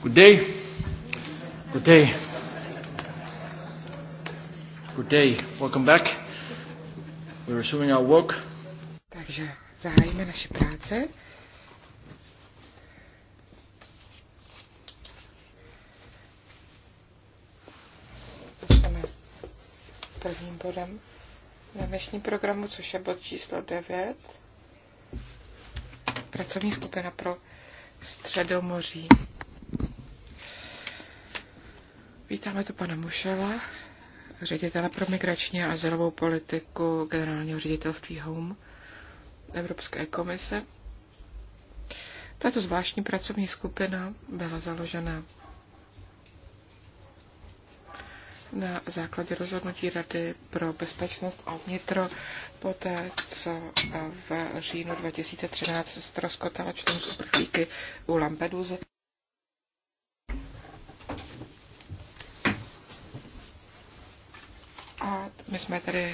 Good day. Good day. Good day. Welcome back. We're resuming our work. Takže zahájíme naše práce. Začneme prvním bodem na dnešní programu, což je bod číslo 9. Pracovní skupina pro Středomoří. Vítáme tu pana Mušela, ředitele pro migrační a azylovou politiku generálního ředitelství HOME Evropské komise. Tato zvláštní pracovní skupina byla založena na základě rozhodnutí Rady pro bezpečnost a vnitro poté, co v říjnu 2013 ztroskotala člen z uprchlíky u Lampeduzy. A my jsme tady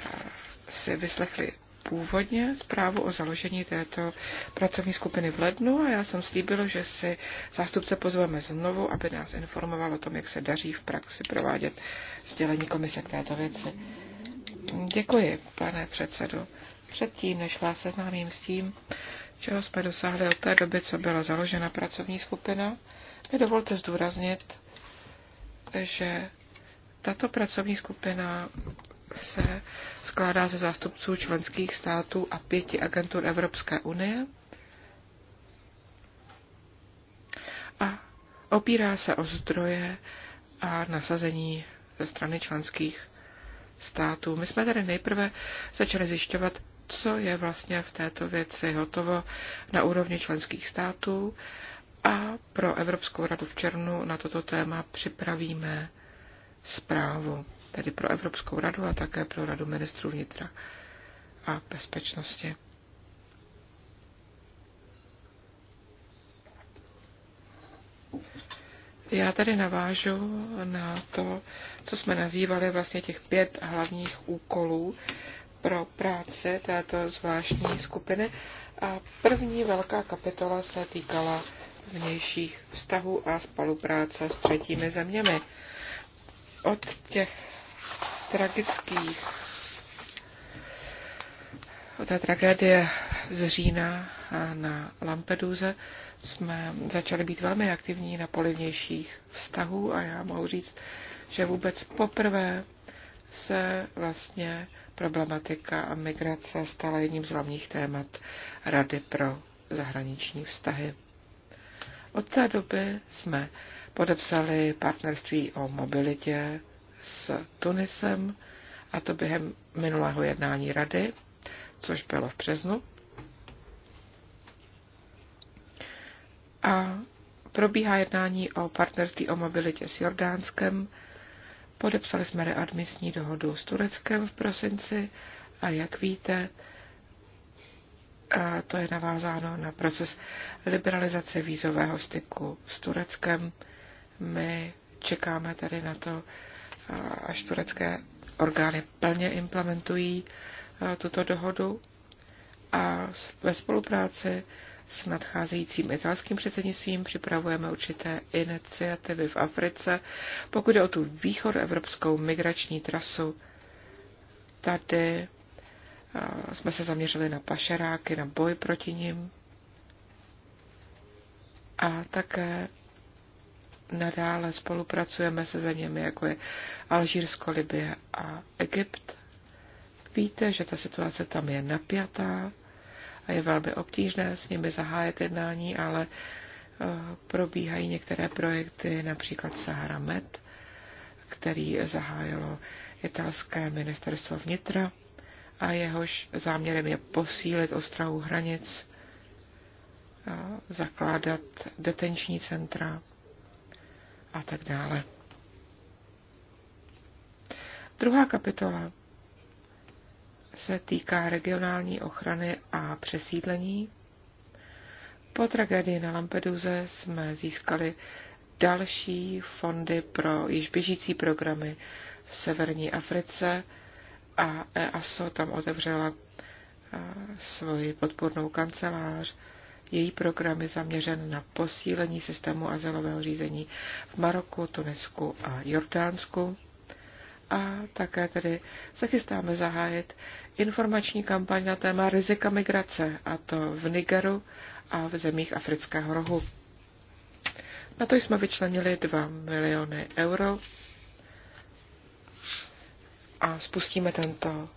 eh, si vyslechli původně zprávu o založení této pracovní skupiny v lednu a já jsem slíbila, že si zástupce pozveme znovu, aby nás informoval o tom, jak se daří v praxi provádět sdělení komise k této věci. Děkuji, pane předsedo. Předtím, než vás seznámím s tím, čeho jsme dosáhli od té doby, co byla založena pracovní skupina, mi dovolte zdůraznit, že tato pracovní skupina se skládá ze zástupců členských států a pěti agentur Evropské unie a opírá se o zdroje a nasazení ze strany členských států. My jsme tedy nejprve začali zjišťovat, co je vlastně v této věci hotovo na úrovni členských států a pro Evropskou radu v černu na toto téma připravíme zprávu, tedy pro Evropskou radu a také pro Radu ministrů vnitra a bezpečnosti. Já tady navážu na to, co jsme nazývali vlastně těch pět hlavních úkolů pro práci této zvláštní skupiny. A první velká kapitola se týkala vnějších vztahů a spolupráce s třetími zeměmi od těch tragických, od té tragédie z října na Lampeduze jsme začali být velmi aktivní na polivnějších vztahů a já mohu říct, že vůbec poprvé se vlastně problematika a migrace stala jedním z hlavních témat Rady pro zahraniční vztahy. Od té doby jsme podepsali partnerství o mobilitě s Tunisem, a to během minulého jednání rady, což bylo v březnu. A probíhá jednání o partnerství o mobilitě s Jordánskem. Podepsali jsme readmisní dohodu s Tureckem v prosinci a jak víte, a to je navázáno na proces liberalizace vízového styku s Tureckem, my čekáme tady na to, až turecké orgány plně implementují tuto dohodu a ve spolupráci s nadcházejícím italským předsednictvím připravujeme určité iniciativy v Africe. Pokud je o tu východ evropskou migrační trasu, tady jsme se zaměřili na pašeráky, na boj proti nim a také nadále spolupracujeme se zeměmi, jako je Alžírsko, Libie a Egypt. Víte, že ta situace tam je napjatá a je velmi obtížné s nimi zahájet jednání, ale eh, probíhají některé projekty, například Sahara Med, který zahájilo italské ministerstvo vnitra a jehož záměrem je posílit ostrahu hranic, zakládat detenční centra a tak dále. Druhá kapitola se týká regionální ochrany a přesídlení. Po tragédii na Lampeduze jsme získali další fondy pro již běžící programy v severní Africe a EASO tam otevřela eh, svoji podpornou kancelář její program je zaměřen na posílení systému azylového řízení v Maroku, Tunisku a Jordánsku. A také tedy se chystáme zahájit informační kampaň na téma rizika migrace, a to v Nigeru a v zemích Afrického rohu. Na to jsme vyčlenili 2 miliony euro a spustíme tento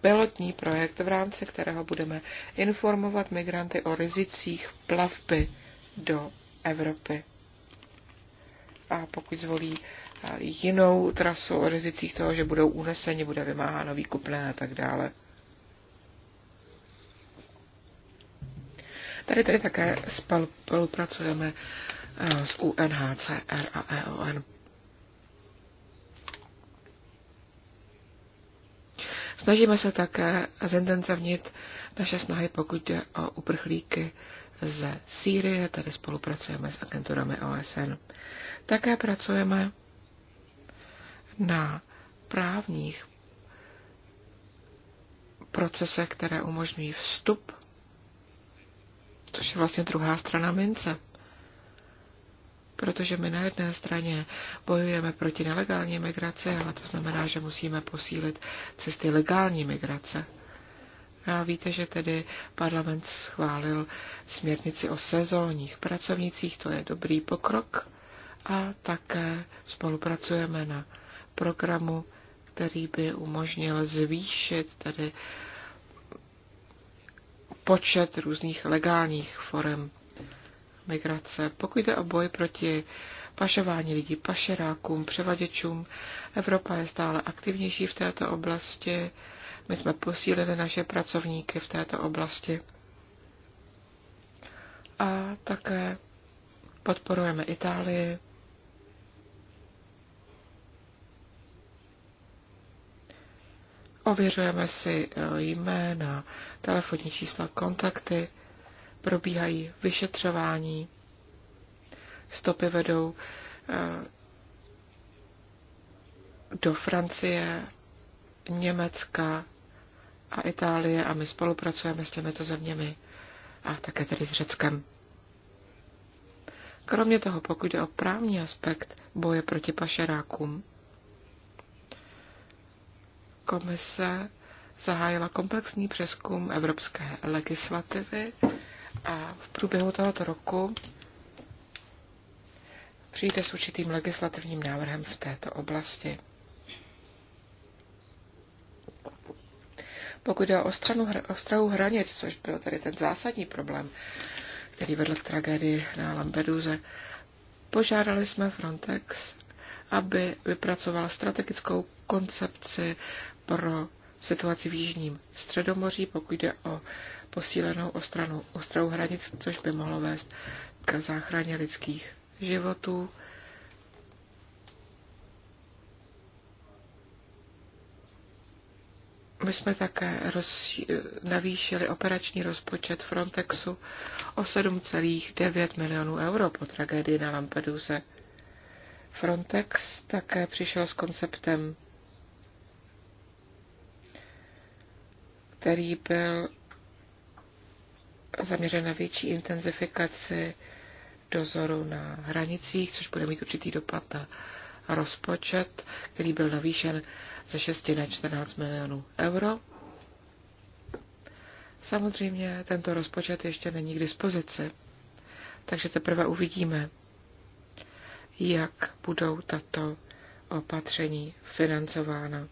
pilotní projekt, v rámci kterého budeme informovat migranty o rizicích plavby do Evropy. A pokud zvolí eh, jinou trasu o rizicích toho, že budou uneseni, bude vymáháno výkupné a tak dále. Tady tady také spolupracujeme eh, s UNHCR a EON Snažíme se také zintenzivnit naše snahy, pokud jde o uprchlíky ze Sýrie, tady spolupracujeme s agenturami OSN. Také pracujeme na právních procesech, které umožňují vstup, což je vlastně druhá strana mince protože my na jedné straně bojujeme proti nelegální migraci, ale to znamená, že musíme posílit cesty legální migrace. A víte, že tedy parlament schválil směrnici o sezónních pracovnicích, to je dobrý pokrok. A také spolupracujeme na programu, který by umožnil zvýšit tedy počet různých legálních forem migrace. Pokud jde o boj proti pašování lidí, pašerákům, převaděčům, Evropa je stále aktivnější v této oblasti. My jsme posílili naše pracovníky v této oblasti. A také podporujeme Itálii. Ověřujeme si eh, jména, telefonní čísla, kontakty probíhají vyšetřování, stopy vedou eh, do Francie, Německa a Itálie a my spolupracujeme s těmito zeměmi a také tedy s Řeckem. Kromě toho, pokud jde o právní aspekt boje proti pašerákům, komise zahájila komplexní přeskum evropské legislativy a v průběhu tohoto roku přijde s určitým legislativním návrhem v této oblasti. Pokud jde o stranu, ostrahu hranic, což byl tady ten zásadní problém, který vedl k tragédii na Lampeduze, požádali jsme Frontex, aby vypracoval strategickou koncepci pro situaci v Jižním Středomoří, pokud jde o posílenou ostranu, ostrou hranic, což by mohlo vést k záchraně lidských životů. My jsme také roz, navýšili operační rozpočet Frontexu o 7,9 milionů euro po tragédii na Lampeduse. Frontex také přišel s konceptem, který byl zaměřen na větší intenzifikaci dozoru na hranicích, což bude mít určitý dopad na rozpočet, který byl navýšen ze 6 na 14 milionů euro. Samozřejmě tento rozpočet ještě není k dispozici, takže teprve uvidíme, jak budou tato opatření financována.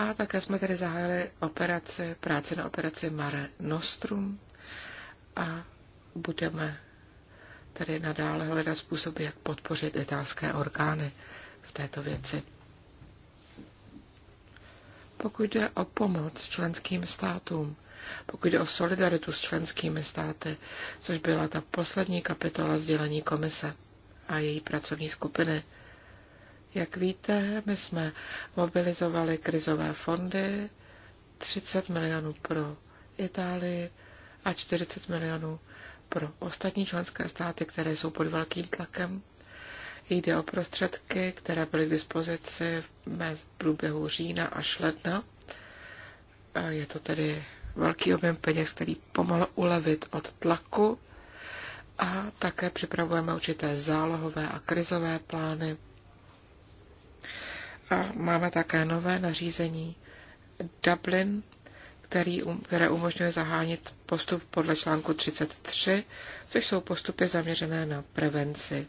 A také jsme tedy zahájili operace, práce na operaci Mare Nostrum a budeme tedy nadále hledat způsoby, jak podpořit italské orgány v této věci. Pokud jde o pomoc členským státům, pokud jde o solidaritu s členskými státy, což byla ta poslední kapitola sdělení komise a její pracovní skupiny, jak víte, my jsme mobilizovali krizové fondy, 30 milionů pro Itálii a 40 milionů pro ostatní členské státy, které jsou pod velkým tlakem. Jde o prostředky, které byly k dispozici v průběhu října až ledna. Je to tedy velký objem peněz, který pomalu ulevit od tlaku a také připravujeme určité zálohové a krizové plány a máme také nové nařízení Dublin, který, um, které umožňuje zahánit postup podle článku 33, což jsou postupy zaměřené na prevenci.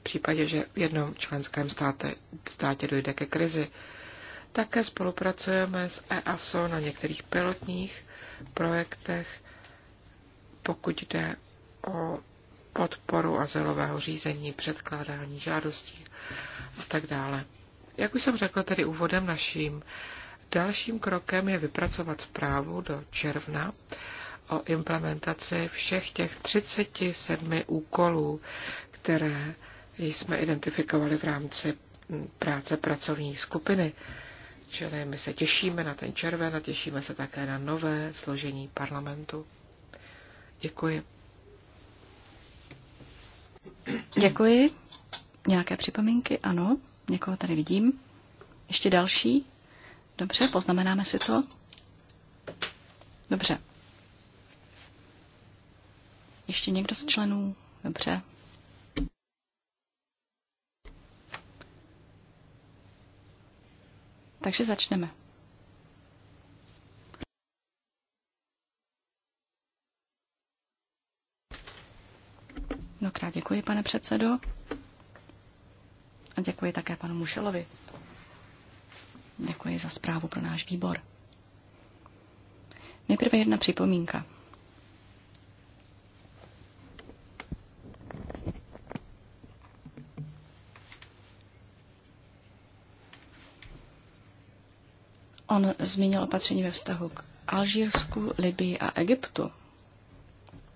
V případě, že v jednom členském státě, státě dojde ke krizi, také spolupracujeme s EASO na některých pilotních projektech, pokud jde o podporu azylového řízení, předkládání žádostí a tak dále. Jak už jsem řekl tedy úvodem naším, dalším krokem je vypracovat zprávu do června o implementaci všech těch 37 úkolů, které jsme identifikovali v rámci práce pracovní skupiny. Čili my se těšíme na ten červen a těšíme se také na nové složení parlamentu. Děkuji. Děkuji. Nějaké připomínky? Ano. Někoho tady vidím. Ještě další? Dobře, poznamenáme si to. Dobře. Ještě někdo z členů? Dobře. Takže začneme. Mnohokrát děkuji, pane předsedo. A děkuji také panu Mušelovi. Děkuji za zprávu pro náš výbor. Nejprve jedna připomínka. On zmínil opatření ve vztahu k Alžírsku, Libii a Egyptu.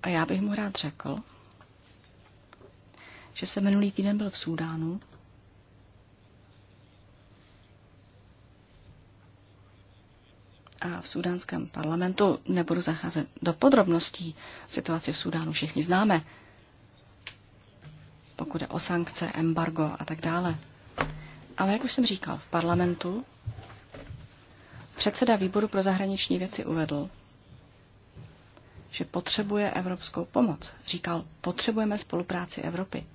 A já bych mu rád řekl, že jsem minulý týden byl v Súdánu v sudánském parlamentu. Nebudu zacházet do podrobností. Situaci v Sudánu všichni známe. Pokud je o sankce, embargo a tak dále. Ale jak už jsem říkal, v parlamentu předseda výboru pro zahraniční věci uvedl, že potřebuje evropskou pomoc. Říkal, potřebujeme spolupráci Evropy.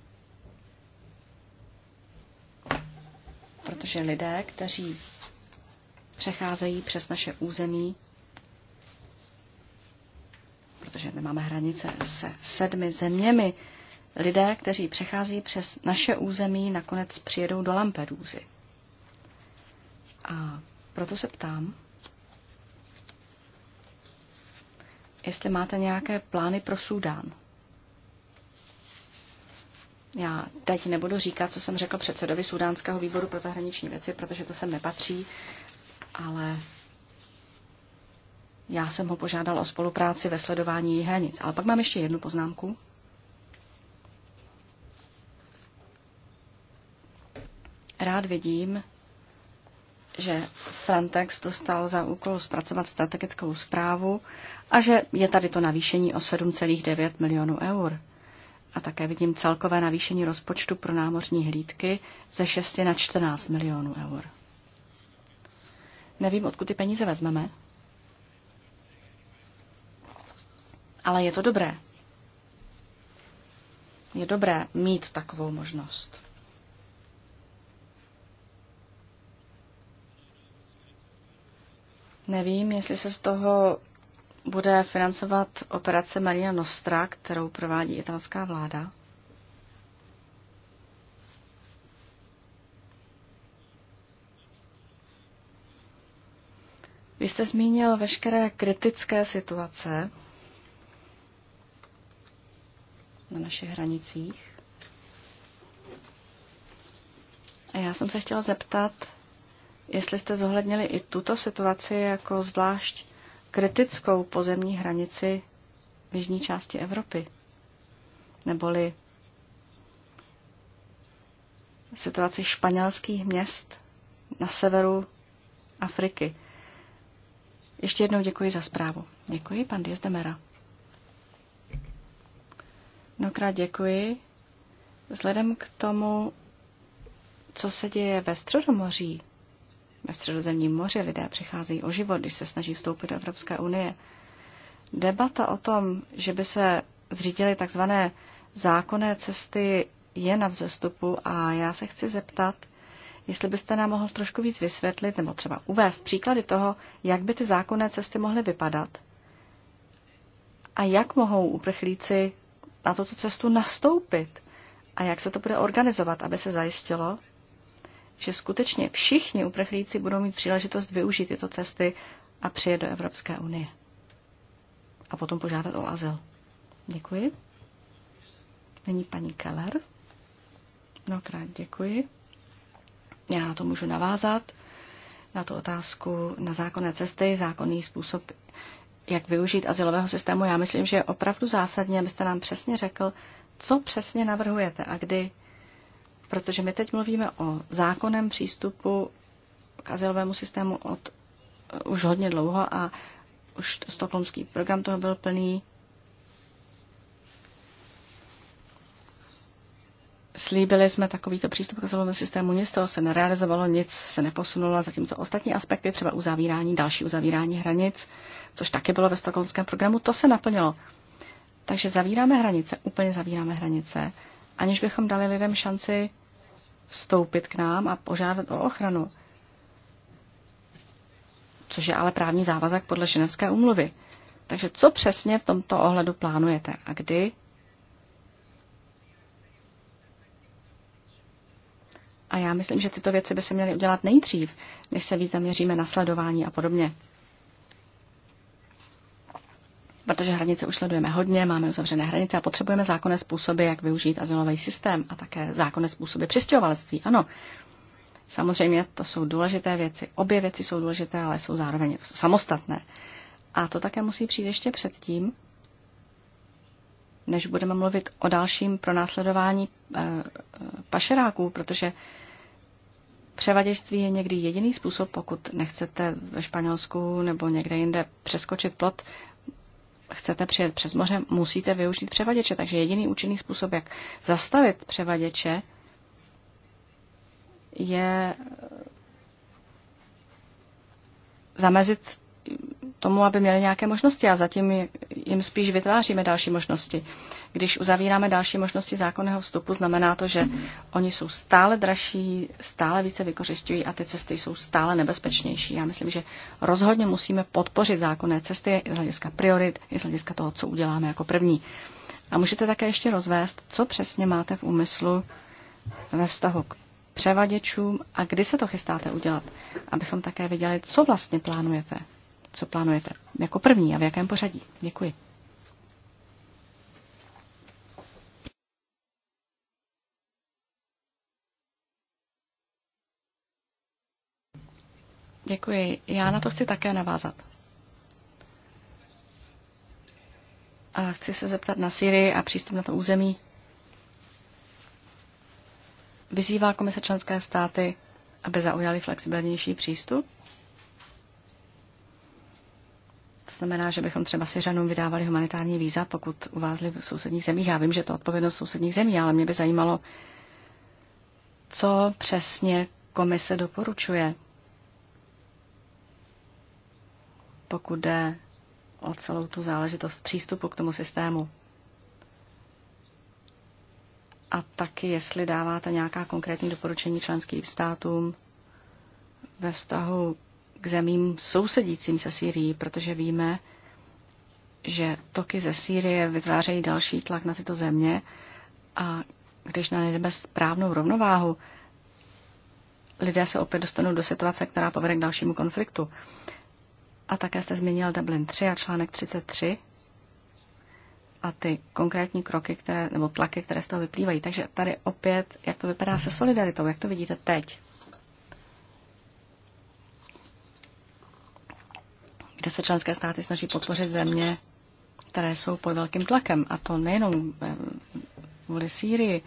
Protože lidé, kteří přecházejí přes naše území, protože my máme hranice se sedmi zeměmi. Lidé, kteří přechází přes naše území, nakonec přijedou do Lampedúzy. A proto se ptám, jestli máte nějaké plány pro Súdán. Já teď nebudu říkat, co jsem řekl předsedovi Sudánského výboru pro zahraniční věci, protože to sem nepatří ale já jsem ho požádal o spolupráci ve sledování hranic. Ale pak mám ještě jednu poznámku. Rád vidím, že Frontex dostal za úkol zpracovat strategickou zprávu a že je tady to navýšení o 7,9 milionů eur. A také vidím celkové navýšení rozpočtu pro námořní hlídky ze 6 na 14 milionů eur. Nevím, odkud ty peníze vezmeme. Ale je to dobré. Je dobré mít takovou možnost. Nevím, jestli se z toho bude financovat operace Maria Nostra, kterou provádí italská vláda. jste zmínil veškeré kritické situace na našich hranicích. A já jsem se chtěla zeptat, jestli jste zohlednili i tuto situaci jako zvlášť kritickou pozemní hranici v jižní části Evropy. Neboli situaci španělských měst na severu Afriky. Ještě jednou děkuji za zprávu. Děkuji, pan Diaz Demera. Mnohokrát děkuji. Vzhledem k tomu, co se děje ve Středomoří, ve Středozemním moři lidé přicházejí o život, když se snaží vstoupit do Evropské unie. Debata o tom, že by se zřídily takzvané zákonné cesty, je na vzestupu a já se chci zeptat, Jestli byste nám mohl trošku víc vysvětlit, nebo třeba uvést příklady toho, jak by ty zákonné cesty mohly vypadat a jak mohou uprchlíci na tuto cestu nastoupit a jak se to bude organizovat, aby se zajistilo, že skutečně všichni uprchlíci budou mít příležitost využít tyto cesty a přijet do Evropské unie a potom požádat o azyl. Děkuji. Není paní Keller. Mnohokrát děkuji. Já na to můžu navázat, na tu otázku na zákonné cesty, zákonný způsob, jak využít asilového systému. Já myslím, že je opravdu zásadní, abyste nám přesně řekl, co přesně navrhujete a kdy. Protože my teď mluvíme o zákonném přístupu k asilovému systému od eh, už hodně dlouho a už stokholmský program toho byl plný Slíbili jsme takovýto přístup k azylovému systému, nic toho se nerealizovalo, nic se neposunulo, zatímco ostatní aspekty, třeba uzavírání, další uzavírání hranic, což taky bylo ve stokholmském programu, to se naplnilo. Takže zavíráme hranice, úplně zavíráme hranice, aniž bychom dali lidem šanci vstoupit k nám a požádat o ochranu. Což je ale právní závazek podle Ženevské úmluvy. Takže co přesně v tomto ohledu plánujete a kdy A já myslím, že tyto věci by se měly udělat nejdřív, než se víc zaměříme na sledování a podobně. Protože hranice už sledujeme hodně, máme uzavřené hranice a potřebujeme zákonné způsoby, jak využít azylový systém a také zákonné způsoby přistěhovalectví. Ano, samozřejmě to jsou důležité věci. Obě věci jsou důležité, ale jsou zároveň samostatné. A to také musí přijít ještě předtím, než budeme mluvit o dalším pronásledování eh, pašeráků, protože převaděčství je někdy jediný způsob, pokud nechcete ve Španělsku nebo někde jinde přeskočit plot, chcete přijet přes moře, musíte využít převaděče. Takže jediný účinný způsob, jak zastavit převaděče, je eh, zamezit tomu, aby měli nějaké možnosti a zatím jim spíš vytváříme další možnosti. Když uzavíráme další možnosti zákonného vstupu, znamená to, že oni jsou stále dražší, stále více vykořišťují a ty cesty jsou stále nebezpečnější. Já myslím, že rozhodně musíme podpořit zákonné cesty i z hlediska priorit, i z hlediska toho, co uděláme jako první. A můžete také ještě rozvést, co přesně máte v úmyslu ve vztahu k převaděčům a kdy se to chystáte udělat, abychom také viděli, co vlastně plánujete co plánujete? Jako první a v jakém pořadí? Děkuji. Děkuji. Já na to chci také navázat. A chci se zeptat na Syrii a přístup na to území. Vyzývá komise členské státy, aby zaujali flexibilnější přístup znamená, že bychom třeba řanům vydávali humanitární víza, pokud uvázli v sousedních zemích. Já vím, že to odpovědnost sousedních zemí, ale mě by zajímalo, co přesně komise doporučuje, pokud jde o celou tu záležitost přístupu k tomu systému. A taky, jestli dáváte nějaká konkrétní doporučení členským státům ve vztahu k zemím sousedícím se Sýrií, protože víme, že toky ze Sýrie vytvářejí další tlak na tyto země a když najdeme správnou rovnováhu, lidé se opět dostanou do situace, která povede k dalšímu konfliktu. A také jste zmínil Dublin 3 a článek 33 a ty konkrétní kroky, které, nebo tlaky, které z toho vyplývají. Takže tady opět, jak to vypadá se solidaritou, jak to vidíte teď? kde se členské státy snaží podpořit země, které jsou pod velkým tlakem. A to nejenom eh, kvůli Sýrii.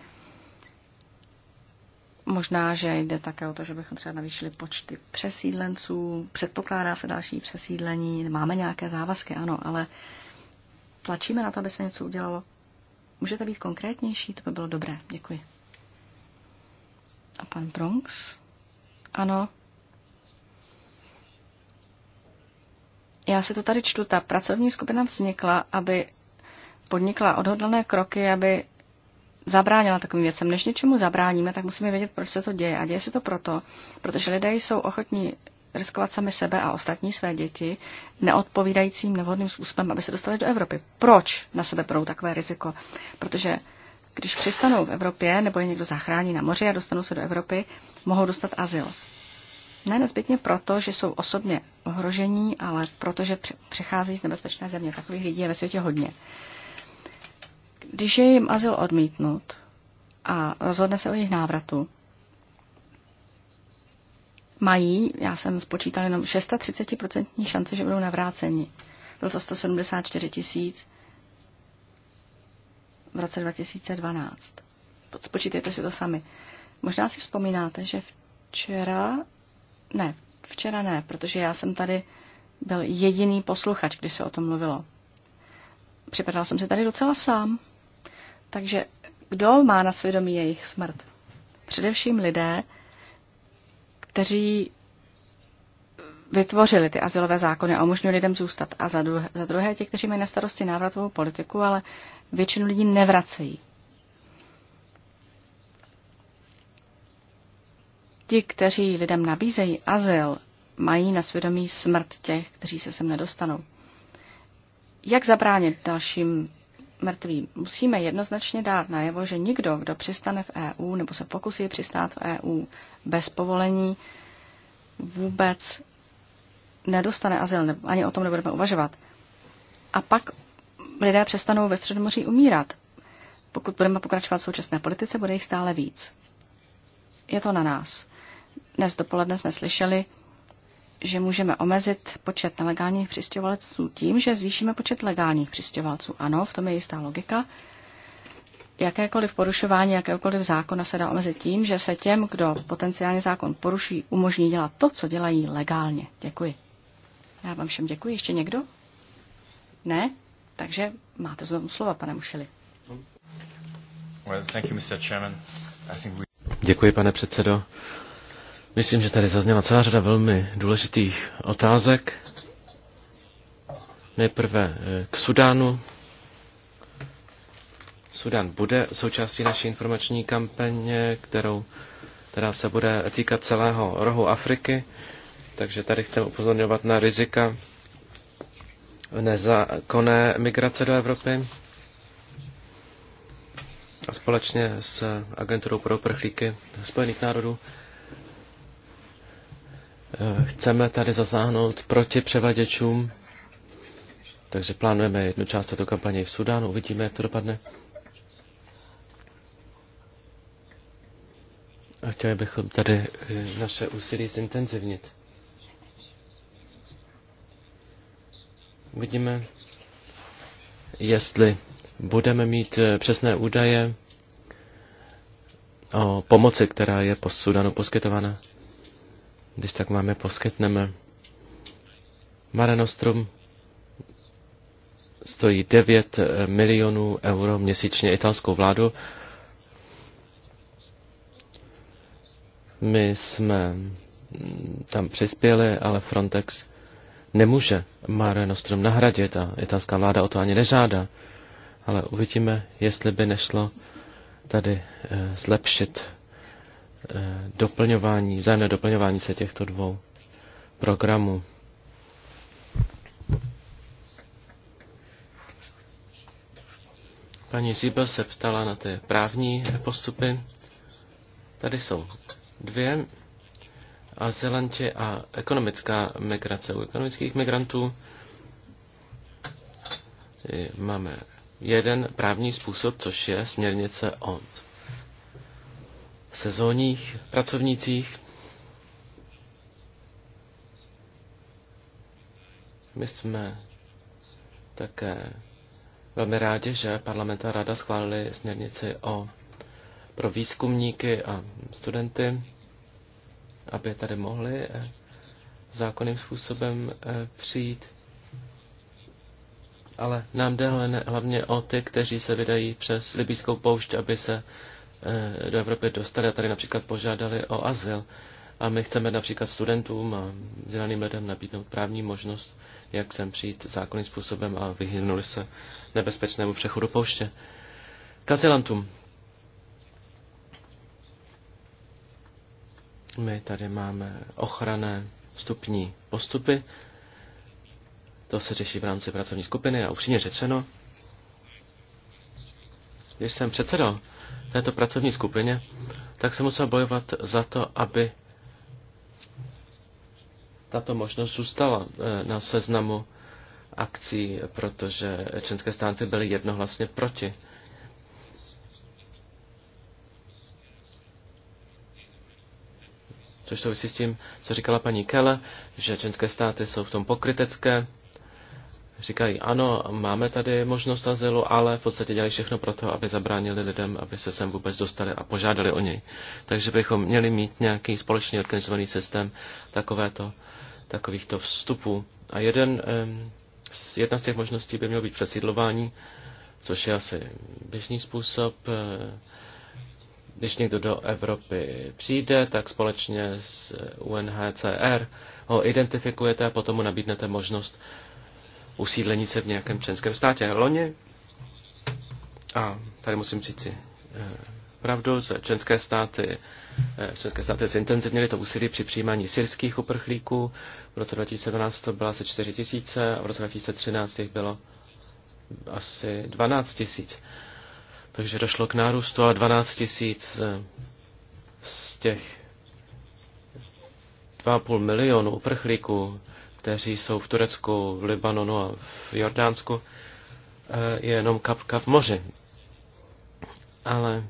Možná, že jde také o to, že bychom třeba navýšili počty přesídlenců, předpokládá se další přesídlení, máme nějaké závazky, ano, ale tlačíme na to, aby se něco udělalo. Můžete být konkrétnější, to by bylo dobré. Děkuji. A pan Bronx? Ano, Já si to tady čtu. Ta pracovní skupina vznikla, aby podnikla odhodlané kroky, aby zabránila takovým věcem. Než něčemu zabráníme, tak musíme vědět, proč se to děje. A děje se to proto, protože lidé jsou ochotní riskovat sami sebe a ostatní své děti neodpovídajícím nevhodným způsobem, aby se dostali do Evropy. Proč na sebe berou takové riziko? Protože když přistanou v Evropě nebo je někdo zachrání na moři a dostanou se do Evropy, mohou dostat azyl. Ne nezbytně proto, že jsou osobně ohrožení, ale protože přechází z nebezpečné země. Takových lidí je ve světě hodně. Když je jim azyl odmítnut a rozhodne se o jejich návratu, mají, já jsem spočítal jenom 630% šance, že budou navráceni. Bylo to 174 tisíc v roce 2012. Spočítejte si to sami. Možná si vzpomínáte, že včera ne, včera ne, protože já jsem tady byl jediný posluchač, když se o tom mluvilo. Připadal jsem se tady docela sám. Takže kdo má na svědomí jejich smrt? Především lidé, kteří vytvořili ty asilové zákony a umožňují lidem zůstat. A za druhé, za druhé ti, kteří mají na starosti návratovou politiku, ale většinu lidí nevracejí. Ti, kteří lidem nabízejí azyl, mají na svědomí smrt těch, kteří se sem nedostanou. Jak zabránit dalším mrtvým? Musíme jednoznačně dát najevo, že nikdo, kdo přistane v EU nebo se pokusí přistát v EU bez povolení, vůbec nedostane azyl, ani o tom nebudeme uvažovat. A pak lidé přestanou ve Středomoří umírat. Pokud budeme pokračovat v současné politice, bude jich stále víc. Je to na nás. Dnes dopoledne jsme slyšeli, že můžeme omezit počet nelegálních přistěhovalců tím, že zvýšíme počet legálních přistěhovalců. Ano, v tom je jistá logika. Jakékoliv porušování jakéhokoliv zákona se dá omezit tím, že se těm, kdo potenciálně zákon poruší, umožní dělat to, co dělají legálně. Děkuji. Já vám všem děkuji. Ještě někdo? Ne? Takže máte znovu slova, pane Mušili. Děkuji, pane předsedo. Myslím, že tady zazněla celá řada velmi důležitých otázek. Nejprve eh, k Sudánu. Sudán bude součástí naší informační kampaně, kterou, která se bude týkat celého rohu Afriky, takže tady chceme upozorňovat na rizika nezákonné migrace do Evropy. A společně s agenturou pro prchlíky Spojených národů Chceme tady zasáhnout proti převaděčům, takže plánujeme jednu část této kampaně v Sudánu, uvidíme, jak to dopadne. A chtěli bychom tady eh, naše úsilí zintenzivnit. Uvidíme, jestli budeme mít eh, přesné údaje o pomoci, která je po Sudanu poskytována když tak máme, poskytneme. Mare Nostrum stojí 9 eh, milionů euro měsíčně italskou vládu. My jsme mm, tam přispěli, ale Frontex nemůže Mare Nostrum nahradit a italská vláda o to ani nežádá. Ale uvidíme, jestli by nešlo tady eh, zlepšit Eh, doplňování, vzájemné doplňování se těchto dvou programů. Paní Zíbel se ptala na ty právní postupy. Tady jsou dvě. Azylanti a ekonomická migrace. U ekonomických migrantů máme jeden právní způsob, což je směrnice o sezónních pracovnících. My jsme také velmi rádi, že parlament a rada schválili směrnici o, pro výzkumníky a studenty, aby tady mohli eh, zákonným způsobem eh, přijít. Ale nám jde hlavně o ty, kteří se vydají přes libýskou poušť, aby se Eh, do Evropy dostali a tady například požádali o azyl. A my chceme například studentům a vzdělaným lidem nabídnout právní možnost, jak sem přijít zákonným způsobem a vyhnuli se nebezpečnému přechodu pouště. Kazilantům. My tady máme ochranné vstupní postupy. To se řeší v rámci pracovní skupiny a upřímně řečeno, když jsem předsedal této pracovní skupině, tak jsem musel bojovat za to, aby tato možnost zůstala eh, na seznamu akcí, protože členské státy byly jednohlasně proti. Což souvisí s tím, co říkala paní Kele, že členské státy jsou v tom pokrytecké říkají, ano, máme tady možnost azylu, ale v podstatě dělají všechno pro to, aby zabránili lidem, aby se sem vůbec dostali a požádali o něj. Takže bychom měli mít nějaký společně organizovaný systém takovéto, takovýchto vstupů. A jeden, jedna z těch možností by mělo být přesídlování, což je asi běžný způsob. Eh, když někdo do Evropy přijde, tak společně s UNHCR ho identifikujete a potom mu nabídnete možnost usídlení se v nějakém členském státě. Loni, a tady musím říci eh, pravdu, členské státy, eh, členské státy zintenzivnily to úsilí při přijímání syrských uprchlíků. V roce 2012 to bylo asi 4 tisíce a v roce 2013 jich bylo asi 12 tisíc. Takže došlo k nárůstu, ale 12 tisíc z těch 2,5 milionu uprchlíků kteří jsou v Turecku, v Libanonu a v Jordánsku, eh, je jenom kapka v moři. Ale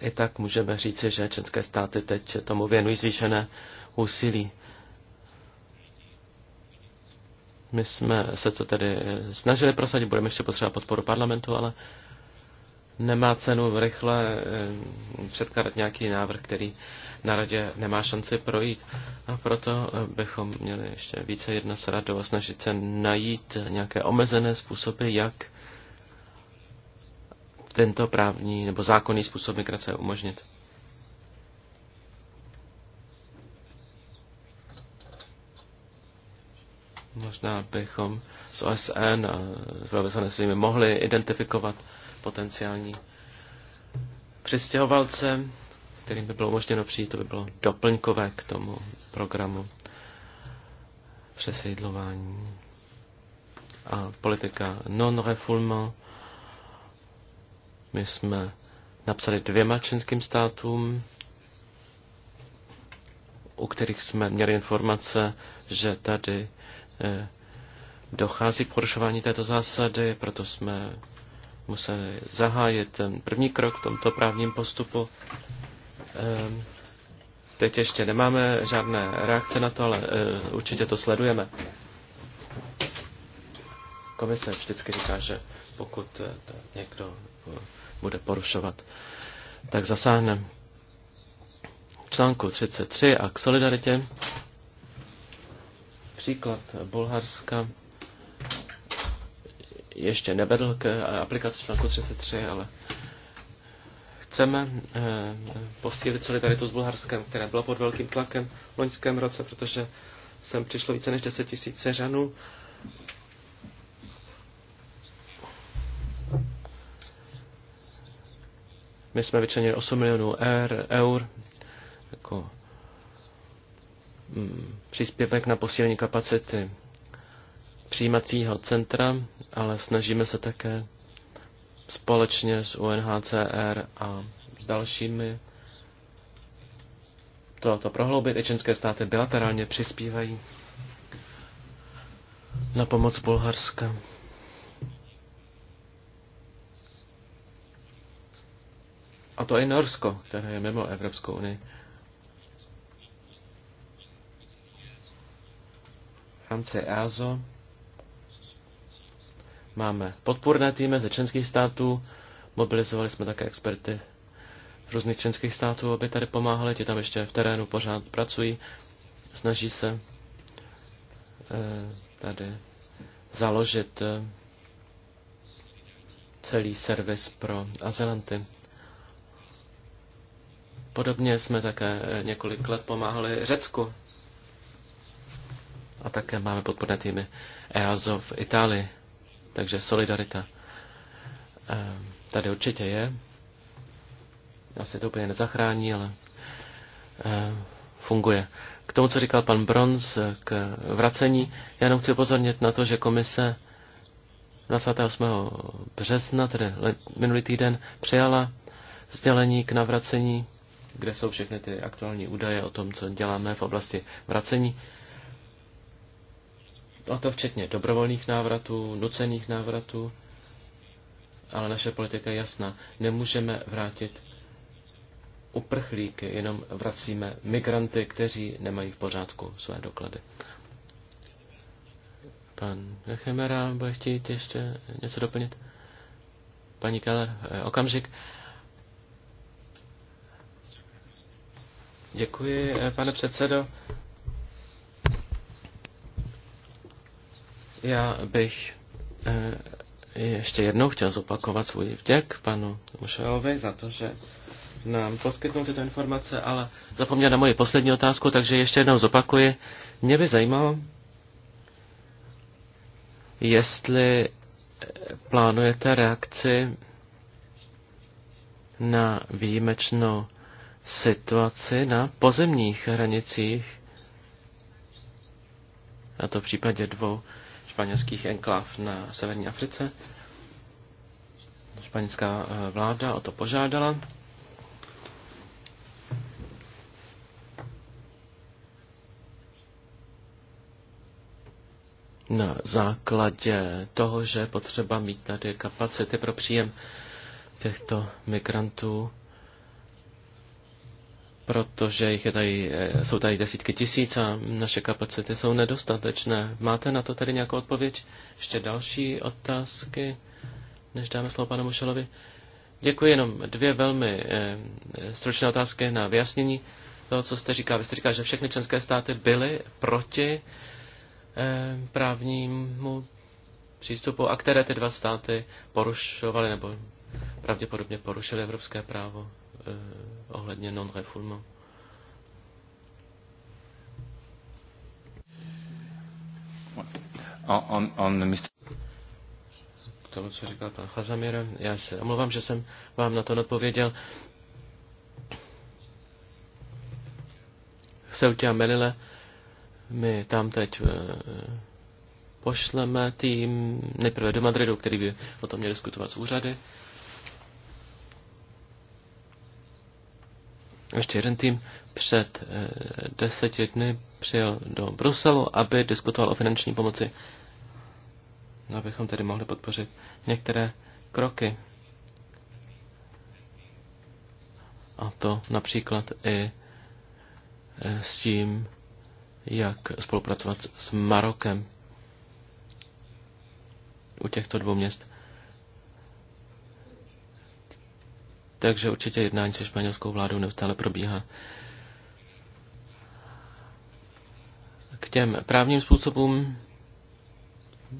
i tak můžeme říci, že české státy teď tomu věnují zvýšené úsilí. My jsme se to tedy snažili prosadit, budeme ještě potřebovat podporu parlamentu, ale uh, nemá cenu rychle eh, předkladat nějaký návrh, který na radě nemá šanci projít. A proto eh, bychom měli ještě více jedna s radou a snažit se najít nějaké omezené způsoby, jak tento právní nebo zákonný způsob migrace umožnit. Možná bychom s OSN a s velvyslanectvími mohli identifikovat potenciální přistěhovalce, kterým by bylo možněno přijít, to by bylo doplňkové k tomu programu přesídlování. A politika non-refoulement. My jsme napsali dvěma členským státům, u kterých jsme měli informace, že tady eh, dochází k porušování této zásady, proto jsme museli zahájit ten první krok v tomto právním postupu. Ehm, teď ještě nemáme žádné reakce na to, ale eh, určitě to sledujeme. Komise vždycky říká, že pokud eh, někdo eh, bude porušovat, tak zasáhne. Článku 33 a k solidaritě. Příklad Bulharska ještě nevedl k eh, aplikaci článku 33, ale chceme eh, posílit solidaritu s Bulharskem, které bylo pod velkým tlakem v loňském roce, protože sem přišlo více než 10 tisíc seřanů. My jsme vyčlenili 8 milionů eur, eur jako mm, příspěvek na posílení kapacity přijímacího centra, ale snažíme se také společně s UNHCR a s dalšími to, to prohloubit. I čínské státy bilaterálně přispívají na pomoc Bulharska. A to i Norsko, které je mimo Evropskou unii. Francie EASO Máme podpůrné týmy ze členských států, mobilizovali jsme také experty z různých členských států, aby tady pomáhali, ti tam ještě v terénu pořád pracují, snaží se eh, tady založit eh, celý servis pro azylanty. Podobně jsme také eh, několik let pomáhali Řecku. A také máme podporné týmy EASO v Itálii. Takže solidarita ehm, tady určitě je. Asi to úplně nezachrání, ale ehm, funguje. K tomu, co říkal pan Bronz, k vracení, já jenom chci upozornit na to, že komise 28. března, tedy minulý týden, přijala sdělení k navracení, kde jsou všechny ty aktuální údaje o tom, co děláme v oblasti vracení. A to včetně dobrovolných návratů, nucených návratů. Ale naše politika je jasná. Nemůžeme vrátit uprchlíky, jenom vracíme migranty, kteří nemají v pořádku své doklady. Pan Chemera bude chtít ještě něco doplnit? Paní Keller, eh, okamžik. Děkuji, eh, pane předsedo. Já bych eh, ještě jednou chtěl zopakovat svůj vděk panu Mušelovi za to, že nám poskytnul tyto informace, ale zapomněl na moji poslední otázku, takže ještě jednou zopakuji. Mě by zajímalo, jestli eh, plánujete reakci na výjimečnou situaci na pozemních hranicích, a to v případě dvou španělských enklav na severní Africe. Španělská eh, vláda o to požádala. na základě toho, že je potřeba mít tady kapacity pro příjem těchto migrantů protože jich je tady, eh, jsou tady desítky tisíc a naše kapacity jsou nedostatečné. Máte na to tady nějakou odpověď? Ještě další otázky, než dáme slovo panu Mušelovi. Děkuji, jenom dvě velmi eh, stručné otázky na vyjasnění toho, co jste říkal. Vy jste říkal, že všechny členské státy byly proti eh, právnímu přístupu a které ty dva státy porušovaly nebo pravděpodobně porušily evropské právo. Eh, ohledně non-reformu. On, on, Mr. K tomu, co říkal pan Chazamir, já se omlouvám, že jsem vám na to odpověděl. Seutě a Melile, my tam teď eh, pošleme tým nejprve do Madridu, který by o tom měl diskutovat s úřady ještě jeden tým před eh, deseti dny přijel do Bruselu, aby diskutoval o finanční pomoci, abychom tedy mohli podpořit některé kroky. A to například i eh, s tím, jak spolupracovat s Marokem u těchto dvou měst. Takže určitě jednání se španělskou vládou neustále probíhá. K těm právním způsobům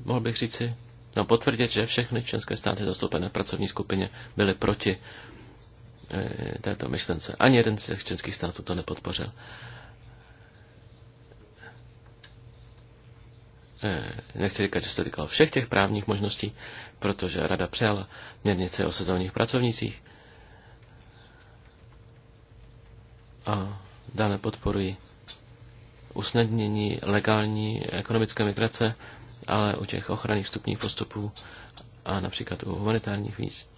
mohl bych říci, no potvrdit, že všechny členské státy zastoupené v pracovní skupině byly proti e, této myšlence. Ani jeden z těch členských států to nepodpořil. Eh, nechci říkat, že se týkalo všech těch právních možností, protože rada přijala měrnice o sezónních pracovnících. a dále podporují usnadnění legální ekonomické migrace, ale u těch ochranných vstupních postupů a například u humanitárních víz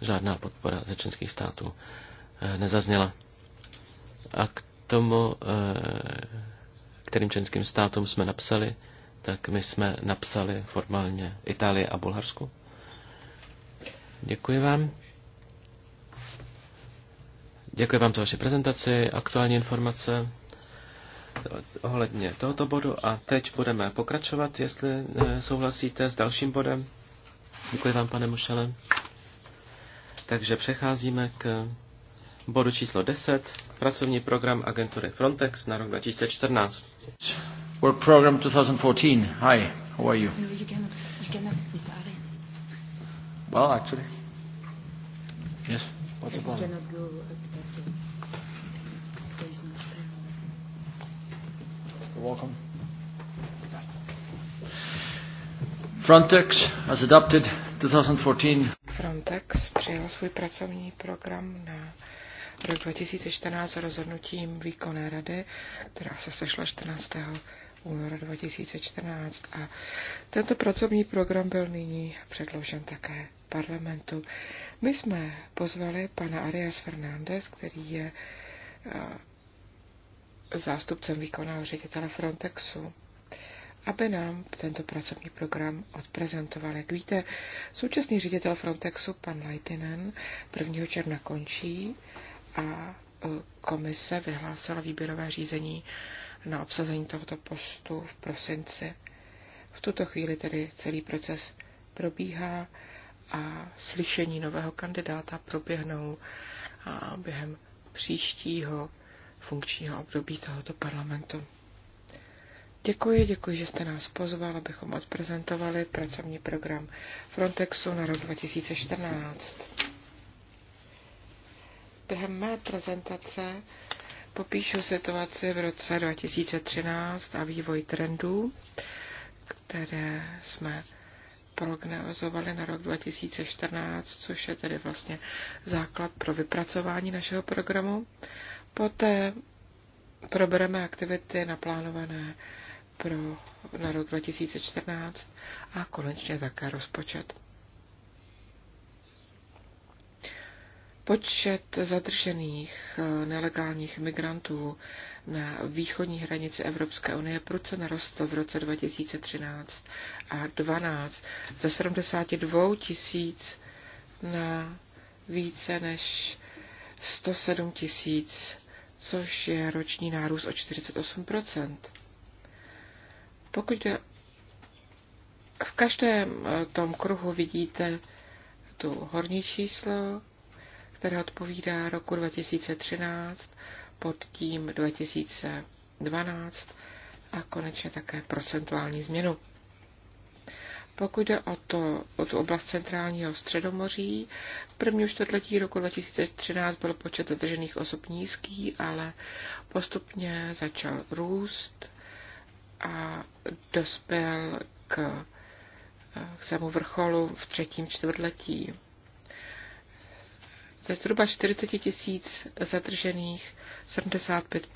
žádná podpora ze členských států eh, nezazněla. A k tomu, eh, kterým členským státům jsme napsali, tak my jsme napsali formálně Itálie a Bulharsku. Děkuji vám. Děkuji vám za vaši prezentaci, aktuální informace ohledně tohoto bodu a teď budeme pokračovat, jestli eh, souhlasíte s dalším bodem. Děkuji vám, pane Mušele. Takže přecházíme k bodu číslo 10, pracovní program agentury Frontex na rok 2014. Work program 2014. Hi, how are you? Well, actually. Yes, what's the problem? welcome. Frontex has adopted 2014. Frontex přijal svůj pracovní program na rok 2014 rozhodnutím výkonné rady, která se sešla 14. února 2014 a tento pracovní program byl nyní předložen také parlamentu. My jsme pozvali pana Arias Fernández, který je eh, zástupcem výkonného ředitele Frontexu, aby nám tento pracovní program odprezentoval. Jak víte, současný ředitel Frontexu, pan Leitinen, 1. června končí a e, komise vyhlásila výběrové řízení na obsazení tohoto postu v prosinci. V tuto chvíli tedy celý proces probíhá a slyšení nového kandidáta proběhnou a během příštího funkčního období tohoto parlamentu. Děkuji, děkuji, že jste nás pozval, abychom odprezentovali pracovní program Frontexu na rok 2014. Během mé prezentace popíšu situaci v roce 2013 a vývoj trendů, které jsme prognozovali na rok 2014, což je tedy vlastně základ pro vypracování našeho programu. Poté probereme aktivity naplánované pro na rok 2014 a konečně také rozpočet. Počet zadržených eh, nelegálních migrantů na východní hranici Evropské unie prudce narostl v roce 2013 a 2012 ze 72 tisíc na více než 107 tisíc což je roční nárůst o 48%. Pokud v každém eh, tom kruhu vidíte tu horní číslo, které odpovídá roku 2013, pod tím 2012 a konečně také procentuální změnu. Pokud jde o, to, o tu oblast centrálního středomoří, v prvním čtvrtletí roku 2013 byl počet zadržených osob nízký, ale postupně začal růst a dospěl k, k samu vrcholu v třetím čtvrtletí. Ze zhruba 40 tisíc zadržených 75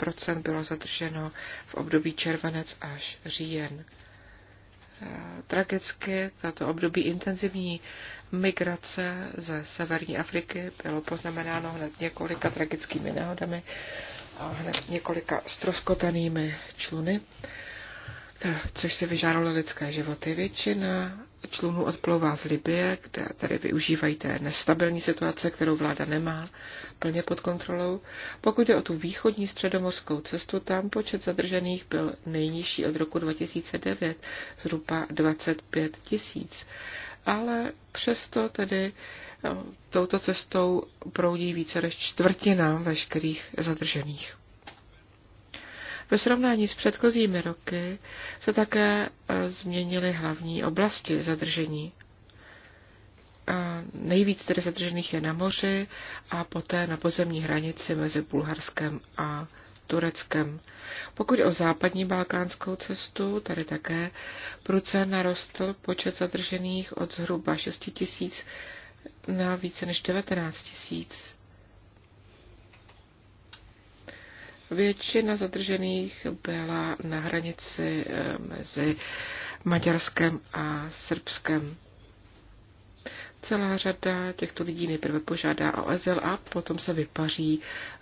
bylo zadrženo v období červenec až říjen. Eh, tragicky tato období intenzivní migrace ze severní Afriky bylo poznamenáno hned několika tragickými nehodami a hned několika stroskotanými čluny což se vyžádalo lidské životy. Většina člunů odplouvá z Libie, kde tady využívají té nestabilní situace, kterou vláda nemá plně pod kontrolou. Pokud jde o tu východní středomorskou cestu, tam počet zadržených byl nejnižší od roku 2009, zhruba 25 tisíc. Ale přesto tedy no, touto cestou proudí více než čtvrtina veškerých zadržených. Ve srovnání s předchozími roky se také e, změnily hlavní oblasti zadržení. E, nejvíc tedy zadržených je na moři a poté na pozemní hranici mezi Bulharskem a Tureckem. Pokud o západní balkánskou cestu, tady také pruce narostl počet zadržených od zhruba 6 tisíc na více než 19 tisíc. Většina zadržených byla na hranici eh, mezi Maďarskem a Srbskem. Celá řada těchto lidí nejprve požádá o azyl a potom se vypaří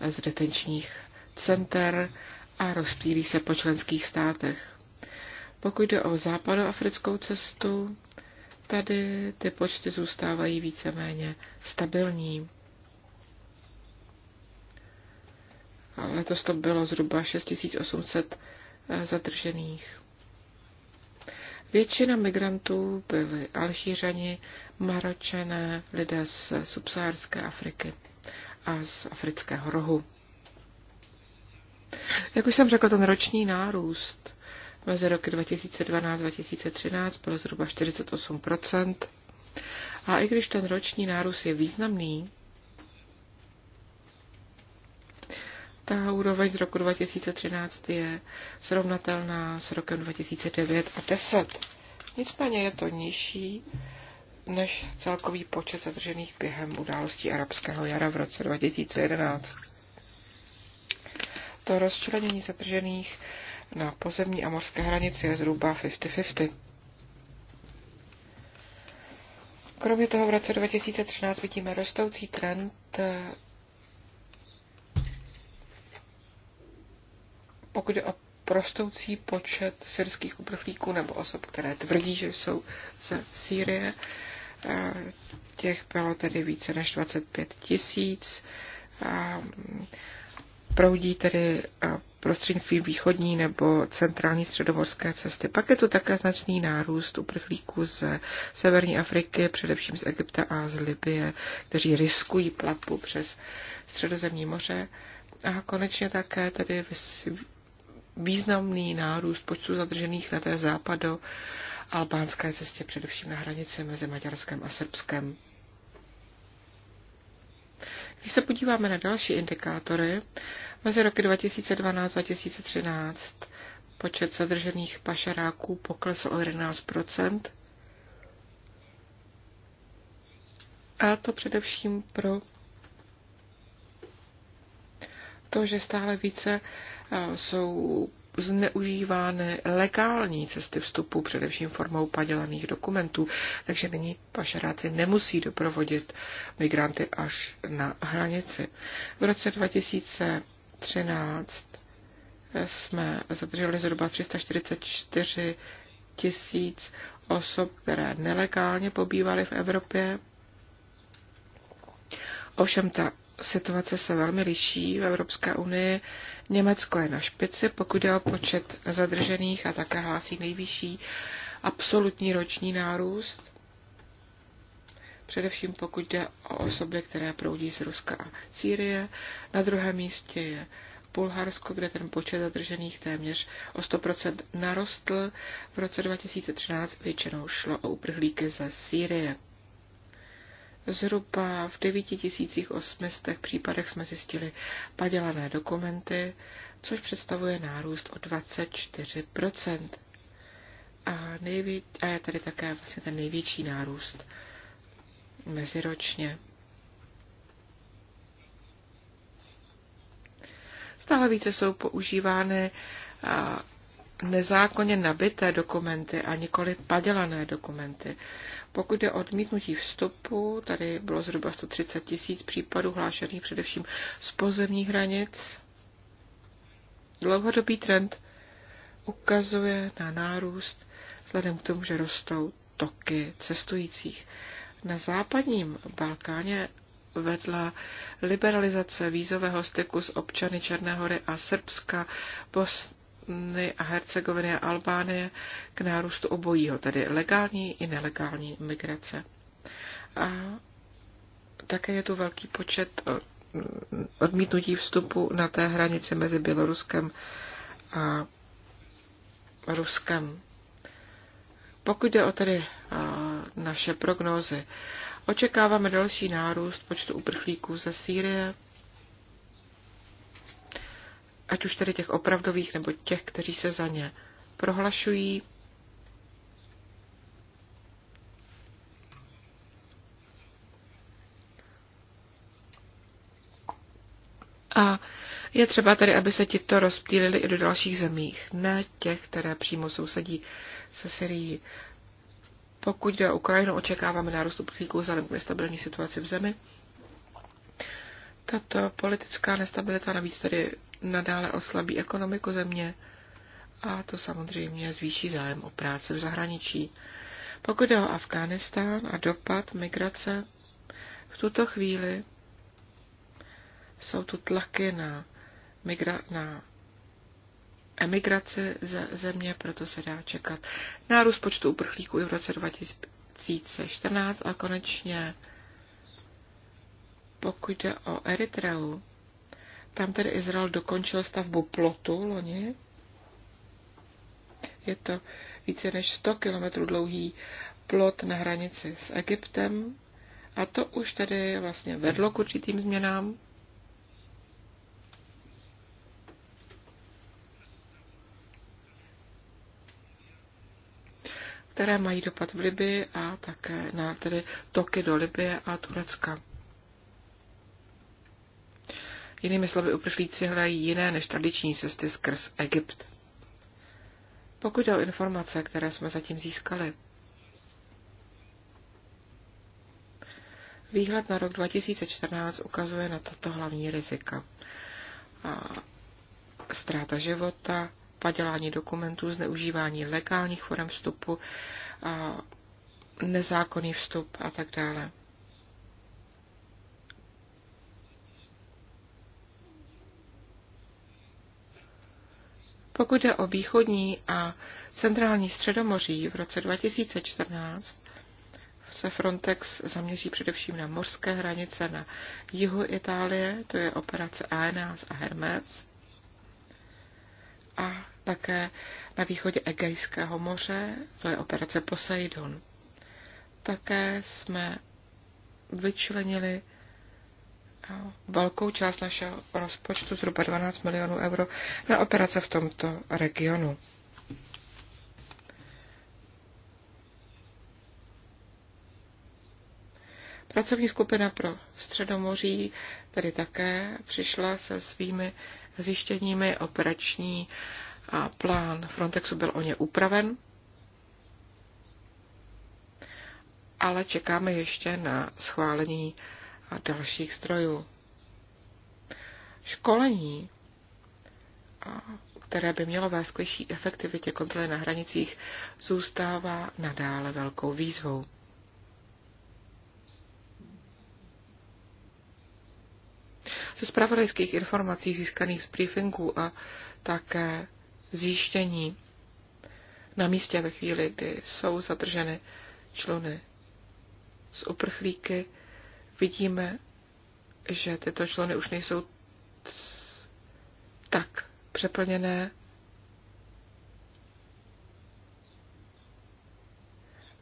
z detenčních center a rozptýlí se po členských státech. Pokud jde o západoafrickou cestu, tady ty počty zůstávají víceméně stabilní. Letos to bylo zhruba 6800 eh, zadržených. Většina migrantů byly Alžířani, Maročané, lidé z subsaharské Afriky a z afrického rohu. Jak už jsem řekl, ten roční nárůst mezi roky 2012-2013 byl zhruba 48%. A i když ten roční nárůst je významný, ta úroveň z roku 2013 je srovnatelná s rokem 2009 a 10. Nicméně je to nižší než celkový počet zadržených během událostí arabského jara v roce 2011. To rozčlenění zadržených na pozemní a mořské hranici je zhruba 50-50. Kromě toho v roce 2013 vidíme rostoucí trend pokud je o prostoucí počet syrských uprchlíků nebo osob, které tvrdí, že jsou ze Sýrie. Eh, těch bylo tedy více než 25 tisíc. Eh, proudí tedy eh, prostřednictvím východní nebo centrální středomorské cesty. Pak je tu také značný nárůst uprchlíků z severní Afriky, především z Egypta a z Libie, kteří riskují platbu přes středozemní moře. A konečně také tedy významný nárůst počtu zadržených na té západo albánské cestě, především na hranici mezi Maďarskem a Srbskem. Když se podíváme na další indikátory, mezi roky 2012-2013 počet zadržených pašeráků poklesl o 11 a to především pro to, že stále více jsou zneužívány legální cesty vstupu, především formou padělaných dokumentů, takže nyní pašeráci nemusí doprovodit migranty až na hranici. V roce 2013 jsme zadrželi zhruba 344 tisíc osob, které nelegálně pobývaly v Evropě. Ovšem ta situace se velmi liší v Evropské unii. Německo je na špici, pokud je o počet zadržených a také hlásí nejvyšší absolutní roční nárůst, především pokud jde o osoby, které proudí z Ruska a Sýrie. Na druhém místě je Bulharsko, kde ten počet zadržených téměř o 100% narostl. V roce 2013 většinou šlo o uprchlíky ze Sýrie. Zhruba v 9800 případech jsme zjistili padělané dokumenty, což představuje nárůst o 24%. A, nejvě- a je tady také vlastně ten největší nárůst meziročně. Stále více jsou používány nezákonně nabité dokumenty a nikoli padělané dokumenty. Pokud je odmítnutí vstupu, tady bylo zhruba 130 tisíc případů hlášených především z pozemních hranic. Dlouhodobý trend ukazuje na nárůst vzhledem k tomu, že rostou toky cestujících. Na západním Balkáně vedla liberalizace vízového styku s občany Černé hory a Srbska, Bos- Bosny a Hercegoviny a Albánie k nárůstu obojího, tedy legální i nelegální migrace. A také je tu velký počet eh, odmítnutí vstupu na té hranici mezi Běloruskem a Ruskem. Pokud jde o tedy eh, naše prognózy, očekáváme další nárůst počtu uprchlíků ze Sýrie, ať už tedy těch opravdových nebo těch, kteří se za ně prohlašují. A je třeba tedy, aby se tito rozptýlili i do dalších zemích, ne těch, které přímo sousedí se Syrií. Pokud jde o Ukrajinu, očekáváme nárůst uprchlíků vzhledem k nestabilní situaci v zemi. Tato politická nestabilita navíc tedy nadále oslabí ekonomiku země a to samozřejmě zvýší zájem o práci v zahraničí. Pokud jde o Afghánistán a dopad migrace, v tuto chvíli jsou tu tlaky na, migra- na emigraci ze země, proto se dá čekat nárůst počtu uprchlíků i v roce 2014 a konečně pokud jde o Eritreu, tam tedy Izrael dokončil stavbu plotu loni. Je to více než 100 kilometrů dlouhý plot na hranici s Egyptem. A to už tedy vlastně vedlo k určitým změnám. které mají dopad v Libii a také na tedy toky do Libie a Turecka. Jinými slovy, uprchlíci hledají jiné než tradiční cesty skrz Egypt. Pokud jde o informace, které jsme zatím získali, výhled na rok 2014 ukazuje na tato hlavní rizika. A ztráta života, padělání dokumentů, zneužívání legálních forem vstupu, a nezákonný vstup a tak dále. Pokud jde o východní a centrální středomoří v roce 2014, se Frontex zaměří především na mořské hranice na jihu Itálie, to je operace Aenas a Hermes, a také na východě Egejského moře, to je operace Poseidon. Také jsme vyčlenili velkou část našeho rozpočtu, zhruba 12 milionů euro, na operace v tomto regionu. Pracovní skupina pro Středomoří tedy také přišla se svými zjištěními. Operační a plán Frontexu byl o ně upraven, ale čekáme ještě na schválení a dalších strojů. Školení, které by mělo vést k vyšší efektivitě kontroly na hranicích, zůstává nadále velkou výzvou. Ze zpravodajských informací získaných z briefingů a také zjištění na místě ve chvíli, kdy jsou zadrženy čluny z uprchlíky, vidíme, že tyto člony už nejsou tak přeplněné.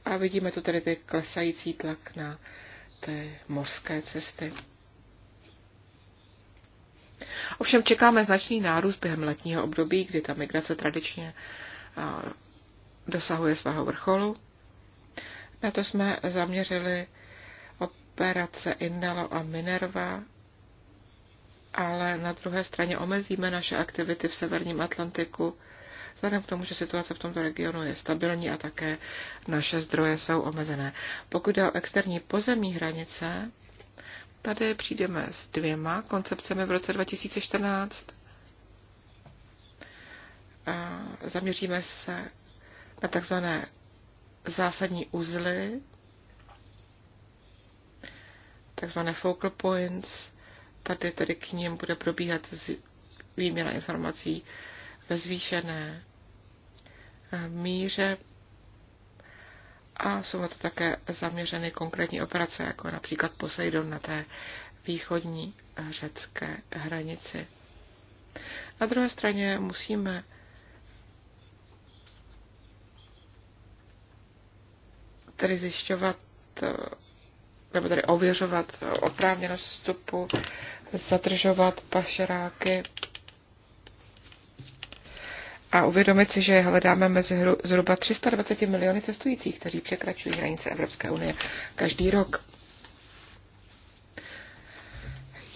A vidíme tu tady ty klesající tlak na ty mořské cesty. Ovšem čekáme značný nárůst během letního období, kdy ta migrace tradičně dosahuje svého vrcholu. Na to jsme zaměřili operace Indalo a Minerva, ale na druhé straně omezíme naše aktivity v severním Atlantiku, vzhledem k tomu, že situace v tomto regionu je stabilní a také naše zdroje jsou omezené. Pokud jde o externí pozemní hranice, tady přijdeme s dvěma koncepcemi v roce 2014. Zaměříme se na takzvané zásadní uzly takzvané focal points. Tady tedy k ním bude probíhat výměna informací ve zvýšené eh, míře a jsou na to také zaměřeny konkrétní operace, jako například Poseidon na té východní eh, řecké hranici. Na druhé straně musíme tedy zjišťovat eh, nebo tady ověřovat oprávněnost vstupu, zadržovat pašeráky a uvědomit si, že hledáme mezi zhruba 320 miliony cestujících, kteří překračují hranice Evropské unie každý rok.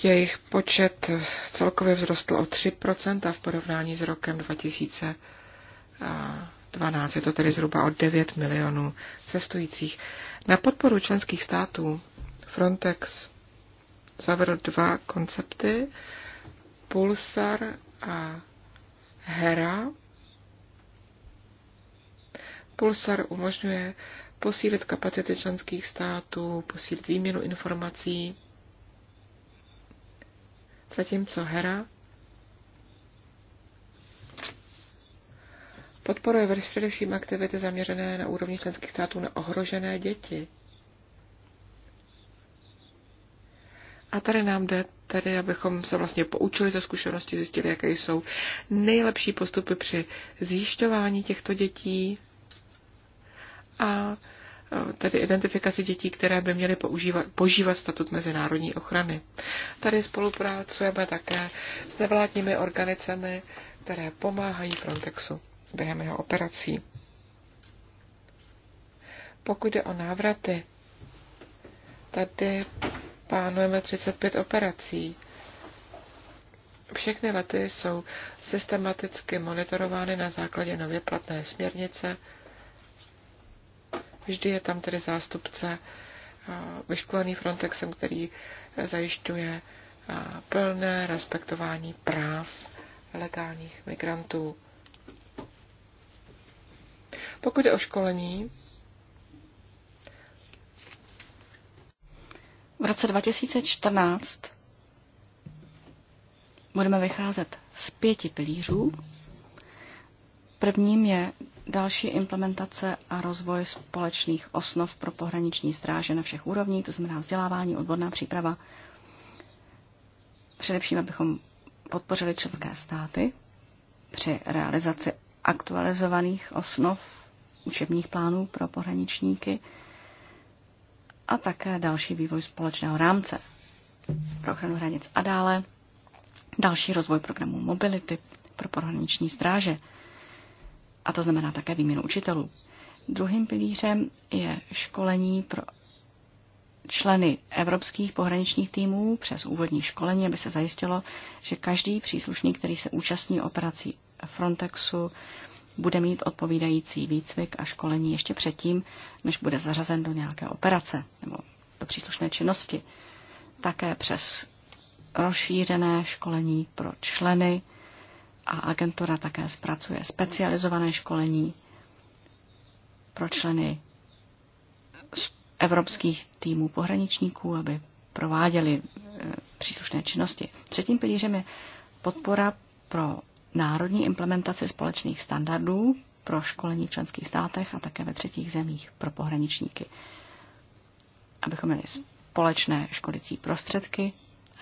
Jejich počet celkově vzrostl o 3% a v porovnání s rokem 2012 je to tedy zhruba o 9 milionů cestujících. Na podporu členských států Frontex zavedl dva koncepty, Pulsar a Hera. Pulsar umožňuje posílit kapacity členských států, posílit výměnu informací, zatímco Hera Podporuje vrch především aktivity zaměřené na úrovni členských států na ohrožené děti. A tady nám jde tedy, abychom se vlastně poučili ze zkušenosti, zjistili, jaké jsou nejlepší postupy při zjišťování těchto dětí a e, tedy identifikaci dětí, které by měly používat, požívat statut mezinárodní ochrany. Tady spolupracujeme také s nevládními organicemi, které pomáhají Frontexu během jeho operací. Pokud jde o návraty, tady plánujeme 35 operací. Všechny lety jsou systematicky monitorovány na základě nově platné směrnice. Vždy je tam tedy zástupce vyškolený Frontexem, který zajišťuje plné respektování práv legálních migrantů. Pokud je o školení, v roce 2014 budeme vycházet z pěti pilířů. Prvním je další implementace a rozvoj společných osnov pro pohraniční stráže na všech úrovních, to znamená vzdělávání, odborná příprava. Především, abychom podpořili členské státy při realizaci aktualizovaných osnov učebních plánů pro pohraničníky a také další vývoj společného rámce pro ochranu hranic a dále další rozvoj programů mobility pro pohraniční stráže. A to znamená také výměnu učitelů. Druhým pilířem je školení pro členy evropských pohraničních týmů přes úvodní školení, aby se zajistilo, že každý příslušník, který se účastní operací Frontexu, bude mít odpovídající výcvik a školení ještě předtím, než bude zařazen do nějaké operace nebo do příslušné činnosti. Také přes rozšířené školení pro členy a agentura také zpracuje specializované školení pro členy evropských týmů pohraničníků, aby prováděli e, příslušné činnosti. Třetím pilířem je podpora pro národní implementaci společných standardů pro školení v členských státech a také ve třetích zemích pro pohraničníky, abychom měli společné školicí prostředky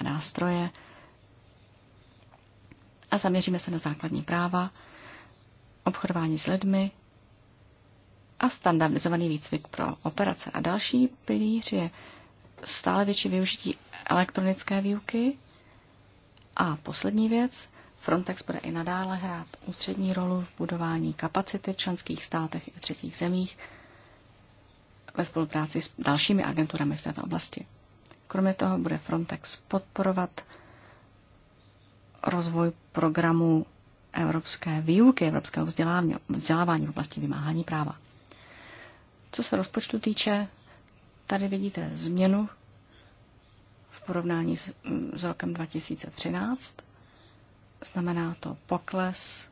a nástroje a zaměříme se na základní práva, obchodování s lidmi a standardizovaný výcvik pro operace. A další pilíř je stále větší využití elektronické výuky. A poslední věc, Frontex bude i nadále hrát ústřední rolu v budování kapacity v členských státech i v třetích zemích ve spolupráci s dalšími agenturami v této oblasti. Kromě toho bude Frontex podporovat rozvoj programu evropské výuky, evropského vzdělávání, vzdělávání v oblasti vymáhání práva. Co se rozpočtu týče, tady vidíte změnu v porovnání s, s rokem 2013 Znamená to pokles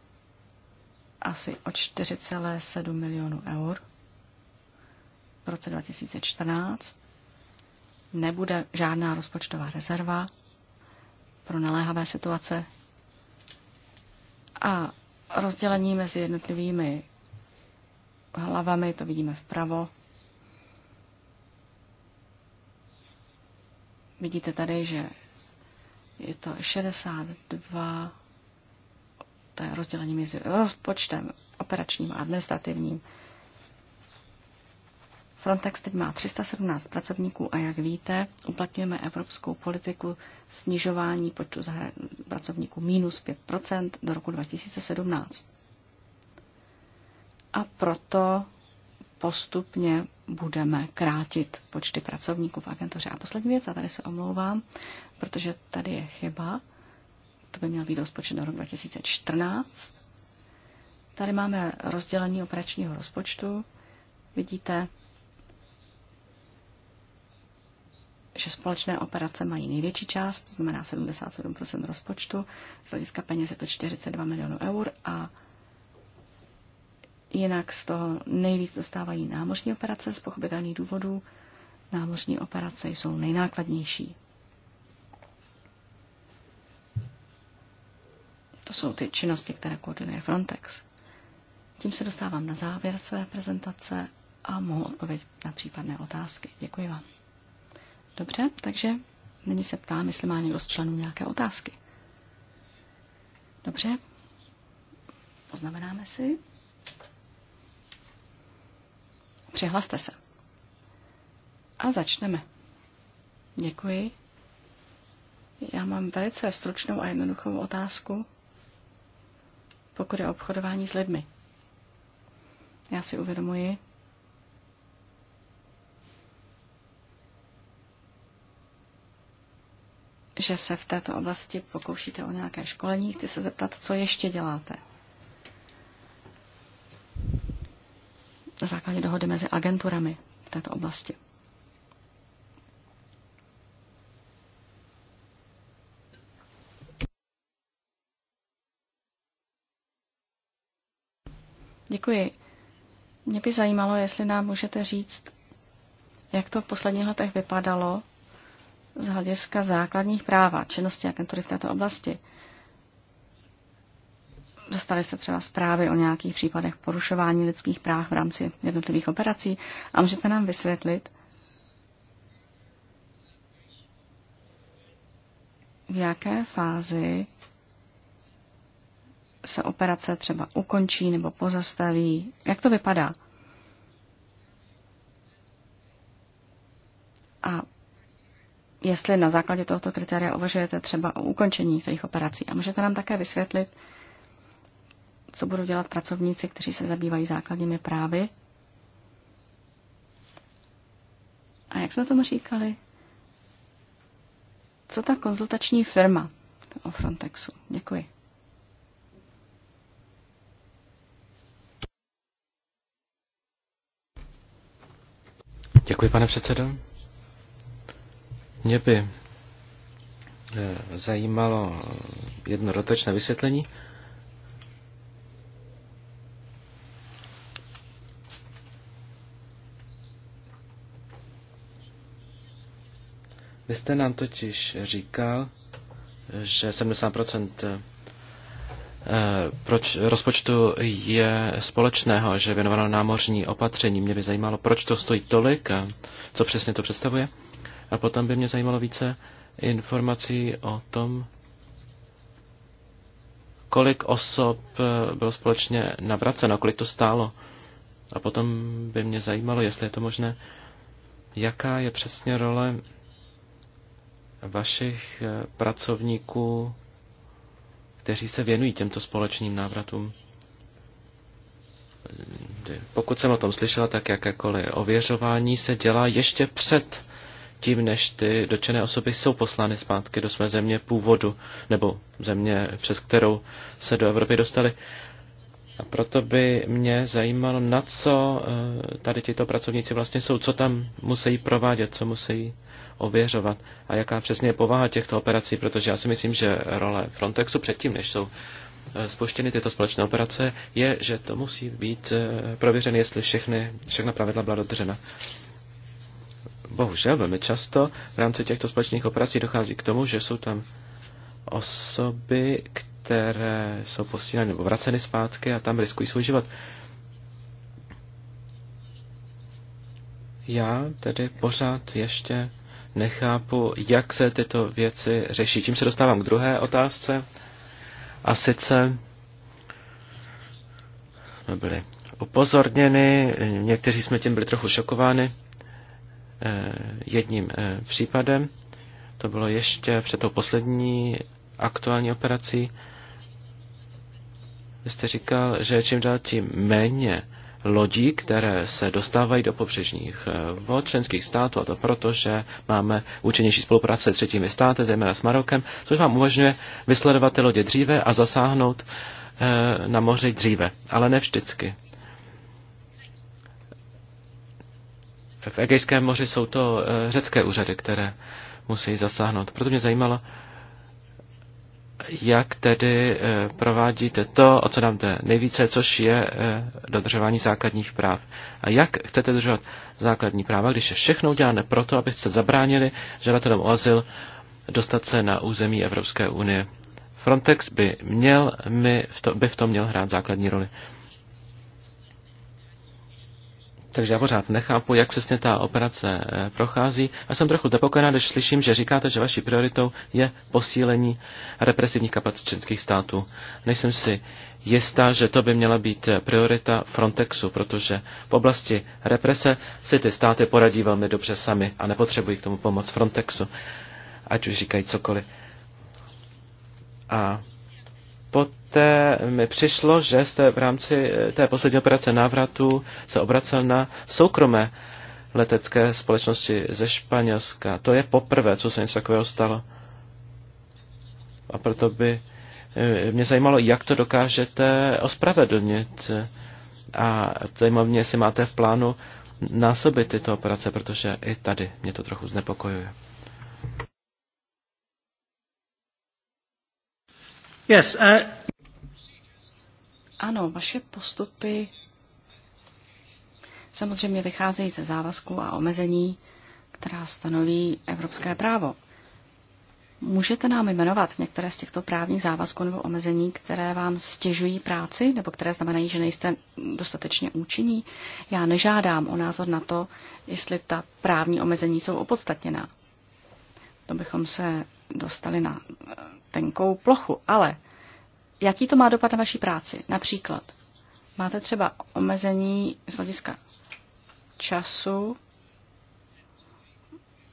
asi o 4,7 milionů eur v roce 2014. Nebude žádná rozpočtová rezerva pro naléhavé situace a rozdělení mezi jednotlivými hlavami, to vidíme vpravo. Vidíte tady, že je to 62 to je rozdělení mezi rozpočtem operačním a administrativním. Frontex teď má 317 pracovníků a jak víte, uplatňujeme evropskou politiku snižování počtu pracovníků minus 5 do roku 2017. A proto postupně budeme krátit počty pracovníků v agentuře. A poslední věc, a tady se omlouvám, protože tady je chyba. To by měl být rozpočet na rok 2014. Tady máme rozdělení operačního rozpočtu. Vidíte, že společné operace mají největší část, to znamená 77% rozpočtu, z hlediska peněz je to 42 milionů eur a jinak z toho nejvíc dostávají námořní operace z pochopitelných důvodů. Námořní operace jsou nejnákladnější. To jsou ty činnosti, které koordinuje Frontex. Tím se dostávám na závěr své prezentace a mohu odpovědět na případné otázky. Děkuji vám. Dobře, takže nyní se ptám, jestli má někdo z členů nějaké otázky. Dobře, poznamenáme si. Přihlaste se. A začneme. Děkuji. Já mám velice stručnou a jednoduchou otázku pokud je obchodování s lidmi. Já si uvědomuji, že se v této oblasti pokoušíte o nějaké školení. Chci se zeptat, co ještě děláte. Na základě dohody mezi agenturami v této oblasti. Děkuji. Mě by zajímalo, jestli nám můžete říct, jak to v posledních letech vypadalo z hlediska základních práva, činnosti agentury v této oblasti. Dostali jste třeba zprávy o nějakých případech porušování lidských práv v rámci jednotlivých operací a můžete nám vysvětlit, v jaké fázi se operace třeba ukončí nebo pozastaví? Jak to vypadá? A jestli na základě tohoto kritéria uvažujete třeba o ukončení některých operací. A můžete nám také vysvětlit, co budou dělat pracovníci, kteří se zabývají základními právy. A jak jsme tomu říkali? Co ta konzultační firma o Frontexu? Děkuji. Děkuji, pane předsedo. Mě by eh, zajímalo jedno dotečné vysvětlení. Vy jste nám totiž říkal, že 70 Eh, proč rozpočtu je společného, že věnováno námořní opatření. Mě by zajímalo, proč to stojí tolik a co přesně to představuje. A potom by mě zajímalo více informací o tom, kolik osob eh, bylo společně navraceno, kolik to stálo. A potom by mě zajímalo, jestli je to možné, jaká je přesně role vašich eh, pracovníků kteří se věnují těmto společným návratům. Pokud jsem o tom slyšela, tak jakékoliv ověřování se dělá ještě před tím, než ty dočené osoby jsou poslány zpátky do své země původu nebo země, přes kterou se do Evropy dostali. A proto by mě zajímalo, na co eh, tady tyto pracovníci vlastně jsou, co tam musí provádět, co musí ověřovat a jaká přesně je povaha těchto operací, protože já si myslím, že role Frontexu předtím, než jsou eh, spuštěny tyto společné operace, je, že to musí být eh, prověřeno, jestli všechny, všechna pravidla byla dodržena. Bohužel velmi často v rámci těchto společných operací dochází k tomu, že jsou tam osoby, které jsou posílány nebo vraceny zpátky a tam riskují svůj život. Já tedy pořád ještě nechápu, jak se tyto věci řeší. Tím se dostávám k druhé otázce. A sice jsme byli upozorněni, někteří jsme tím byli trochu šokováni eh, jedním eh, případem. To bylo ještě před tou poslední aktuální operací. Vy jste říkal, že čím dál tím méně lodí, které se dostávají do pobřežních eh, vod členských států, a to proto, že máme účinnější spolupráce s třetími státy, zejména s Marokem, což vám umožňuje vysledovat ty lodě dříve a zasáhnout eh, na moři dříve, ale ne vždycky. V Egejském moři jsou to eh, řecké úřady, které musí zasáhnout. Proto mě zajímalo, jak tedy eh, provádíte to, o co nám jde nejvíce, což je eh, dodržování základních práv. A jak chcete dodržovat základní práva, když je všechno uděláne proto, abyste zabránili žadatelům o azyl dostat se na území Evropské unie. Frontex by, měl, my by v tom měl hrát základní roli. Takže já pořád nechápu, jak přesně ta operace eh, prochází a jsem trochu zapokojená, když slyším, že říkáte, že vaší prioritou je posílení represivních kapacit členských států. Nejsem si jistá, že to by měla být eh, priorita Frontexu, protože v oblasti represe si ty státy poradí velmi dobře sami a nepotřebují k tomu pomoc Frontexu, ať už říkají cokoliv. A jste, mi přišlo, že jste v rámci eh, té poslední operace návratu se obracel na soukromé letecké společnosti ze Španělska. To je poprvé, co se něco takového stalo. A proto by eh, mě zajímalo, jak to dokážete ospravedlnit. A zajímalo mě, jestli máte v plánu násobit tyto operace, protože i tady mě to trochu znepokojuje. Yes, uh, ano, vaše postupy samozřejmě vycházejí ze závazků a omezení, která stanoví evropské právo. Můžete nám jmenovat některé z těchto právních závazků nebo omezení, které vám stěžují práci, nebo které znamenají, že nejste dostatečně účinní? Já nežádám o názor na to, jestli ta právní omezení jsou opodstatněná. To bychom se dostali na tenkou plochu, ale jaký to má dopad na vaší práci? Například, máte třeba omezení z hlediska času,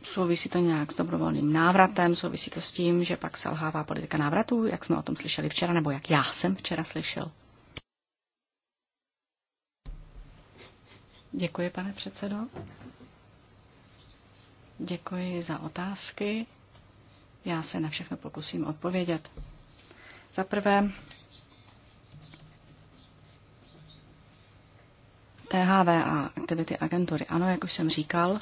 souvisí to nějak s dobrovolným návratem, souvisí to s tím, že pak selhává politika návratů, jak jsme o tom slyšeli včera, nebo jak já jsem včera slyšel. Děkuji, pane předsedo. Děkuji za otázky. Já se na všechno pokusím odpovědět. Za prvé, THV a aktivity agentury. Ano, jak už jsem říkal,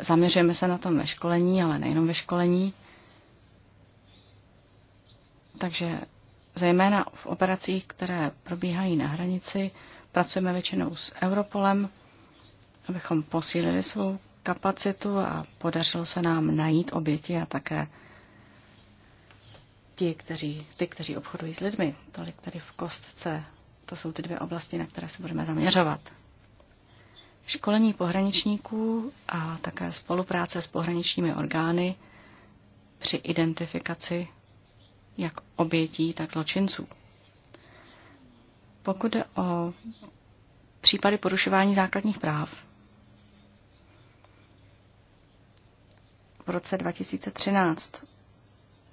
zaměřujeme se na tom ve školení, ale nejenom ve školení. Takže zejména v operacích, které probíhají na hranici, pracujeme většinou s Europolem, abychom posílili svou kapacitu a podařilo se nám najít oběti a také ti, kteří, ty, kteří obchodují s lidmi. Tolik tady v kostce. To jsou ty dvě oblasti, na které se budeme zaměřovat. Školení pohraničníků a také spolupráce s pohraničními orgány při identifikaci jak obětí, tak zločinců. Pokud jde o případy porušování základních práv, v roce 2013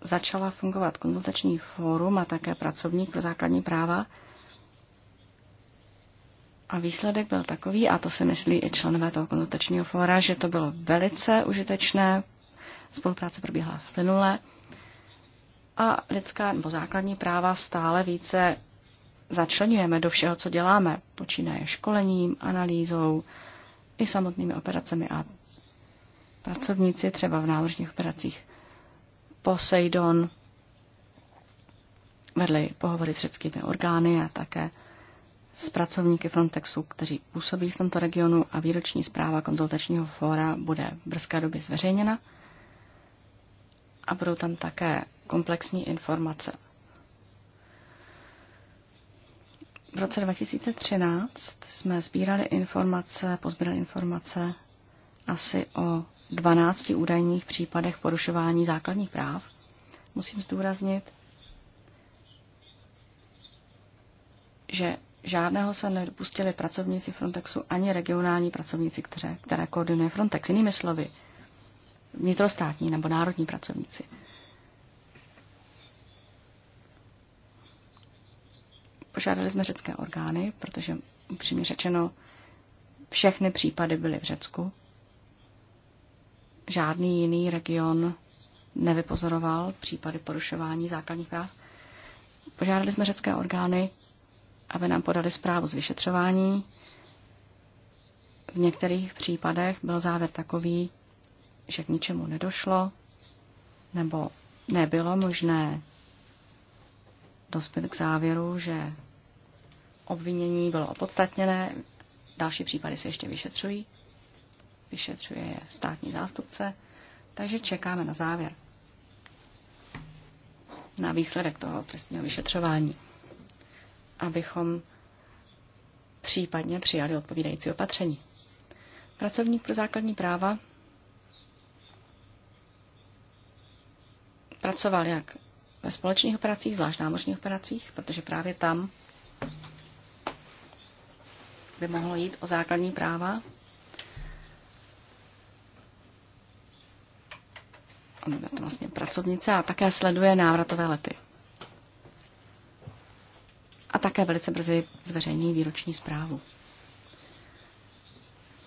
začala fungovat konzultační fórum a také pracovník pro základní práva. A výsledek byl takový, a to si myslí i členové toho konzultačního fóra, že to bylo velice užitečné, spolupráce probíhala v plynule a lidská nebo základní práva stále více začlenujeme do všeho, co děláme, počínaje školením, analýzou i samotnými operacemi a pracovníci třeba v náložních operacích Poseidon vedli pohovory s řeckými orgány a také s pracovníky Frontexu, kteří působí v tomto regionu a výroční zpráva konzultačního fóra bude v brzké době zveřejněna a budou tam také komplexní informace. V roce 2013 jsme sbírali informace, pozbírali informace asi o 12 údajných případech porušování základních práv. Musím zdůraznit, že žádného se nedopustili pracovníci Frontexu ani regionální pracovníci, které, které koordinuje Frontex. Jinými slovy, vnitrostátní nebo národní pracovníci. Požádali jsme řecké orgány, protože upřímně řečeno všechny případy byly v Řecku žádný jiný region nevypozoroval případy porušování základních práv. Požádali jsme řecké orgány, aby nám podali zprávu z vyšetřování. V některých případech byl závěr takový, že k ničemu nedošlo, nebo nebylo možné dospět k závěru, že obvinění bylo opodstatněné, další případy se ještě vyšetřují vyšetřuje je státní zástupce, takže čekáme na závěr, na výsledek toho trestního vyšetřování, abychom případně přijali odpovídající opatření. Pracovník pro základní práva pracoval jak ve společných operacích, zvlášť námořních operacích, protože právě tam by mohlo jít o základní práva je to vlastně pracovnice a také sleduje návratové lety. A také velice brzy zveřejní výroční zprávu.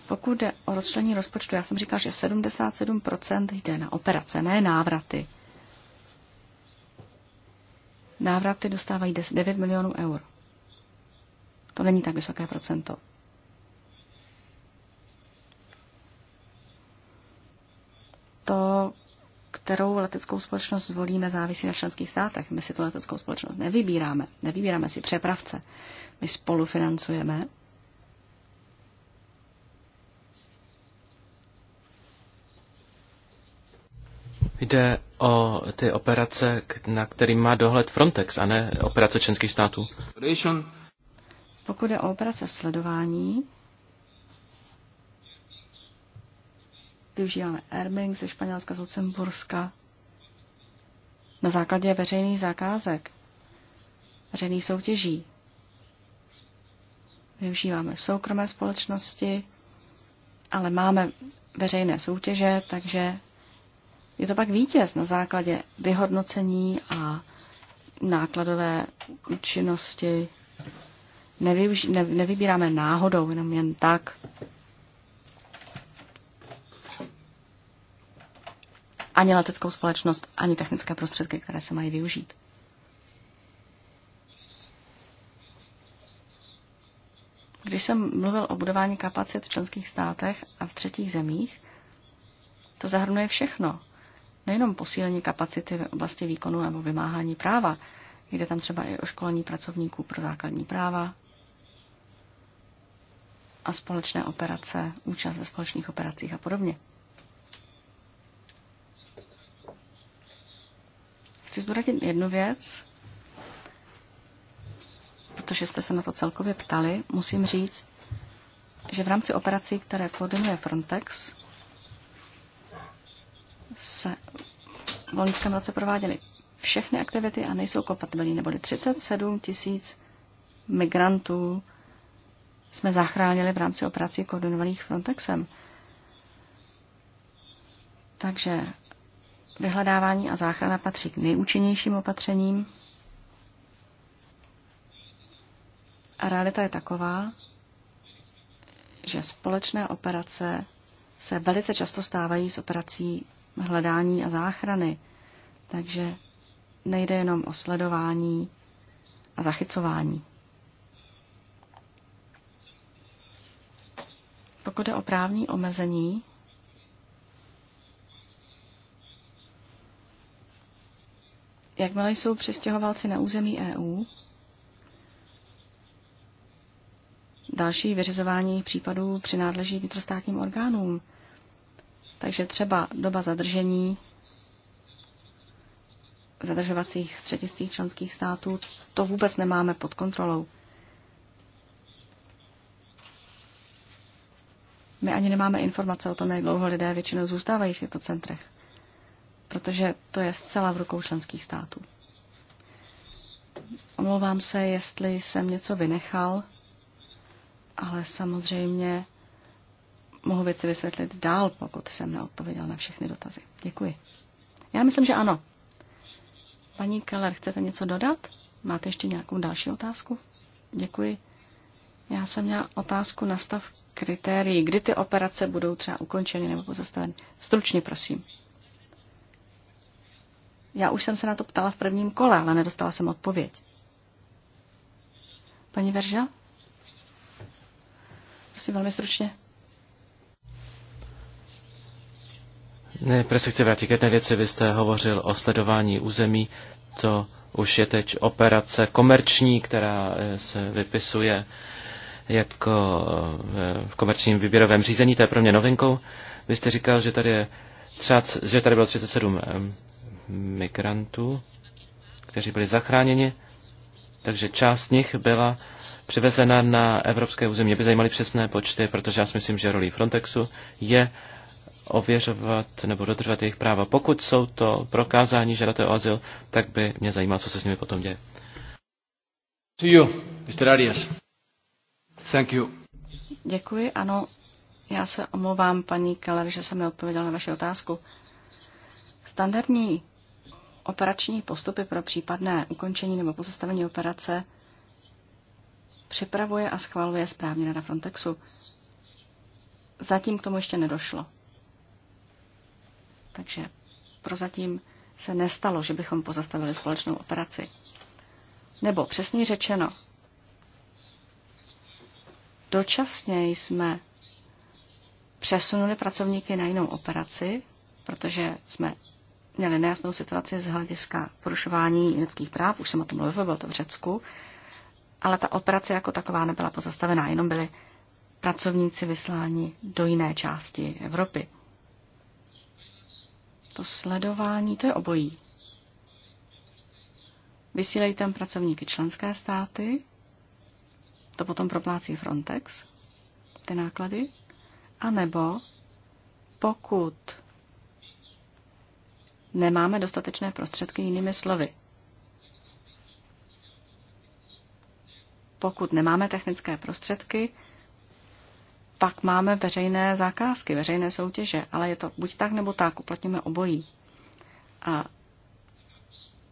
Pokud jde o rozčlení rozpočtu, já jsem říkal, že 77% jde na operace, ne návraty. Návraty dostávají 9 milionů eur. To není tak vysoké procento. kterou leteckou společnost zvolíme, závisí na členských státech. My si tu leteckou společnost nevybíráme. Nevybíráme si přepravce. My spolufinancujeme Jde o ty operace, na který má dohled Frontex, a ne operace členských států. Pokud je o operace sledování, Využíváme Erming ze Španělska, z Lucemburska. Na základě veřejných zakázek, veřejných soutěží. Využíváme soukromé společnosti, ale máme veřejné soutěže, takže je to pak vítěz na základě vyhodnocení a nákladové účinnosti. ne- nevybíráme náhodou, jenom jen tak. ani leteckou společnost, ani technické prostředky, které se mají využít. Když jsem mluvil o budování kapacit v členských státech a v třetích zemích, to zahrnuje všechno. Nejenom posílení kapacity v oblasti výkonu nebo vymáhání práva, jde tam třeba i o školení pracovníků pro základní práva a společné operace, účast ve společných operacích a podobně. Chci zdůraznit jednu věc, protože jste se na to celkově ptali, musím říct, že v rámci operací, které koordinuje Frontex, se v loňském roce prováděly všechny aktivity a nejsou kompatibilní, neboli 37 tisíc migrantů jsme zachránili v rámci operací koordinovaných Frontexem. Takže Vyhledávání a záchrana patří k nejúčinnějším opatřením. A realita je taková, že společné operace se velice často stávají s operací hledání a záchrany. Takže nejde jenom o sledování a zachycování. Pokud je o právní omezení, Jakmile jsou přistěhovalci na území EU, další vyřizování případů přináleží vnitrostátním orgánům. Takže třeba doba zadržení zadržovacích střediscích členských států, to vůbec nemáme pod kontrolou. My ani nemáme informace o tom, jak dlouho lidé většinou zůstávají v těchto centrech protože to je zcela v rukou členských států. Omlouvám se, jestli jsem něco vynechal, ale samozřejmě mohu věci vysvětlit dál, pokud jsem neodpověděl na všechny dotazy. Děkuji. Já myslím, že ano. Paní Keller, chcete něco dodat? Máte ještě nějakou další otázku? Děkuji. Já jsem měla otázku na stav kritérií, kdy ty operace budou třeba ukončeny nebo pozastaveny. Stručně, prosím. Já už jsem se na to ptala v prvním kole, ale nedostala jsem odpověď. Paní Verža? Prosím, velmi stručně. Ne, se chci vrátit k jedné věci. Vy jste hovořil o sledování území. To už je teď operace komerční, která eh, se vypisuje jako eh, v komerčním výběrovém řízení. To je pro mě novinkou. Vy jste říkal, že tady, je třeba, že tady bylo 37 migrantů, kteří byli zachráněni, takže část z nich byla přivezena na evropské území. Mě by zajímaly přesné počty, protože já si myslím, že rolí Frontexu je ověřovat nebo dodržovat jejich práva. Pokud jsou to prokázání žadaté o azyl, tak by mě zajímalo, co se s nimi potom děje. To you, Mr. Arias. Thank you. Děkuji, ano. Já se omlouvám, paní Keller, že jsem neodpověděl na vaši otázku. Standardní operační postupy pro případné ukončení nebo pozastavení operace připravuje a schvaluje správně rada Frontexu. Zatím k tomu ještě nedošlo. Takže prozatím se nestalo, že bychom pozastavili společnou operaci. Nebo přesně řečeno, dočasně jsme přesunuli pracovníky na jinou operaci, protože jsme měli nejasnou situaci z hlediska porušování lidských práv, už jsem o tom mluvil, byl to v Řecku, ale ta operace jako taková nebyla pozastavená, jenom byli pracovníci vysláni do jiné části Evropy. To sledování, to je obojí. Vysílají tam pracovníky členské státy, to potom proplácí Frontex, ty náklady, anebo pokud nemáme dostatečné prostředky jinými slovy. Pokud nemáme technické prostředky, pak máme veřejné zakázky, veřejné soutěže, ale je to buď tak nebo tak, uplatníme obojí. A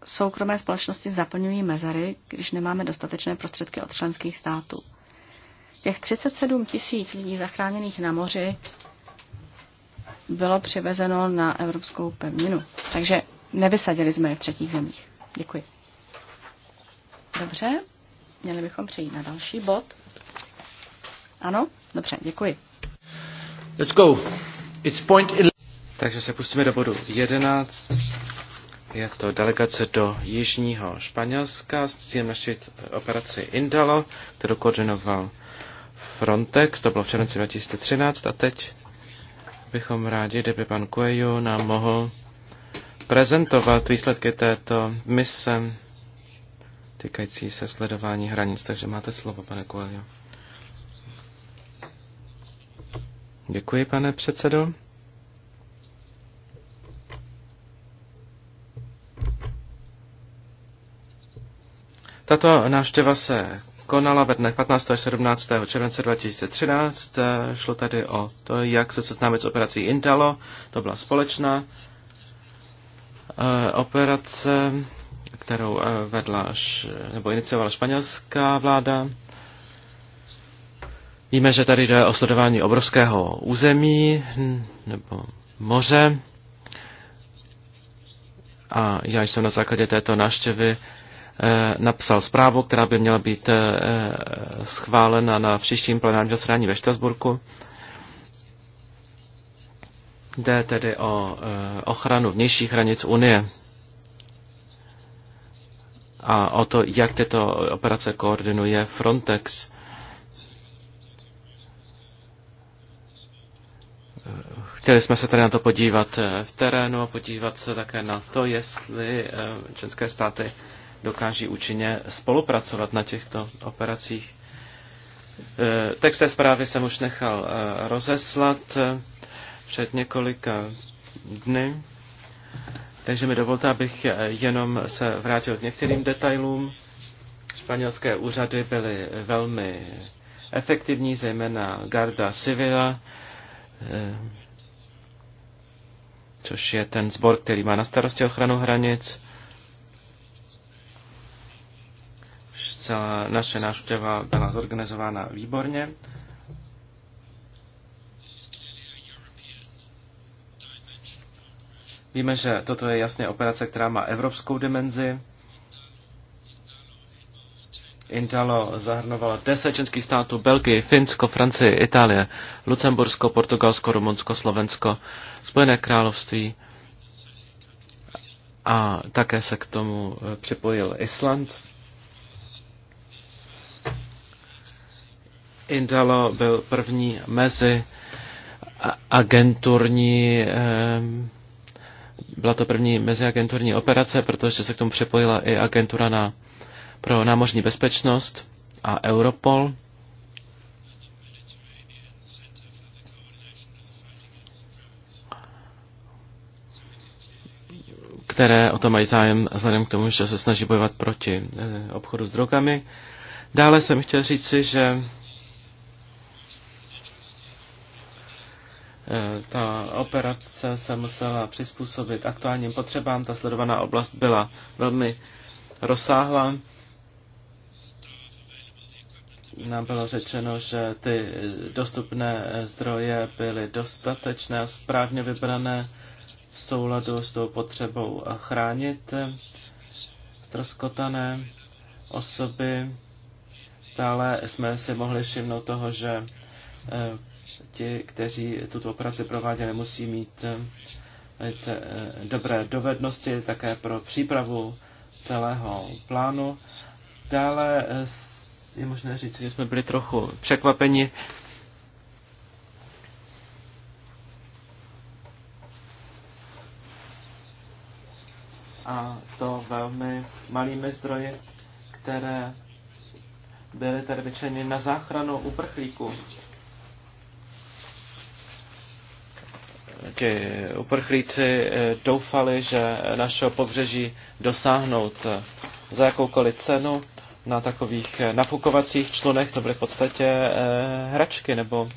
soukromé společnosti zaplňují mezery, když nemáme dostatečné prostředky od členských států. Těch 37 tisíc lidí zachráněných na moři bylo přivezeno na evropskou pevninu. Takže nevysadili jsme je v třetích zemích. Děkuji. Dobře, měli bychom přejít na další bod. Ano? Dobře, děkuji. Let's go. It's point Takže se pustíme do bodu 11. Je to delegace do Jižního Španělska s cílem naštívit operaci Indalo, kterou koordinoval Frontex, to bylo v červenci 2013 a teď bychom rádi, kdyby pan Kueju nám mohl prezentovat výsledky této mise týkající se sledování hranic. Takže máte slovo, pane Kueju. Děkuji, pane předsedo. Tato návštěva se konala ve dnech 15. až 17. července 2013. Eh, šlo tady o to, jak se seznámit s operací Intalo. To byla společná eh, operace, kterou eh, vedla nebo iniciovala španělská vláda. Víme, že tady jde o sledování obrovského území hm, nebo moře. A já jsem na základě této návštěvy Eh, napsal zprávu, která by měla být eh, schválena na příštím plenárním zasedání ve Štrasburku. Jde tedy o eh, ochranu vnějších hranic Unie a o to, jak tyto operace koordinuje Frontex. Chtěli jsme se tady na to podívat v terénu a podívat se také na to, jestli členské státy dokáží účinně spolupracovat na těchto operacích. Eh, text té zprávy jsem už nechal eh, rozeslat eh, před několika dny, takže mi dovolte, abych jenom se vrátil k některým detailům. Španělské úřady byly velmi efektivní, zejména Garda Civila, což je ten sbor, který má na starosti ochranu hranic. celá naše návštěva byla zorganizována výborně. Víme, že toto je jasně operace, která má evropskou dimenzi. Intalo zahrnovalo 10 členských států, Belgii, Finsko, Francii, Itálie, Lucembursko, Portugalsko, Rumunsko, Slovensko, Spojené království a také se k tomu připojil Island. Indalo byl první mezi agenturní byla to první meziagenturní operace, protože se k tomu připojila i agentura na, pro námořní bezpečnost a Europol. které o to mají zájem vzhledem k tomu, že se snaží bojovat proti eh, obchodu s drogami. Dále jsem chtěl říci, že Eh, ta operace se musela přizpůsobit aktuálním potřebám. Ta sledovaná oblast byla velmi rozsáhlá. Nám bylo řečeno, že ty dostupné zdroje byly dostatečné a správně vybrané v souladu s tou potřebou chránit ztroskotané osoby. Dále jsme si mohli všimnout toho, že eh, ti, kteří tuto operaci prováděli, musí mít eh, velice eh, dobré dovednosti také pro přípravu celého plánu. Dále eh, je možné říct, že jsme byli trochu překvapeni. A to velmi malými zdroji, které byly tady vyčleněny na záchranu uprchlíků ti uprchlíci eh, doufali, že našeho pobřeží dosáhnout eh, za jakoukoliv cenu na takových eh, napukovacích člunech, to byly v podstatě hračky nebo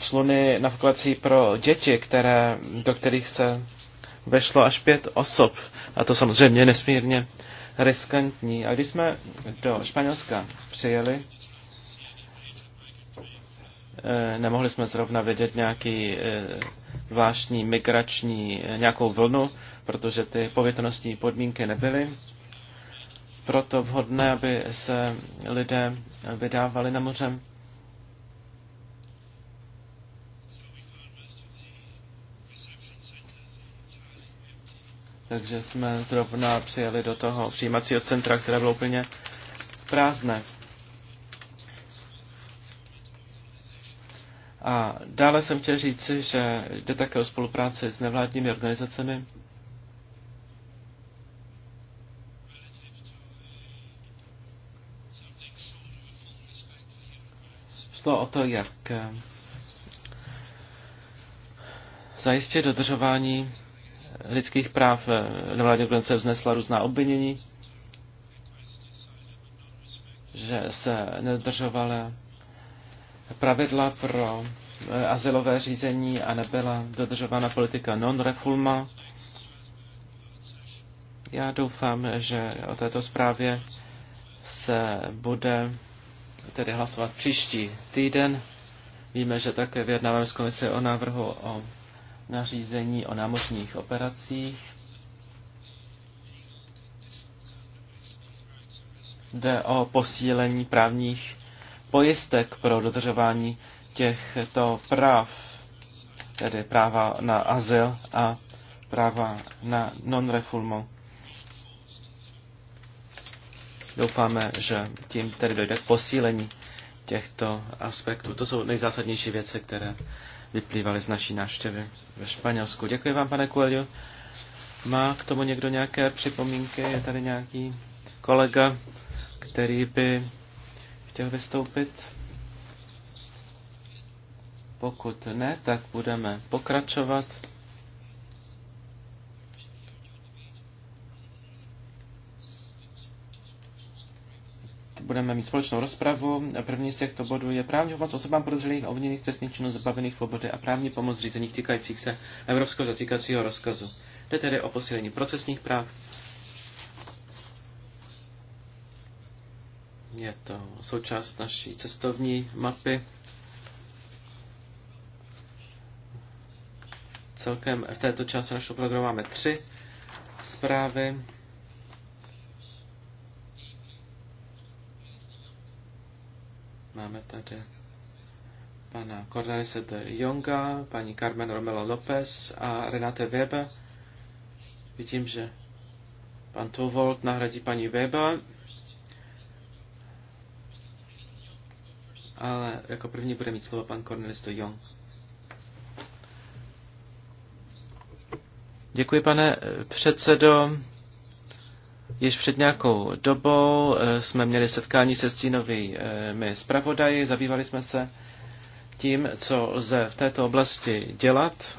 čluny nafukovací pro děti, které, do kterých se vešlo až pět osob. A to samozřejmě nesmírně riskantní. A když jsme do Španělska přijeli, Eh, nemohli jsme zrovna vidět nějaký eh, zvláštní migrační, eh, nějakou vlnu, protože ty povětrnostní podmínky nebyly. Proto vhodné, aby se lidé vydávali na moře. Takže jsme zrovna přijeli do toho přijímacího centra, které bylo úplně prázdné. A dále jsem chtěl říci, že jde také o spolupráci s nevládními organizacemi. Šlo o to, jak eh, zajistit dodržování lidských práv. Eh, nevládní organizace vznesla různá obvinění, že se nedržovala pravidla pro eh, azylové řízení a nebyla dodržována politika non-refulma. Já doufám, že o této zprávě se bude tedy hlasovat příští týden. Víme, že také vyjednáváme s komise o návrhu o nařízení o námořních operacích. Jde o posílení právních pojistek pro dodržování těchto práv, tedy práva na azyl a práva na non-refulmo. Doufáme, že tím tedy dojde k posílení těchto aspektů. To jsou nejzásadnější věci, které vyplývaly z naší návštěvy ve Španělsku. Děkuji vám, pane Coelho. Má k tomu někdo nějaké připomínky? Je tady nějaký kolega, který by chtěl vystoupit? Pokud ne, tak budeme pokračovat. Budeme mít společnou rozpravu. První z těchto bodů je právní pomoc osobám podezřelých a obviněných trestných činů zabavených svobody a právní pomoc v řízeních týkajících se Evropského zatýkacího rozkazu. Jde tedy o posílení procesních práv Je to součást naší cestovní mapy. Celkem v této části našeho programu máme tři zprávy. Máme tady pana Cornelise de Jonga, paní Carmen Romelo López a Renate Weber. Vidím, že pan Tovolt nahradí paní Weber. ale jako první bude mít slovo pan Cornelis de Jong. Děkuji, pane eh, předsedo. Již před nějakou dobou eh, jsme měli setkání se stínovými eh, zpravodaji, zabývali jsme se tím, co lze v této oblasti dělat.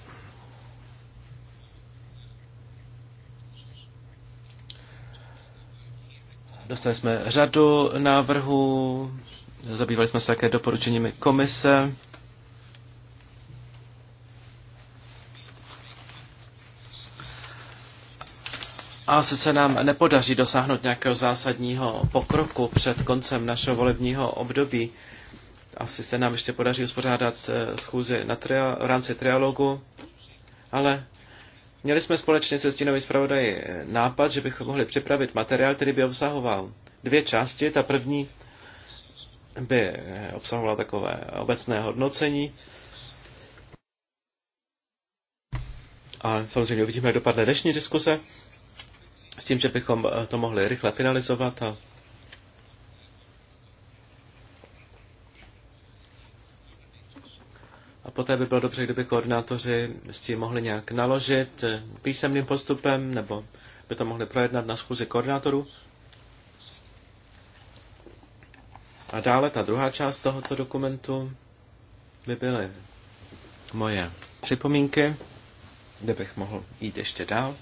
Dostali jsme řadu návrhů, Zabývali jsme se také doporučeními komise. A se se nám nepodaří dosáhnout nějakého zásadního pokroku před koncem našeho volebního období, asi se nám ještě podaří uspořádat eh, schůzi na tria, v rámci trialogu, ale měli jsme společně se stínovým zpravodaji nápad, že bychom mohli připravit materiál, který by obsahoval dvě části. Ta první by eh, obsahovala takové obecné hodnocení. A samozřejmě uvidíme, jak dopadne dnešní diskuse, s tím, že bychom eh, to mohli rychle finalizovat a poté by bylo dobře, kdyby koordinátoři s tím mohli nějak naložit eh, písemným postupem, nebo by to mohli projednat na schůzi koordinátorů. A dále ta druhá část tohoto dokumentu by byly moje připomínky, kde bych mohl jít ještě dál.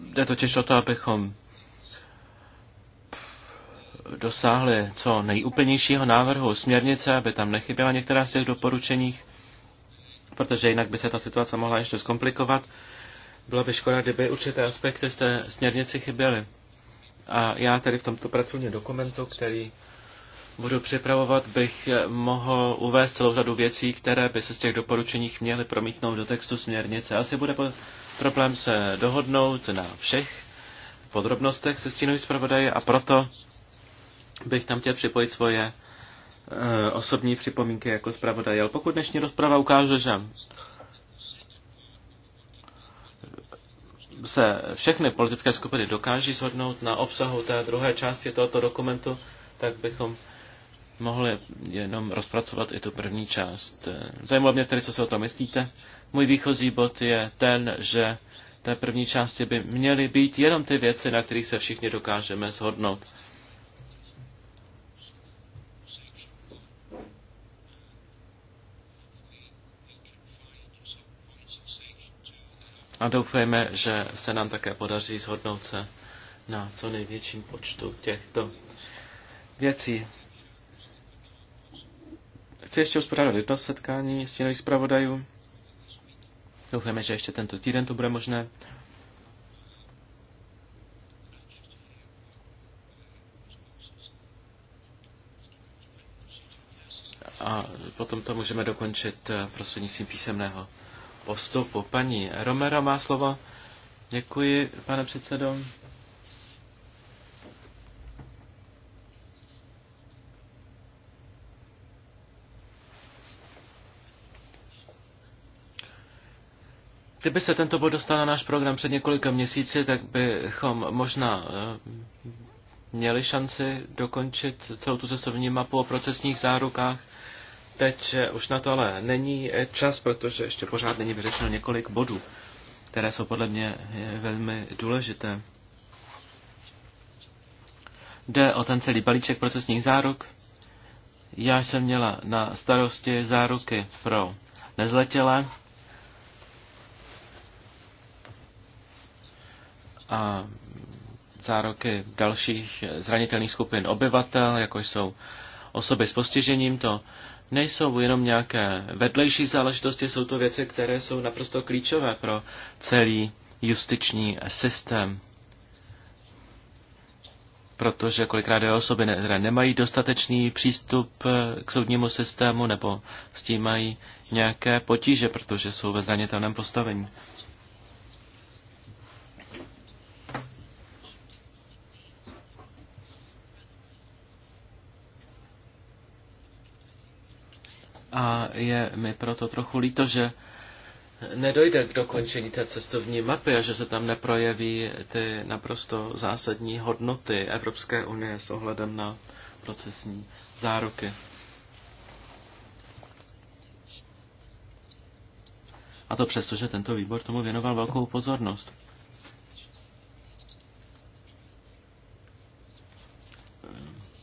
Jde totiž o to, abychom dosáhli co nejúplnějšího návrhu směrnice, aby tam nechyběla některá z těch doporučeních, protože jinak by se ta situace mohla ještě zkomplikovat. Byla by škoda, kdyby určité aspekty z té směrnici chyběly. A já tedy v tomto pracovním dokumentu, který budu připravovat, bych mohl uvést celou řadu věcí, které by se z těch doporučeních měly promítnout do textu směrnice. Asi bude problém se dohodnout na všech podrobnostech se stínovým zpravodaji a proto bych tam chtěl připojit svoje e, osobní připomínky jako Ale Pokud dnešní rozprava ukáže, že se všechny politické skupiny dokáží shodnout na obsahu té druhé části tohoto dokumentu, tak bychom mohli jenom rozpracovat i tu první část. Zajímalo mě tedy, co se o tom myslíte. Můj výchozí bod je ten, že té první části by měly být jenom ty věci, na kterých se všichni dokážeme shodnout. A doufejme, že se nám také podaří shodnout se na co největším počtu těchto věcí. Chci ještě uspořádat jedno setkání s těmi zpravodajů. Doufáme, že ještě tento týden to bude možné. A potom to můžeme dokončit eh, prostřednictvím písemného postupu. Paní Romero má slovo. Děkuji, pane předsedo. Kdyby se tento bod dostal na náš program před několika měsíci, tak bychom možná eh, měli šanci dokončit celou tu cestovní mapu o procesních zárukách Teď eh, už na to ale není eh, čas, protože ještě pořád není vyřešeno několik bodů, které jsou podle mě eh, velmi důležité. Jde o ten celý balíček procesních záruk. Já jsem měla na starosti záruky pro nezletělé. A záruky dalších zranitelných skupin obyvatel, jako jsou osoby s postižením. To nejsou jenom nějaké vedlejší záležitosti, jsou to věci, které jsou naprosto klíčové pro celý justiční systém. Protože kolikrát je osoby, které nemají dostatečný přístup eh, k soudnímu systému nebo s tím mají nějaké potíže, protože jsou ve zranitelném postavení. a je mi proto trochu líto, že nedojde k dokončení té cestovní mapy a že se tam neprojeví ty naprosto zásadní hodnoty Evropské unie s ohledem na procesní záruky. A to přesto, že tento výbor tomu věnoval velkou pozornost.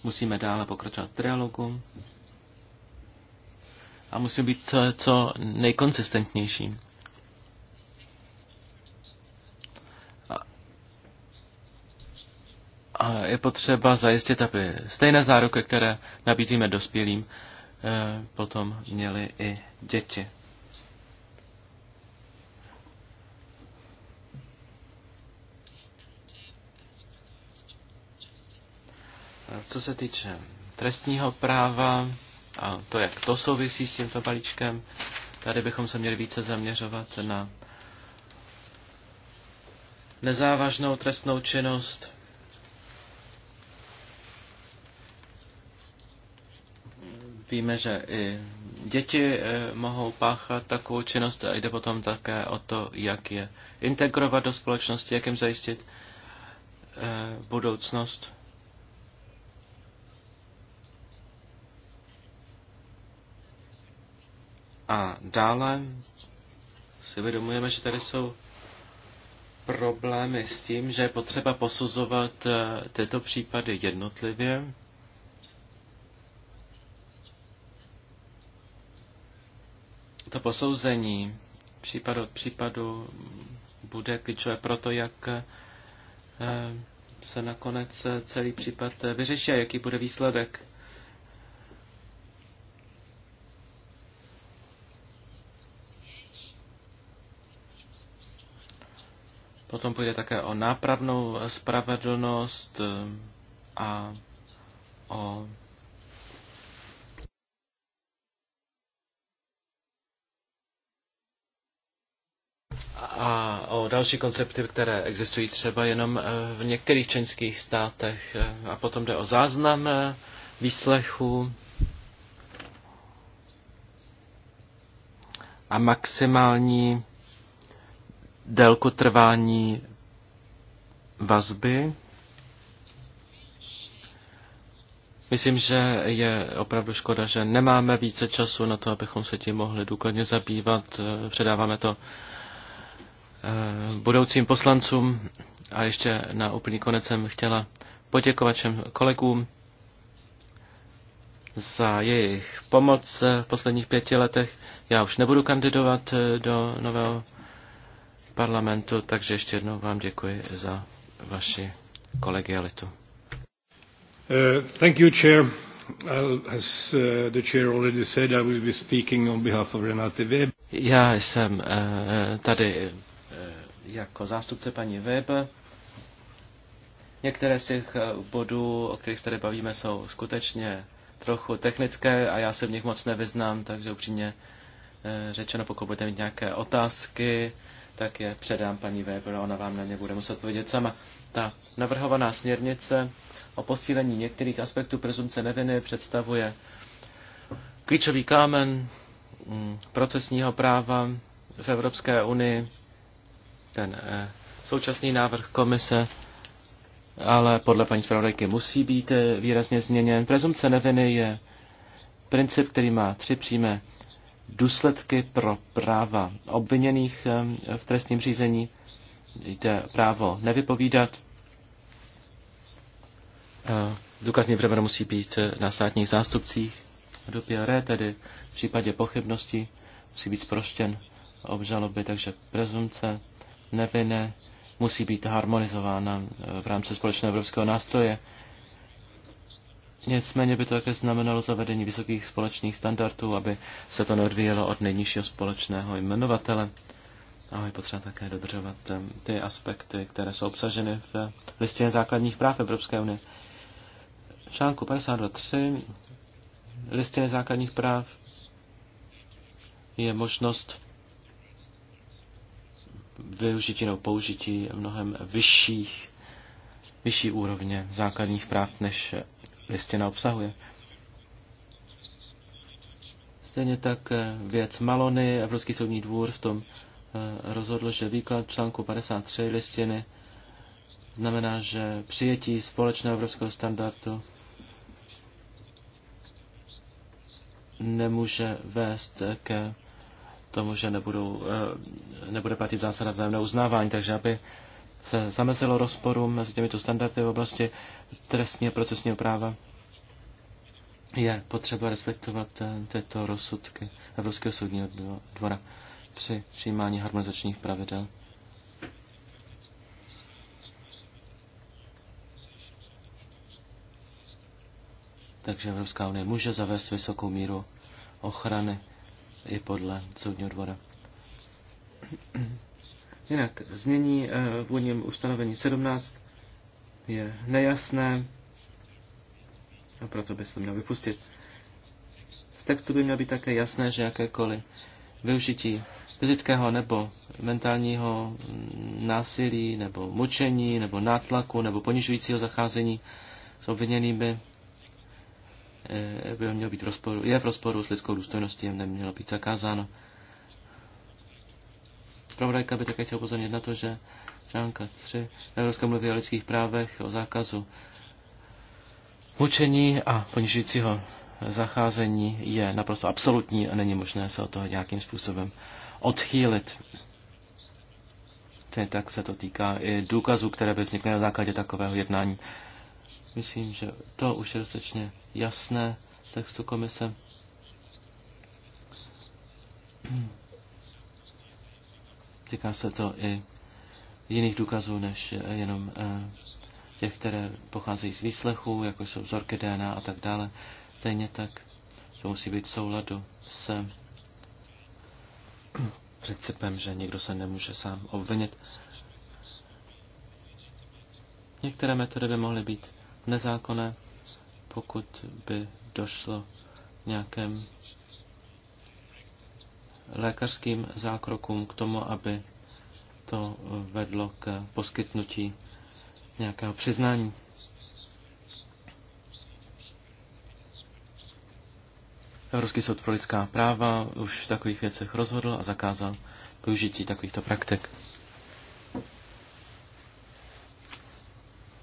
Musíme dále pokračovat v trialogu a musíme být co nejkonsistentnější. A je potřeba zajistit, aby stejné záruky, které nabízíme dospělým, eh, potom měly i děti. Co se týče trestního práva, a to, jak to souvisí s tímto balíčkem. Tady bychom se měli více zaměřovat na nezávažnou trestnou činnost, Víme, že i děti eh, mohou páchat takovou činnost a jde potom také o to, jak je integrovat do společnosti, jak jim zajistit eh, budoucnost. A dále si uvědomujeme, že tady jsou problémy s tím, že je potřeba posuzovat eh, tyto případy jednotlivě. To posouzení případ od případu bude klíčové pro to, jak eh, se nakonec eh, celý případ vyřeší a jaký bude výsledek. Potom půjde také o nápravnou spravedlnost eh, a o a o další koncepty, které existují třeba jenom eh, v některých členských státech. Eh, a potom jde o záznam výslechu a maximální délku trvání vazby. Myslím, že je opravdu škoda, že nemáme více času na to, abychom se tím mohli důkladně zabývat. Předáváme to eh, budoucím poslancům. A ještě na úplný konec jsem chtěla poděkovat všem kolegům za jejich pomoc v posledních pěti letech. Já už nebudu kandidovat eh, do nového parlamentu, takže ještě jednou vám děkuji za vaši kolegialitu. Uh, thank you, Chair. As uh, the Chair already said, I will be speaking on behalf of Renate Weber. Já jsem uh, tady uh, jako zástupce paní Weber. Některé z těch uh, bodů, o kterých se tady bavíme, jsou skutečně trochu technické a já se v nich moc nevyznám, takže upřímně řečeno, pokud budete mít nějaké otázky, tak je předám paní Weber a ona vám na ně bude muset odpovědět sama. Ta navrhovaná směrnice o posílení některých aspektů prezumce neviny představuje klíčový kámen mm, procesního práva v Evropské unii, ten eh, současný návrh komise, ale podle paní zpravodajky musí být eh, výrazně změněn. Prezumce neviny je princip, který má tři přímé důsledky pro práva obviněných eh, v trestním řízení. Jde právo nevypovídat. Důkazní břemeno musí být eh, na státních zástupcích. Do PRE, tedy v případě pochybnosti, musí být zproštěn obžaloby, takže prezumce nevinné musí být harmonizována eh, v rámci společného evropského nástroje Nicméně by to také znamenalo zavedení vysokých společných standardů, aby se to neodvíjelo od nejnižšího společného jmenovatele. A je potřeba také dodržovat ty aspekty, které jsou obsaženy v eh, listině základních práv Evropské unie. V článku 52.3 listině základních práv je možnost využití nebo použití mnohem vyšších, vyšší úrovně základních práv, než listina obsahuje. Stejně tak eh, věc Malony, Evropský soudní dvůr v tom eh, rozhodl, že výklad článku 53 listiny znamená, že přijetí společného evropského standardu nemůže vést ke tomu, že nebudou, eh, nebude platit zásada vzájemného uznávání, takže aby se zamezilo rozporu mezi těmito standardy v oblasti trestního procesního práva. Je potřeba respektovat eh, tyto rozsudky Evropského soudního dvora při přijímání harmonizačních pravidel. Takže Evropská unie může zavést vysokou míru ochrany i podle soudního dvora. Jinak znění eh, v úvodním ustanovení 17 je nejasné a proto by se měl vypustit. Z textu by mělo být také jasné, že jakékoliv využití fyzického nebo mentálního násilí, nebo mučení, nebo nátlaku, nebo ponižujícího zacházení s obviněnými eh, by mělo být v rozporu, je v rozporu s lidskou důstojností, nemělo být zakázáno. Spravodajka by také chtěla upozornit na to, že článka 3 Evropská mluví o lidských právech, o zákazu mučení a ponižujícího zacházení je naprosto absolutní a není možné se o toho nějakým způsobem odchýlit. Ten, tak se to týká i důkazů, které by vznikly na základě takového jednání. Myslím, že to už je dostatečně jasné v textu komise. Týká se to i jiných důkazů, než eh, jenom eh, těch, které pocházejí z výslechů, jako jsou vzorky DNA a tak dále. Stejně tak to musí být v souladu s principem, že nikdo se nemůže sám obvinit. Některé metody by mohly být nezákonné, pokud by došlo nějakém lékařským zákrokům k tomu, aby to vedlo k poskytnutí nějakého přiznání. Evropský soud pro lidská práva už v takových věcech rozhodl a zakázal využití takovýchto praktik.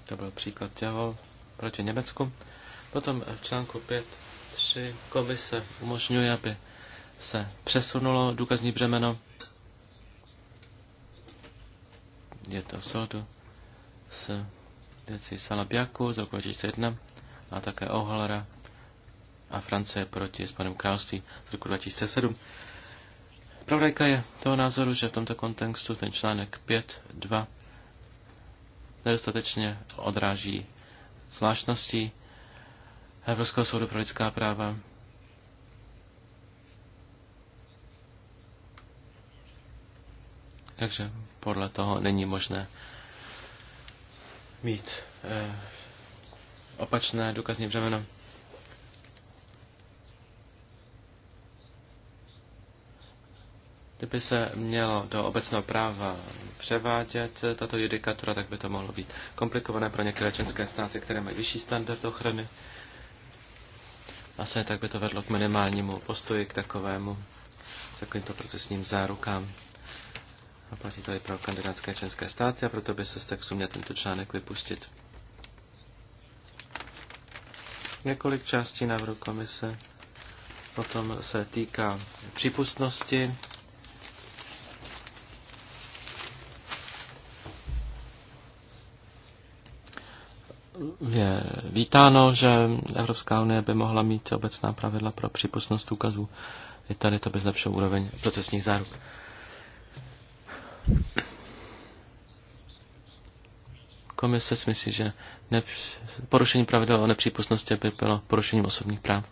To byl příklad těho proti Německu. Potom v článku 5.3 komise umožňuje, aby se přesunulo důkazní břemeno. Je to v souladu s věcí Salabiaku z roku 2001 a také Ohalera a Francie proti Spojeném království z roku 2007. Pravdajka je toho názoru, že v tomto kontextu ten článek 5.2 nedostatečně odráží zvláštnosti Evropského soudu pro lidská práva Takže podle toho není možné mít eh, opačné důkazní břemeno. Kdyby se mělo do obecného práva převádět tato judikatura, tak by to mohlo být komplikované pro některé členské státy, které mají vyšší standard ochrany. Asi tak by to vedlo k minimálnímu postoji, k takovému, k takovýmto procesním zárukám. A platí to i pro kandidátské členské státy a proto by se z textu měl tento článek vypustit. Několik částí návrhu komise potom se týká přípustnosti. Je vítáno, že Evropská unie by mohla mít obecná pravidla pro přípustnost důkazů. I tady to by zlepšilo úroveň procesních záruk. Komise si myslí, že porušení pravidel o nepřípustnosti by bylo porušením osobních práv.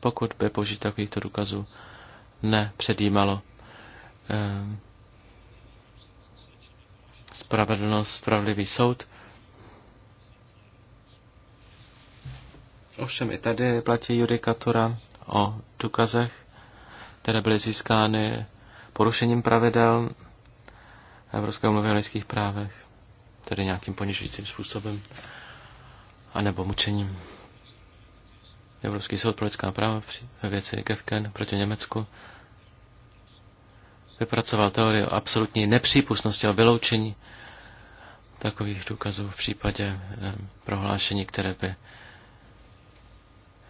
Pokud by použít takovýchto důkazů nepředjímalo eh, spravedlnost, spravedlivý soud. Ovšem i tady platí judikatura o důkazech, které byly získány porušením pravidel Evropské umluvy o lidských právech, tedy nějakým ponižujícím způsobem, anebo mučením. Evropský soud pro lidská práva ve věci Gefken proti Německu vypracoval teorii o absolutní nepřípustnosti a vyloučení takových důkazů v případě eh, prohlášení, které by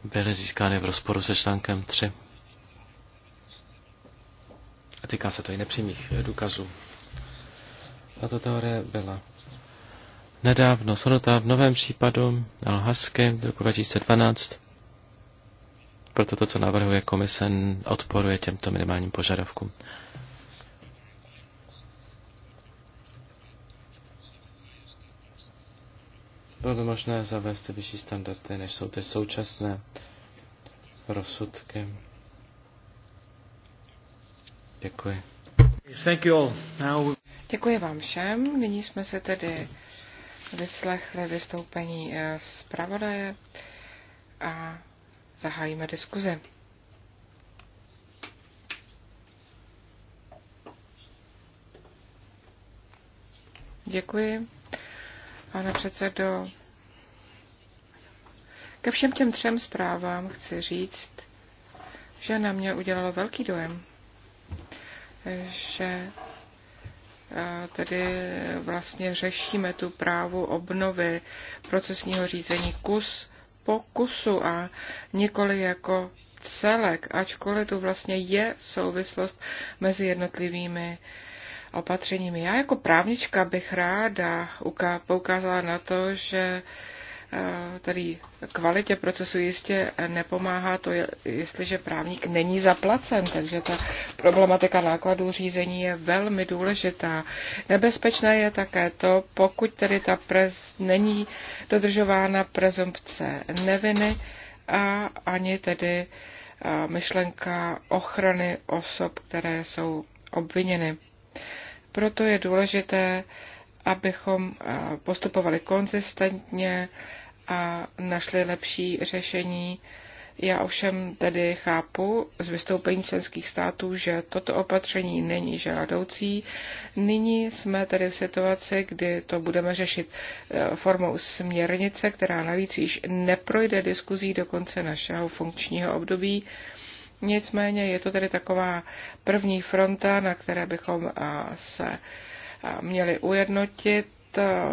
byly získány v rozporu se článkem 3 a týká se to i nepřímých eh, důkazů. Tato teorie byla nedávno shodnutá v novém případu Alhasky z roku 2012. Proto to, co navrhuje komise, odporuje těmto minimálním požadavkům. Bylo možné zavést vyšší standardy, než jsou ty současné rozsudky. Děkuji. Thank you all. Now... Děkuji vám všem. Nyní jsme se tedy vyslechli vystoupení eh, zpravodaje a zahájíme diskuzi. Děkuji, pane předsedo. Ke všem těm třem zprávám chci říct, že na mě udělalo velký dojem že eh, tedy vlastně řešíme tu právu obnovy procesního řízení kus po kusu a nikoli jako celek, ačkoliv tu vlastně je souvislost mezi jednotlivými opatřeními. Já jako právnička bych ráda poukázala na to, že Eh, tedy kvalitě procesu jistě nepomáhá to, jestliže právník není zaplacen, takže ta problematika nákladů řízení je velmi důležitá. Nebezpečné je také to, pokud tedy ta prez není dodržována prezumpce neviny a ani tedy eh, myšlenka ochrany osob, které jsou obviněny. Proto je důležité abychom eh, postupovali konzistentně a našli lepší řešení. Já ovšem tedy chápu z vystoupení členských států, že toto opatření není žádoucí. Nyní jsme tedy v situaci, kdy to budeme řešit eh, formou směrnice, která navíc již neprojde diskuzí do konce našeho funkčního období. Nicméně je to tedy taková první fronta, na které bychom eh, se měli ujednotit.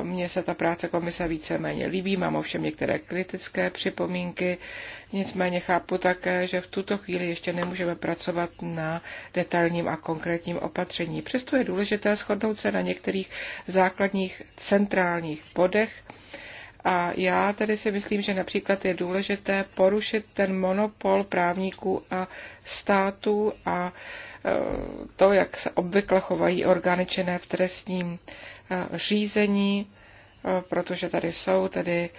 Mně se ta práce komise víceméně líbí, mám ovšem některé kritické připomínky, nicméně chápu také, že v tuto chvíli ještě nemůžeme pracovat na detailním a konkrétním opatření. Přesto je důležité shodnout se na některých základních centrálních bodech, a já tedy si myslím, že například je důležité porušit ten monopol právníků a států a e, to, jak se obvykle chovají orgány činné v trestním e, řízení, e, protože tady jsou tedy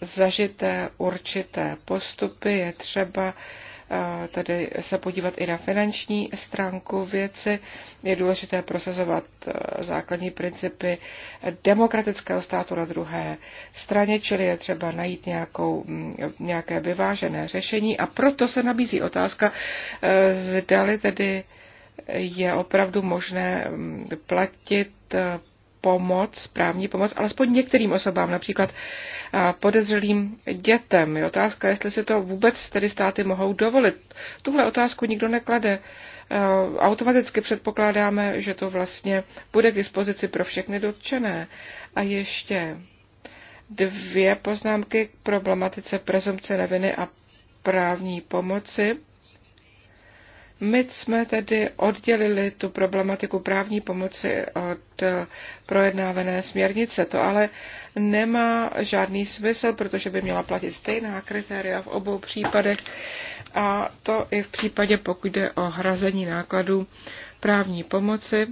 zažité určité postupy, je třeba tedy se podívat i na finanční stránku věci. Je důležité prosazovat e, základní principy demokratického státu na druhé straně, čili je třeba najít nějakou, nějaké vyvážené řešení a proto se nabízí otázka, e, zdali tedy je opravdu možné platit e, pomoc, právní pomoc, alespoň některým osobám, například podezřelým dětem. Je otázka, jestli si to vůbec tedy státy mohou dovolit. Tuhle otázku nikdo neklade. Automaticky předpokládáme, že to vlastně bude k dispozici pro všechny dotčené. A ještě dvě poznámky k problematice prezumce neviny a právní pomoci. My jsme tedy oddělili tu problematiku právní pomoci od projednávané směrnice. To ale nemá žádný smysl, protože by měla platit stejná kritéria v obou případech a to i v případě, pokud jde o hrazení nákladů právní pomoci.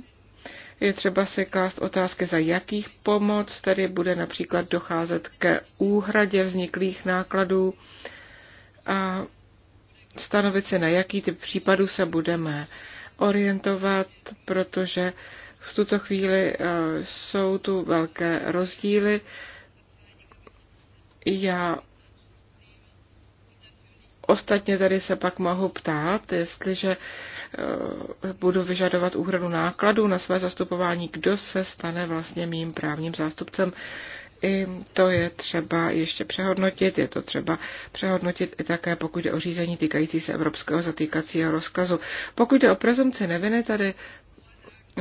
Je třeba si klást otázky, za jakých pomoc tedy bude například docházet ke úhradě vzniklých nákladů a stanovit si, na jaký typ případů se budeme orientovat, protože v tuto chvíli eh, jsou tu velké rozdíly. Já ostatně tady se pak mohu ptát, jestliže eh, budu vyžadovat úhradu nákladů na své zastupování, kdo se stane vlastně mým právním zástupcem i to je třeba ještě přehodnotit, je to třeba přehodnotit i také, pokud je o řízení týkající se evropského zatýkacího rozkazu. Pokud je o prezumci neviny, tady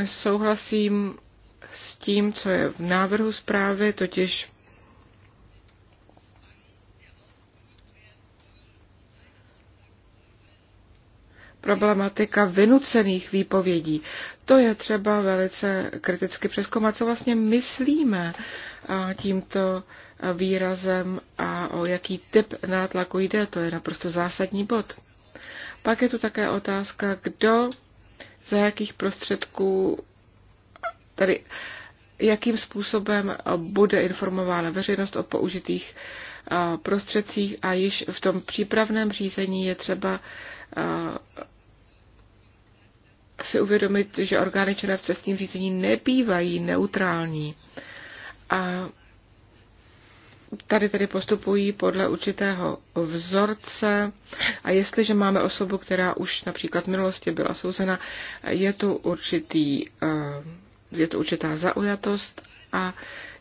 souhlasím s tím, co je v návrhu zprávy, totiž problematika vynucených výpovědí. To je třeba velice kriticky přeskoumat, co vlastně myslíme tímto výrazem a o jaký typ nátlaku jde. To je naprosto zásadní bod. Pak je tu také otázka, kdo za jakých prostředků tady jakým způsobem bude informována veřejnost o použitých prostředcích a již v tom přípravném řízení je třeba si uvědomit, že orgány činné v trestním řízení nebývají neutrální. A tady tedy postupují podle určitého vzorce a jestliže máme osobu, která už například v minulosti byla souzena, je tu, určitý, eh, je tu určitá zaujatost a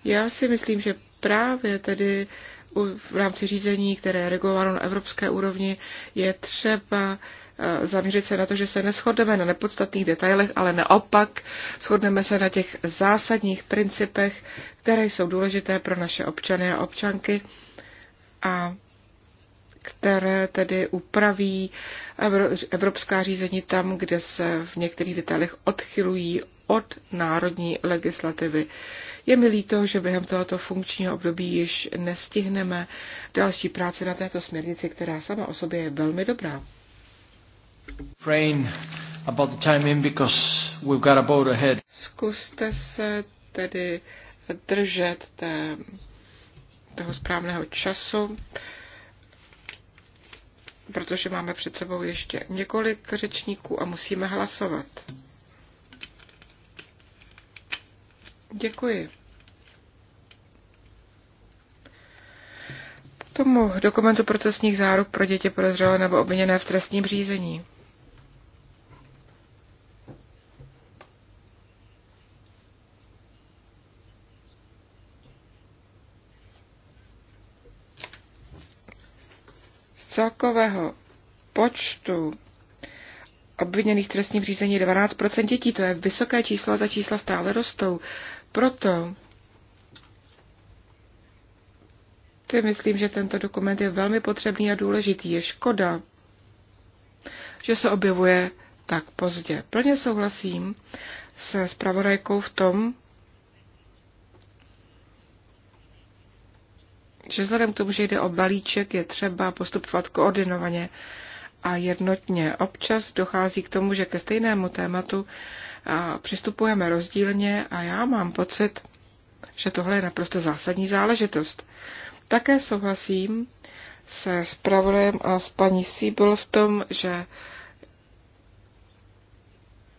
já si myslím, že právě tedy v rámci řízení, které je regulováno na evropské úrovni, je třeba Eh, zaměřit se na to, že se neschodneme na nepodstatných detailech, ale naopak shodneme se na těch zásadních principech, které jsou důležité pro naše občany a občanky a které tedy upraví evropská řízení tam, kde se v některých detailech odchylují od národní legislativy. Je mi líto, že během tohoto funkčního období již nestihneme další práci na této směrnici, která sama o sobě je velmi dobrá. Zkuste se tedy držet té, toho správného času, protože máme před sebou ještě několik řečníků a musíme hlasovat. Děkuji. tomu dokumentu procesních záruk pro děti podezřelé nebo obviněné v trestním řízení. Z celkového počtu obviněných trestním řízení 12% dětí. To je vysoké číslo a ta čísla stále rostou. Proto si myslím, že tento dokument je velmi potřebný a důležitý. Je škoda, že se objevuje tak pozdě. Plně souhlasím se spravodajkou v tom, že vzhledem k tomu, že jde o balíček, je třeba postupovat koordinovaně a jednotně. Občas dochází k tomu, že ke stejnému tématu přistupujeme rozdílně a já mám pocit, že tohle je naprosto zásadní záležitost. Také souhlasím se zpravodajem a s paní Sibyl v tom, že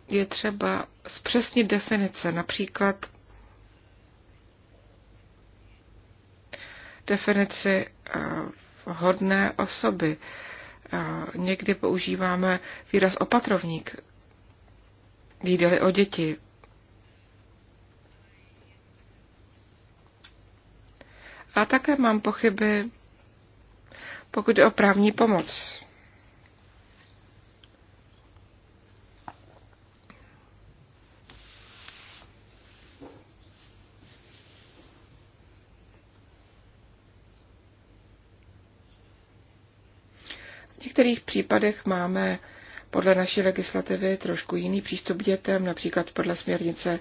je třeba zpřesnit definice, například definici eh, hodné osoby. Eh, někdy používáme výraz opatrovník, jde o děti. A také mám pochyby, pokud jde o právní pomoc. V některých případech máme podle naší legislativy trošku jiný přístup k dětem, například podle směrnice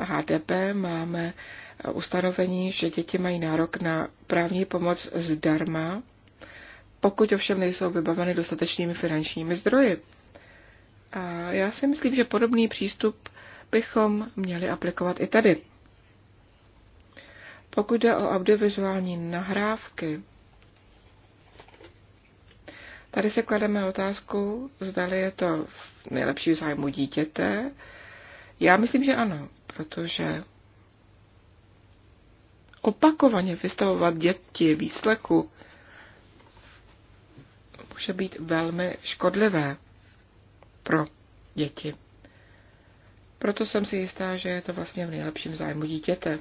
HDP máme ustanovení, že děti mají nárok na právní pomoc zdarma, pokud ovšem nejsou vybaveny dostatečnými finančními zdroji. A já si myslím, že podobný přístup bychom měli aplikovat i tady. Pokud jde o audiovizuální nahrávky, tady se klademe otázku, zda je to v nejlepší zájmu dítěte, já myslím, že ano, protože opakovaně vystavovat děti výsleku může být velmi škodlivé pro děti. Proto jsem si jistá, že je to vlastně v nejlepším zájmu dítěte.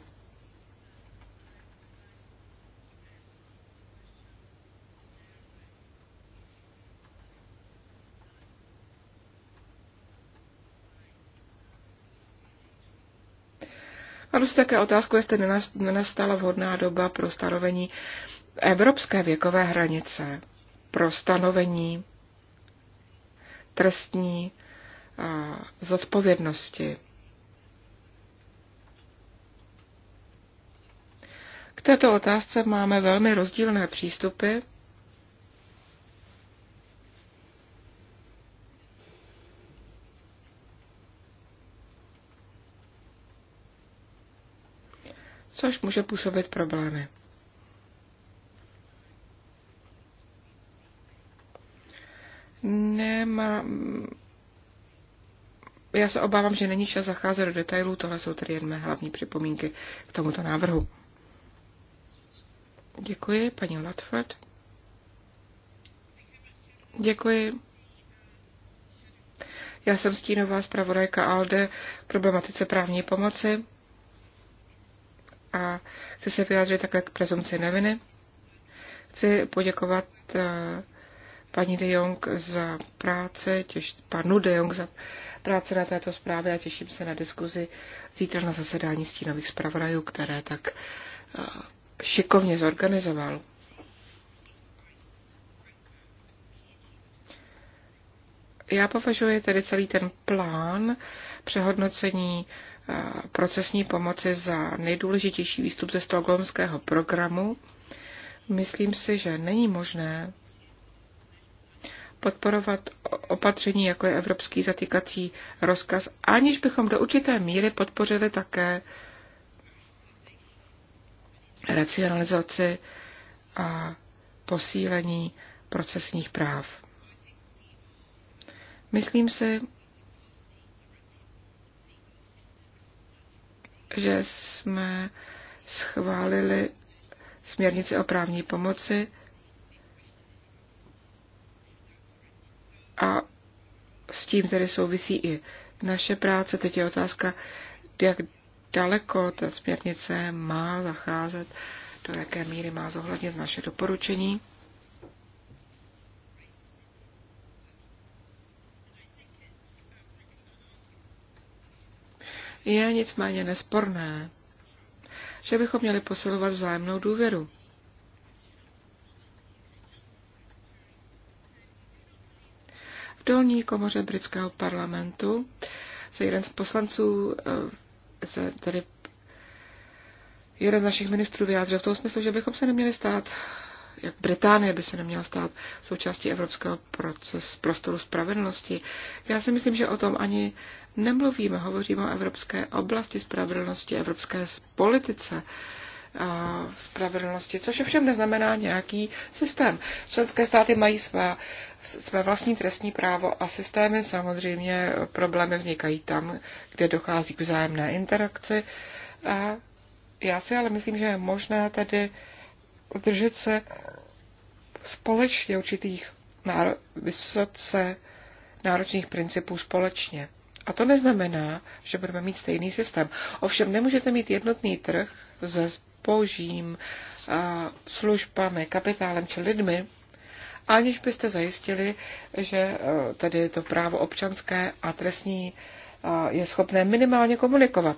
A si také otázku, jestli nenastala vhodná doba pro stanovení evropské věkové hranice, pro stanovení trestní zodpovědnosti. K této otázce máme velmi rozdílné přístupy. což může působit problémy. Nemá. Já se obávám, že není čas zacházet do detailů, tohle jsou tedy jen mé hlavní připomínky k tomuto návrhu. Děkuji, paní Latford. Děkuji. Já jsem stínová zpravodajka ALDE problematice právní pomoci a chci se vyjádřit také k prezumci neviny. Chci poděkovat eh, paní De Jong za práce, těž, panu De Jong za práce na této zprávě a těším se na diskuzi zítra na zasedání stínových zpravodajů, které tak eh, šikovně zorganizoval. Já považuji tedy celý ten plán přehodnocení procesní pomoci za nejdůležitější výstup ze stokholmského programu, myslím si, že není možné podporovat opatření, jako je evropský zatýkací rozkaz, aniž bychom do určité míry podpořili také racionalizaci a posílení procesních práv. Myslím si, že jsme schválili směrnici o právní pomoci a s tím tedy souvisí i naše práce. Teď je otázka, jak daleko ta směrnice má zacházet, do jaké míry má zohlednit naše doporučení. je nicméně nesporné, že bychom měli posilovat vzájemnou důvěru. V dolní komoře britského parlamentu se jeden z poslanců, eh, tedy jeden z našich ministrů vyjádřil v tom smyslu, že bychom se neměli stát, jak Británie by se neměla stát součástí evropského procesu prostoru spravedlnosti. Já si myslím, že o tom ani nemluvíme, hovoříme o evropské oblasti spravedlnosti, evropské politice spravedlnosti, což ovšem neznamená nějaký systém. Členské státy mají své, své vlastní trestní právo a systémy samozřejmě problémy vznikají tam, kde dochází k vzájemné interakci. A já si ale myslím, že je možné tedy držet se společně určitých náro- vysoce náročných principů společně. A to neznamená, že budeme mít stejný systém. Ovšem nemůžete mít jednotný trh se zbožím, službami, kapitálem či lidmi, aniž byste zajistili, že e, tedy to právo občanské a trestní e, je schopné minimálně komunikovat.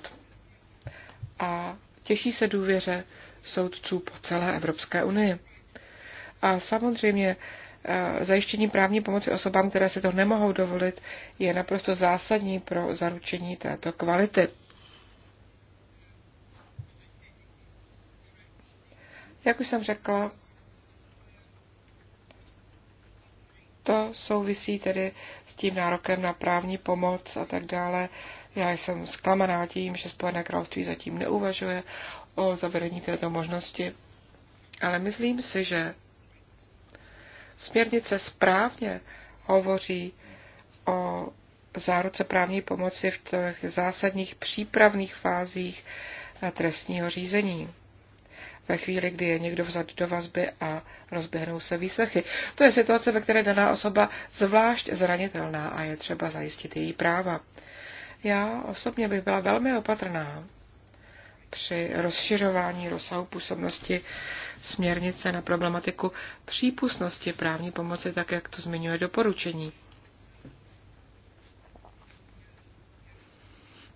A těší se důvěře soudců po celé Evropské unii. A samozřejmě Eh, zajištění právní pomoci osobám, které si to nemohou dovolit, je naprosto zásadní pro zaručení této kvality. Jak už jsem řekla, to souvisí tedy s tím nárokem na právní pomoc a tak dále. Já jsem zklamaná tím, že Spojené království zatím neuvažuje o zavedení této možnosti. Ale myslím si, že Směrnice správně hovoří o záruce právní pomoci v těch zásadních přípravných fázích eh, trestního řízení. Ve chvíli, kdy je někdo vzat do vazby a rozběhnou se výslechy. To je situace, ve které daná osoba zvlášť zranitelná a je třeba zajistit její práva. Já osobně bych byla velmi opatrná při rozšiřování rozsahu působnosti směrnice na problematiku přípustnosti právní pomoci, tak jak to zmiňuje doporučení.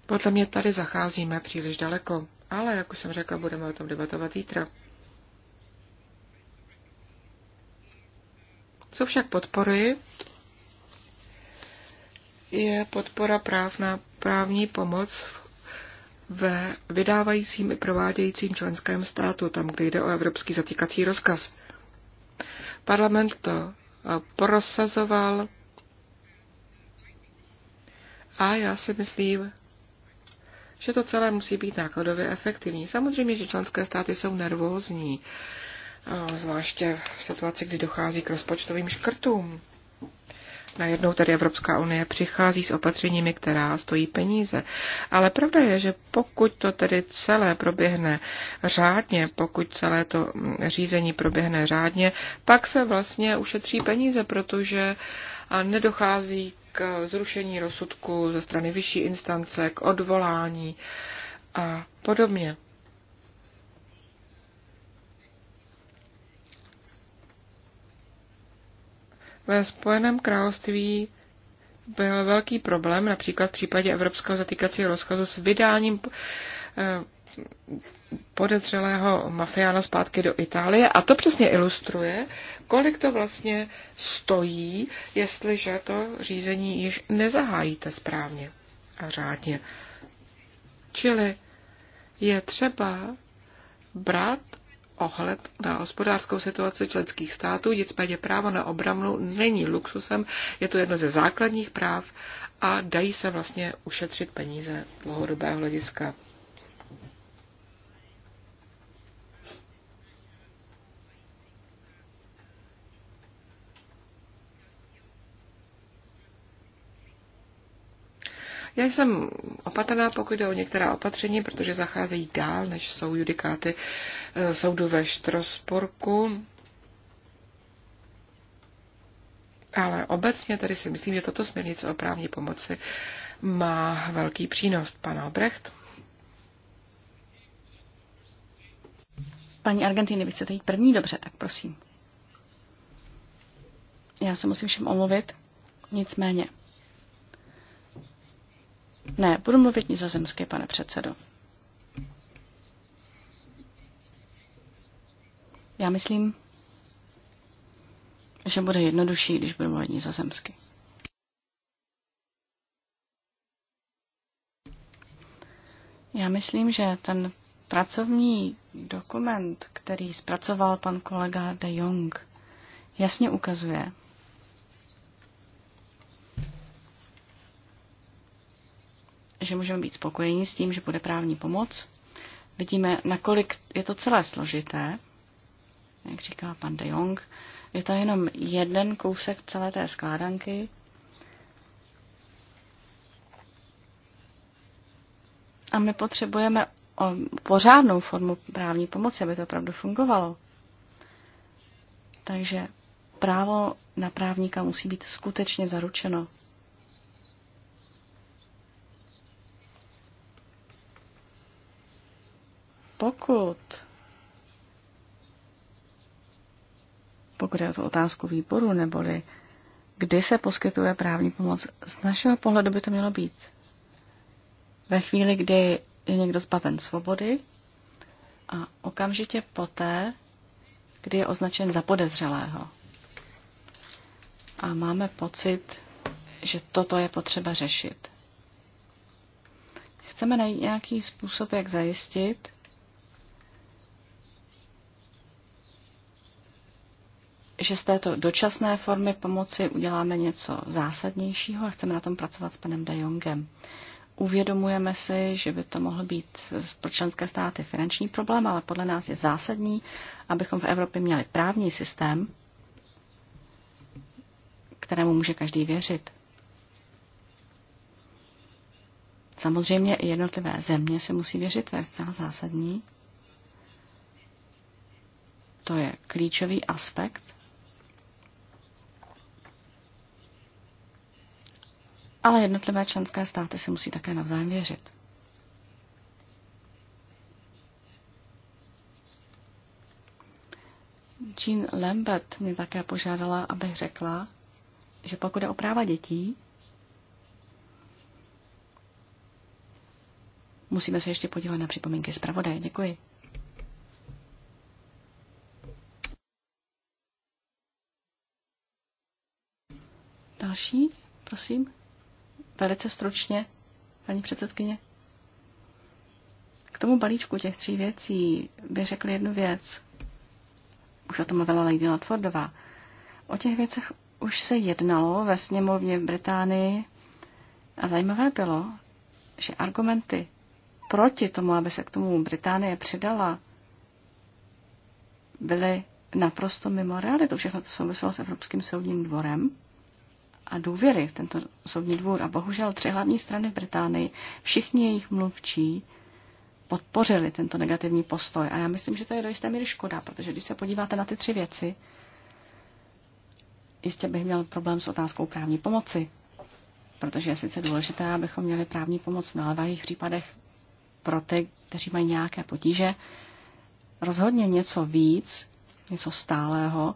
Podle mě tady zacházíme příliš daleko, ale jak už jsem řekla, budeme o tom debatovat zítra. Co však podporuji, je podpora práv na právní pomoc v ve vydávajícím i provádějícím členském státu, tam, kde jde o evropský zatýkací rozkaz. Parlament to eh, prosazoval a já si myslím, že to celé musí být nákladově efektivní. Samozřejmě, že členské státy jsou nervózní, eh, zvláště v situaci, kdy dochází k rozpočtovým škrtům. Najednou tady Evropská unie přichází s opatřeními, která stojí peníze. Ale pravda je, že pokud to tedy celé proběhne řádně, pokud celé to řízení proběhne řádně, pak se vlastně ušetří peníze, protože nedochází k zrušení rozsudku ze strany vyšší instance, k odvolání a podobně. Ve Spojeném království byl velký problém, například v případě evropského zatýkacího rozkazu s vydáním eh, podezřelého mafiána zpátky do Itálie. A to přesně ilustruje, kolik to vlastně stojí, jestliže to řízení již nezahájíte správně a řádně. Čili je třeba brát ohled na hospodářskou situaci členských států, nicméně právo na obranu není luxusem, je to jedno ze základních práv a dají se vlastně ušetřit peníze dlouhodobého hlediska. Já jsem opatrná, pokud jde o některá opatření, protože zacházejí dál, než jsou judikáty eh, soudu ve Štrosporku. Ale obecně tady si myslím, že toto směrnice o právní pomoci má velký přínos. Pan Albrecht? Paní Argentiny, vy chcete jít první? Dobře, tak prosím. Já se musím všem omluvit. Nicméně, ne, budu mluvit nizozemsky, pane předsedo. Já myslím, že bude jednodušší, když budu mluvit nizozemsky. Já myslím, že ten pracovní dokument, který zpracoval pan kolega De Jong, jasně ukazuje, že můžeme být spokojeni s tím, že bude právní pomoc. Vidíme, nakolik je to celé složité, jak říká pan de Jong. Je to jenom jeden kousek celé té skládanky. A my potřebujeme o pořádnou formu právní pomoci, aby to opravdu fungovalo. Takže právo na právníka musí být skutečně zaručeno. pokud pokud je to otázku výboru, neboli kdy se poskytuje právní pomoc, z našeho pohledu by to mělo být ve chvíli, kdy je někdo zbaven svobody a okamžitě poté, kdy je označen za podezřelého. A máme pocit, že toto je potřeba řešit. Chceme najít nějaký způsob, jak zajistit, že z této dočasné formy pomoci uděláme něco zásadnějšího a chceme na tom pracovat s panem De Jongem. Uvědomujeme si, že by to mohl být pro členské státy finanční problém, ale podle nás je zásadní, abychom v Evropě měli právní systém, kterému může každý věřit. Samozřejmě i jednotlivé země se musí věřit, to je zcela zásadní. To je klíčový aspekt ale jednotlivé členské státy si musí také navzájem věřit. Jean Lambert mě také požádala, abych řekla, že pokud je o práva dětí, musíme se ještě podívat na připomínky zpravodaje. Děkuji. Další, prosím. Velice stručně, paní předsedkyně. K tomu balíčku těch tří věcí by řekl jednu věc. Už o tom mluvila Lady Latfordová. O těch věcech už se jednalo ve sněmovně v Británii a zajímavé bylo, že argumenty proti tomu, aby se k tomu Británie přidala, byly naprosto mimo realitu. Všechno to souviselo s Evropským soudním dvorem a důvěry v tento soudní dvůr. A bohužel tři hlavní strany v Británii, všichni jejich mluvčí podpořili tento negativní postoj. A já myslím, že to je do jisté míry škoda, protože když se podíváte na ty tři věci, jistě bych měl problém s otázkou právní pomoci. Protože je sice důležité, abychom měli právní pomoc v nalévajích případech pro ty, kteří mají nějaké potíže, rozhodně něco víc, něco stálého,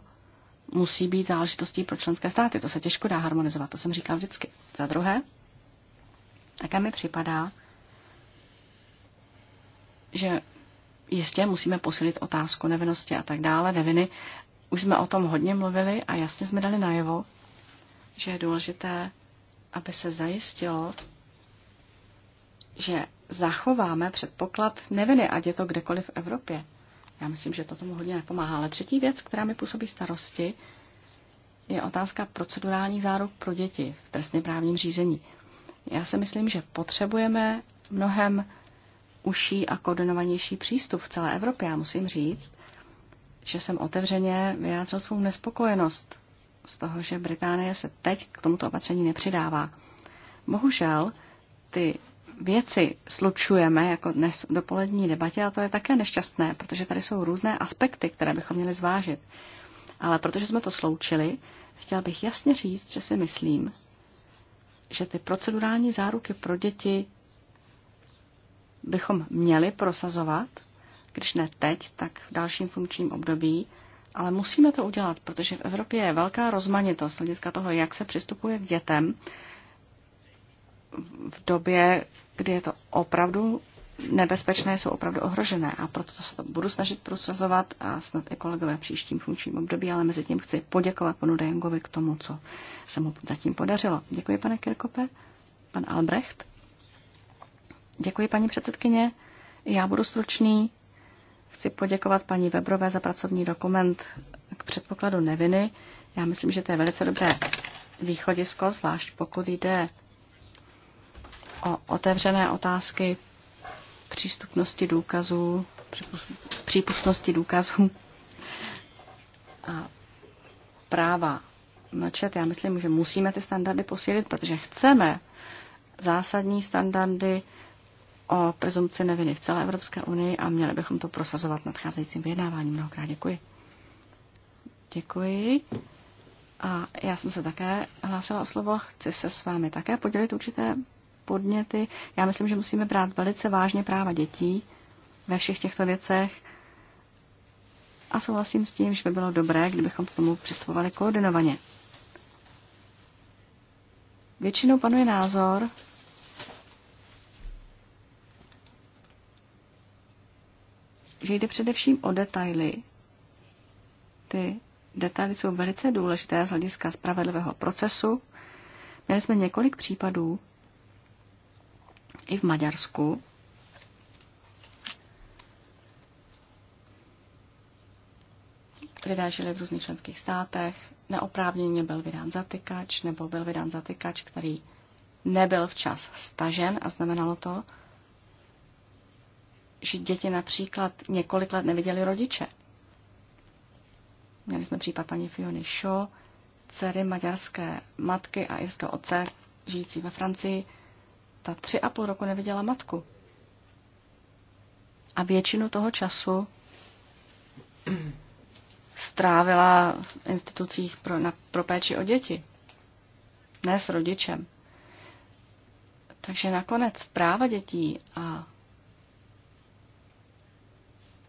musí být záležitostí pro členské státy. To se těžko dá harmonizovat, to jsem říkal vždycky. Za druhé, také mi připadá, že jistě musíme posilit otázku nevinnosti a tak dále, neviny. Už jsme o tom hodně mluvili a jasně jsme dali najevo, že je důležité, aby se zajistilo, že zachováme předpoklad neviny, ať je to kdekoliv v Evropě. Já myslím, že to tomu hodně nepomáhá. Ale třetí věc, která mi působí starosti, je otázka procedurálních záruk pro děti v trestně právním řízení. Já si myslím, že potřebujeme mnohem užší a koordinovanější přístup v celé Evropě. Já musím říct, že jsem otevřeně vyjádřil svou nespokojenost z toho, že Británie se teď k tomuto opatření nepřidává. Bohužel ty věci slučujeme, jako dnes dopolední debatě, a to je také nešťastné, protože tady jsou různé aspekty, které bychom měli zvážit. Ale protože jsme to sloučili, chtěl bych jasně říct, že si myslím, že ty procedurální záruky pro děti bychom měli prosazovat, když ne teď, tak v dalším funkčním období, ale musíme to udělat, protože v Evropě je velká rozmanitost hlediska toho, jak se přistupuje k dětem v době, kdy je to opravdu nebezpečné, jsou opravdu ohrožené a proto to se to budu snažit prosazovat a snad i kolegové v příštím funkčním období, ale mezi tím chci poděkovat panu Dejongovi k tomu, co se mu zatím podařilo. Děkuji, pane Kirkope. Pan Albrecht. Děkuji, paní předsedkyně. Já budu stručný. Chci poděkovat paní Webrové za pracovní dokument k předpokladu neviny. Já myslím, že to je velice dobré východisko, zvlášť pokud jde o otevřené otázky přístupnosti důkazů, přípustnosti důkazů a práva mlčet. Já myslím, že musíme ty standardy posílit, protože chceme zásadní standardy o prezumci neviny v celé Evropské unii a měli bychom to prosazovat nadcházejícím vyjednáváním. Mnohokrát děkuji. Děkuji. A já jsem se také hlásila o slovo, chci se s vámi také podělit určité podněty. Já myslím, že musíme brát velice vážně práva dětí ve všech těchto věcech. A souhlasím s tím, že by bylo dobré, kdybychom k tomu přistupovali koordinovaně. Většinou panuje názor, že jde především o detaily. Ty detaily jsou velice důležité z hlediska spravedlivého procesu. Měli jsme několik případů, i v Maďarsku. Lidé žili v různých členských státech, neoprávněně byl vydán zatykač, nebo byl vydán zatykač, který nebyl včas stažen a znamenalo to, že děti například několik let neviděli rodiče. Měli jsme případ paní Fiony Shaw, dcery maďarské matky a irského otce, žijící ve Francii, ta tři a půl roku neviděla matku. A většinu toho času strávila v institucích pro, na, pro péči o děti, ne s rodičem. Takže nakonec práva dětí a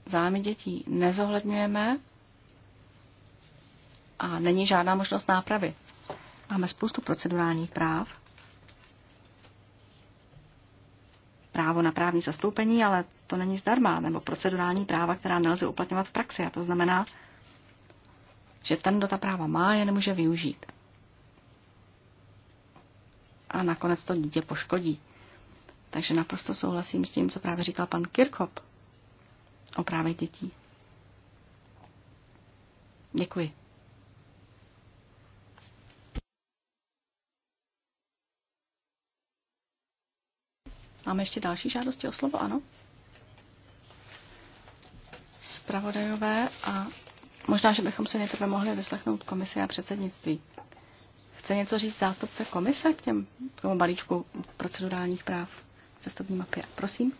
zájmy dětí nezohledňujeme a není žádná možnost nápravy. Máme spoustu procedurálních práv, právo na právní zastoupení, ale to není zdarma, nebo procedurální práva, která nelze uplatňovat v praxi. A to znamená, že ten, kdo ta práva má, je nemůže využít. A nakonec to dítě poškodí. Takže naprosto souhlasím s tím, co právě říkal pan Kirchhoff o právech dětí. Děkuji. Máme ještě další žádosti o slovo, ano? Spravodajové a možná, že bychom se nejprve mohli vyslechnout komise a předsednictví. Chce něco říct zástupce komise k, těm, k tomu balíčku procedurálních práv cestovní mapě? Prosím.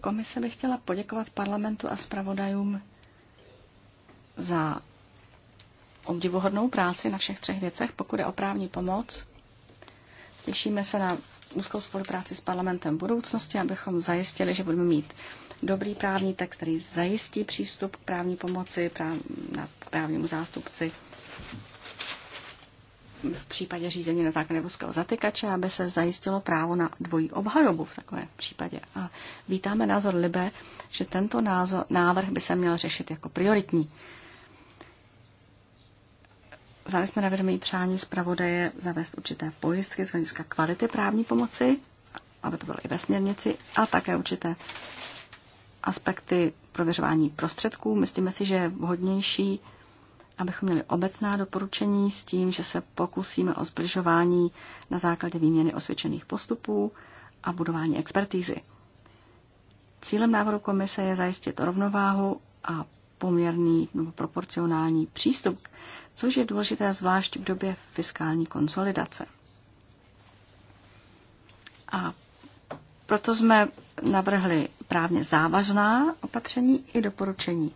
Komise bych chtěla poděkovat parlamentu a zpravodajům za obdivuhodnou práci na všech třech věcech, pokud je o právní pomoc. Těšíme se na úzkou spolupráci s parlamentem v budoucnosti, abychom zajistili, že budeme mít dobrý právní text, který zajistí přístup k právní pomoci, práv, na právnímu zástupci v případě řízení na základě ruského zatykače, aby se zajistilo právo na dvojí obhajobu v takovém případě. A vítáme názor Libe, že tento názor, návrh by se měl řešit jako prioritní vzali jsme na vědomí přání zpravodaje zavést určité pojistky z hlediska kvality právní pomoci, aby to bylo i ve směrnici, a také určité aspekty prověřování prostředků. Myslíme si, že je vhodnější, abychom měli obecná doporučení s tím, že se pokusíme o zbližování na základě výměny osvědčených postupů a budování expertízy. Cílem návrhu komise je zajistit rovnováhu a poměrný nebo proporcionální přístup, což je důležité zvlášť v době fiskální konsolidace. A proto jsme navrhli právně závažná opatření i doporučení.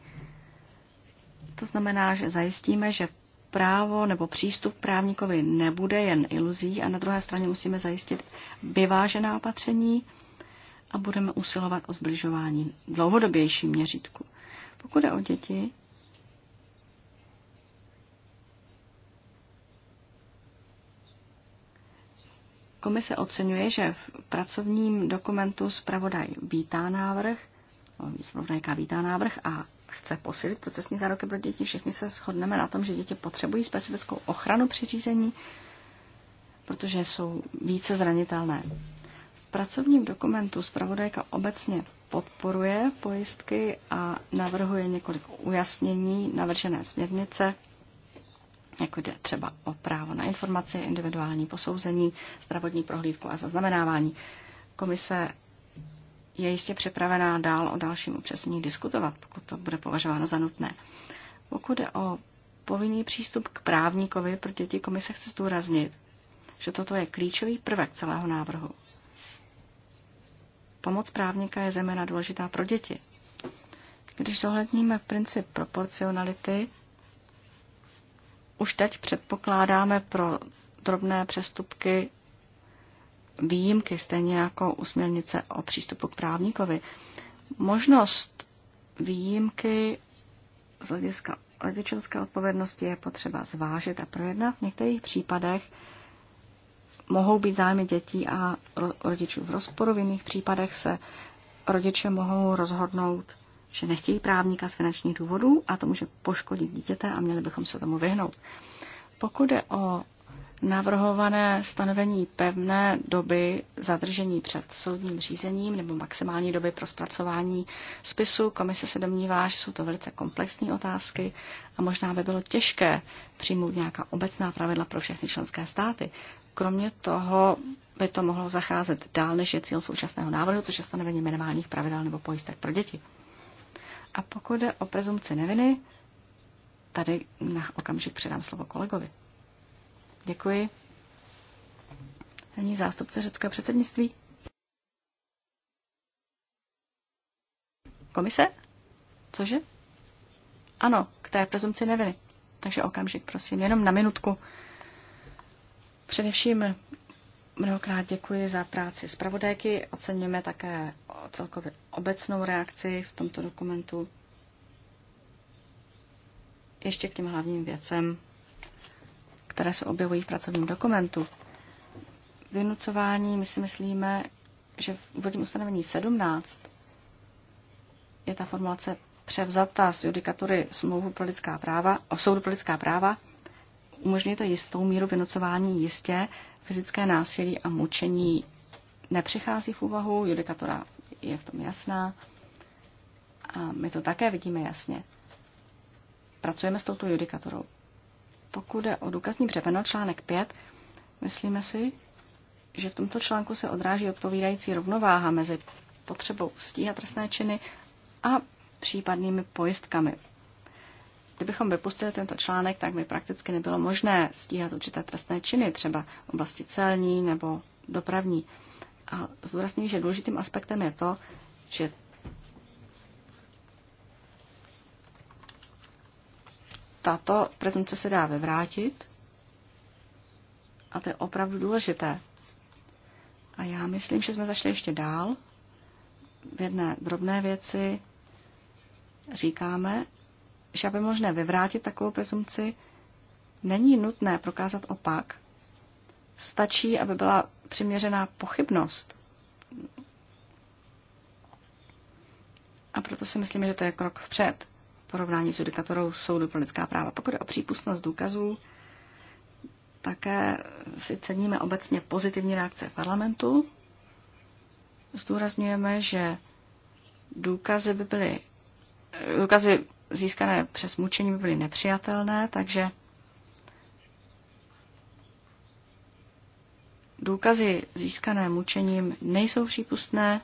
To znamená, že zajistíme, že právo nebo přístup právníkovi nebude jen iluzí a na druhé straně musíme zajistit vyvážená opatření a budeme usilovat o zbližování dlouhodobější měřítku. Pokud je o děti, Komise oceňuje, že v pracovním dokumentu zpravodaj vítá návrh, zpravodajka vítá návrh a chce posílit procesní záruky pro děti. Všichni se shodneme na tom, že děti potřebují specifickou ochranu při řízení, protože jsou více zranitelné. V pracovním dokumentu zpravodajka obecně podporuje pojistky a navrhuje několik ujasnění navržené směrnice, jako jde třeba o právo na informaci, individuální posouzení, zdravotní prohlídku a zaznamenávání. Komise je jistě připravená dál o dalším upřesnění diskutovat, pokud to bude považováno za nutné. Pokud jde o povinný přístup k právníkovi pro děti, komise chce zdůraznit, že toto je klíčový prvek celého návrhu. Pomoc právníka je zejména důležitá pro děti. Když zohledníme princip proporcionality, už teď předpokládáme pro drobné přestupky výjimky, stejně jako u směrnice o přístupu k právníkovi. Možnost výjimky z hlediska rodičovské odpovědnosti je potřeba zvážit a projednat v některých případech mohou být zájmy dětí a rodičů v rozporu. V jiných případech se rodiče mohou rozhodnout, že nechtějí právníka z finančních důvodů a to může poškodit dítěte a měli bychom se tomu vyhnout. Pokud je o Navrhované stanovení pevné doby zadržení před soudním řízením nebo maximální doby pro zpracování spisu. Komise se domnívá, že jsou to velice komplexní otázky a možná by bylo těžké přijmout nějaká obecná pravidla pro všechny členské státy. Kromě toho by to mohlo zacházet dál, než je cíl současného návrhu, což je stanovení minimálních pravidel nebo pojistek pro děti. A pokud jde o prezumci neviny, tady na okamžik předám slovo kolegovi. Děkuji. Není zástupce řeckého předsednictví? Komise? Cože? Ano, k té prezumci neviny. Takže okamžik, prosím, jenom na minutku. Především mnohokrát děkuji za práci zpravodajky. Oceňujeme také celkově obecnou reakci v tomto dokumentu. Ještě k těm hlavním věcem, které se objevují v pracovním dokumentu. Vynucování, my si myslíme, že v úvodním ustanovení 17 je ta formulace převzata z judikatury smlouvu pro lidská práva, o soudu pro lidská práva, umožňuje to jistou míru vynucování jistě, fyzické násilí a mučení nepřichází v úvahu, judikatura je v tom jasná a my to také vidíme jasně. Pracujeme s touto judikaturou. Pokud je o důkazní břemeno, článek 5, myslíme si, že v tomto článku se odráží odpovídající rovnováha mezi potřebou stíhat trestné činy a případnými pojistkami. Kdybychom vypustili tento článek, tak by prakticky nebylo možné stíhat určité trestné činy, třeba v oblasti celní nebo dopravní. A zdůrazňuji, že důležitým aspektem je to, že tato prezumce se dá vyvrátit a to je opravdu důležité. A já myslím, že jsme zašli ještě dál. V jedné drobné věci říkáme, že aby možné vyvrátit takovou prezumci, není nutné prokázat opak. Stačí, aby byla přiměřená pochybnost. A proto si myslím, že to je krok vpřed porovnání s judikatorou soudu pro lidská práva. Pokud je o přípustnost důkazů, také si ceníme obecně pozitivní reakce parlamentu. Zdůrazňujeme, že důkazy by byly, důkazy získané přes mučení by byly nepřijatelné, takže důkazy získané mučením nejsou přípustné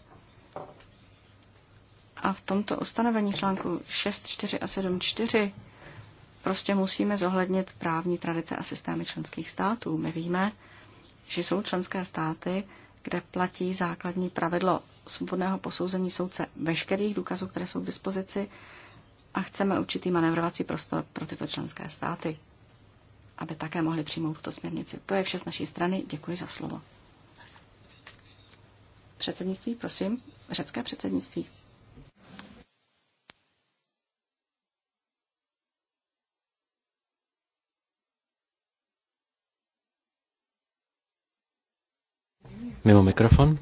a v tomto ustanovení článku 6.4 a 7.4 prostě musíme zohlednit právní tradice a systémy členských států. My víme, že jsou členské státy, kde platí základní pravidlo svobodného posouzení soudce veškerých důkazů, které jsou k dispozici a chceme určitý manevrovací prostor pro tyto členské státy, aby také mohli přijmout tuto směrnici. To je vše z naší strany. Děkuji za slovo. Předsednictví, prosím. Řecké předsednictví. Mimo mikrofon.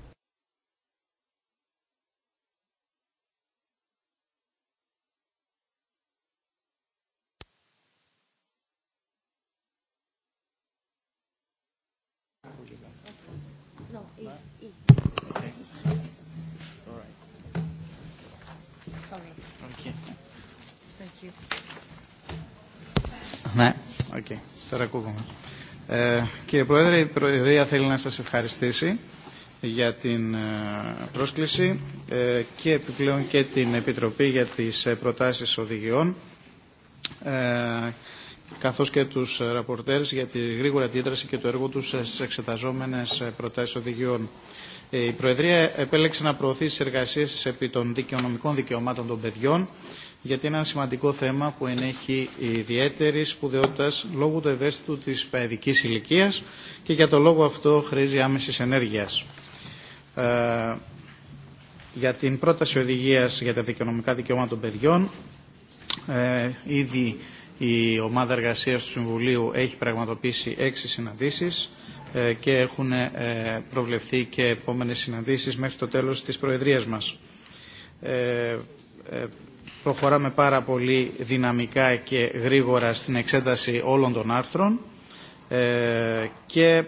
Κύριε Πρόεδρε, η Προεδρία θέλει να σας ευχαριστήσει για την πρόσκληση και επιπλέον και την Επιτροπή για τις προτάσεις οδηγιών καθώς και τους ραπορτέρς για τη γρήγορη αντίδραση και το έργο τους στις εξεταζόμενες προτάσεις οδηγιών. Η Προεδρία επέλεξε να προωθήσει τις εργασίες επί των δικαιονομικών δικαιωμάτων των παιδιών γιατί είναι ένα σημαντικό θέμα που ενέχει ιδιαίτερη σπουδαιότητα λόγω του ευαίσθητου τη παιδική ηλικία και για το λόγο αυτό χρήζει άμεση ενέργεια. Ε, για την πρόταση οδηγία για τα δικαιονομικά δικαιώματα των παιδιών, ε, ήδη η ομάδα εργασίας του Συμβουλίου έχει πραγματοποιήσει έξι συναντήσεις ε, και έχουν ε, προβλεφθεί και επόμενες συναντήσεις μέχρι το τέλος της Προεδρίας μας. Ε, προχωράμε πάρα πολύ δυναμικά και γρήγορα στην εξέταση όλων των άρθρων ε, και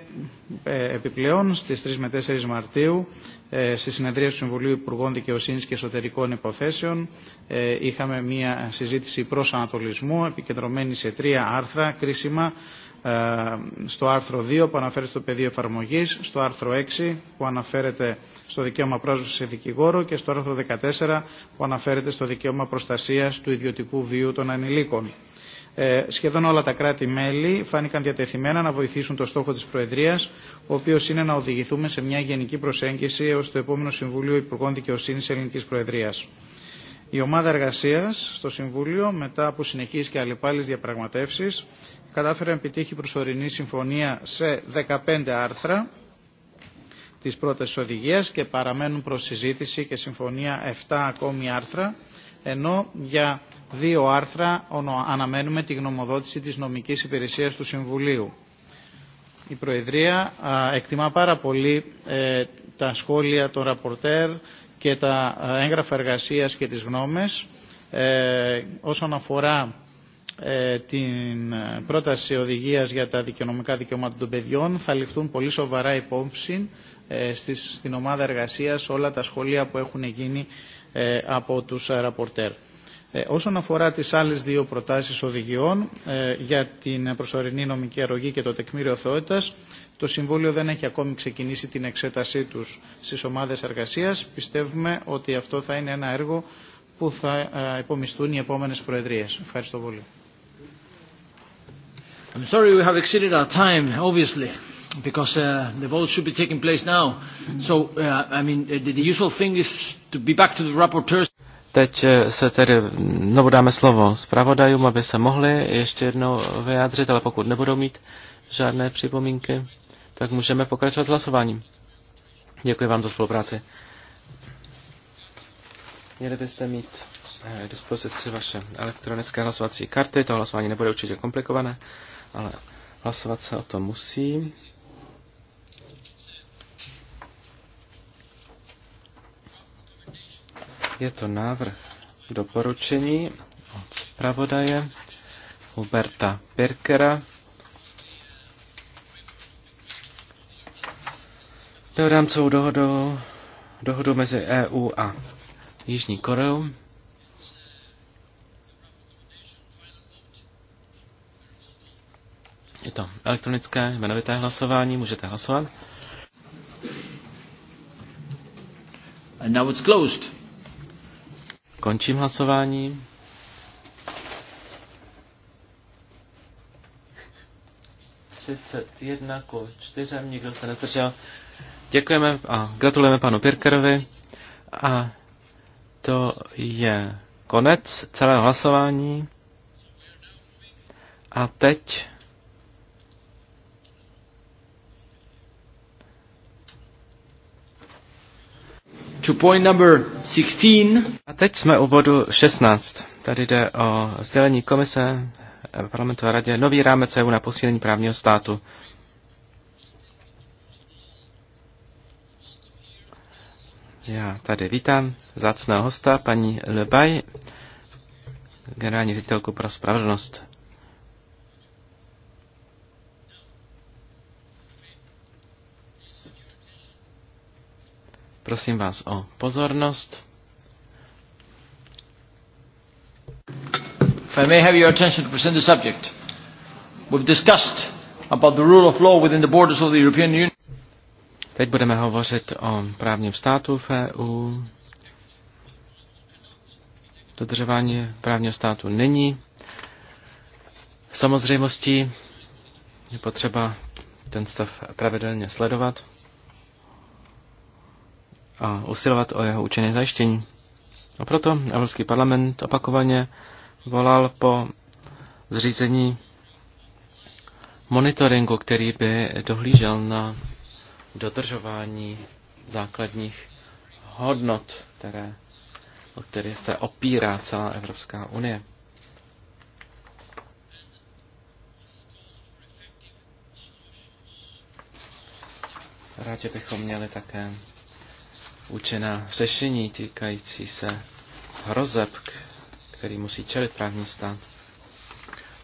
ε, επιπλέον στις 3 με 4 Μαρτίου ε, στη συνεδρία του Συμβουλίου Υπουργών Δικαιοσύνης και Εσωτερικών Υποθέσεων ε, είχαμε μια συζήτηση προς ανατολισμού επικεντρωμένη σε τρία άρθρα κρίσιμα στο άρθρο 2 που αναφέρεται στο πεδίο εφαρμογή, στο άρθρο 6 που αναφέρεται στο δικαίωμα πρόσβαση σε δικηγόρο και στο άρθρο 14 που αναφέρεται στο δικαίωμα προστασία του ιδιωτικού βίου των ανηλίκων. Ε, σχεδόν όλα τα κράτη-μέλη φάνηκαν διατεθειμένα να βοηθήσουν το στόχο τη Προεδρία, ο οποίο είναι να οδηγηθούμε σε μια γενική προσέγγιση έω το επόμενο Συμβούλιο Υπουργών Δικαιοσύνη Ελληνική Προεδρία. Η ομάδα εργασία στο Συμβούλιο, μετά από συνεχεί και αλληπάλληλε διαπραγματεύσει, κατάφερε να επιτύχει προσωρινή συμφωνία σε 15 άρθρα της πρώτης οδηγίας και παραμένουν προς συζήτηση και συμφωνία 7 ακόμη άρθρα, ενώ για δύο άρθρα αναμένουμε τη γνωμοδότηση της νομικής υπηρεσίας του Συμβουλίου. Η Προεδρία α, εκτιμά πάρα πολύ ε, τα σχόλια των ραπορτέρ και τα έγγραφα εργασίας και τις γνώμες ε, όσον αφορά την πρόταση οδηγίας για τα δικαιονομικά δικαιώματα των παιδιών θα ληφθούν πολύ σοβαρά υπόψη στις, στην ομάδα εργασίας όλα τα σχολεία που έχουν γίνει ε, από τους ραπορτέρ. Ε, όσον αφορά τις άλλες δύο προτάσεις οδηγιών ε, για την προσωρινή νομική αρρωγή και το τεκμήριο θεότητας, το Συμβούλιο δεν έχει ακόμη ξεκινήσει την εξέτασή τους στις ομάδες εργασίας. Πιστεύουμε ότι αυτό θα είναι ένα έργο που θα επομιστούν οι επόμενες προεδρίες. Ευχαριστώ πολύ. I'm sorry we have exceeded our time, obviously, because uh, the vote should be taking place now. So, uh, I mean, the, the usual thing is to be back to the rapporteurs. Teď uh, se tedy, nebo dáme slovo zpravodajům, aby se mohli ještě jednou vyjádřit, ale pokud nebudou mít žádné připomínky, tak můžeme pokračovat s hlasováním. Děkuji vám za spolupráci. Měli byste mít eh, k dispozici vaše elektronické hlasovací karty, to hlasování nebude určitě komplikované ale hlasovat se o tom musí. Je to návrh doporučení od zpravodaje Huberta Pirkera. Do rámcovou dohodu, dohodu mezi EU a Jižní Koreou. elektronické jmenovité hlasování. Můžete hlasovat. And now it's closed. Končím hlasování. jedna ku čtyřem, nikdo se nezdržel. Děkujeme a gratulujeme panu Pirkerovi. A to je konec celého hlasování. A teď to point number 16. A teď jsme u bodu 16. Tady jde o sdělení komise eh, parlamentu a radě nový rámec EU na posílení právního státu. Já tady vítám zácného hosta, paní Lebaj, generální ředitelku pro spravedlnost. Prosím vás o pozornost. If I may have your attention to present the subject. We've discussed about the rule of law within the borders of the European Union. Teď budeme hovořit o právním státu v EU. Dodržování právního státu není samozřejmostí. Je potřeba ten stav pravidelně sledovat a usilovat o jeho účinné zajištění. A proto Evropský parlament opakovaně volal po zřízení monitoringu, který by dohlížel na dodržování základních hodnot, které, o které se opírá celá Evropská unie. Rádi bychom měli také účinná řešení týkající se hrozeb, který musí čelit právní stát.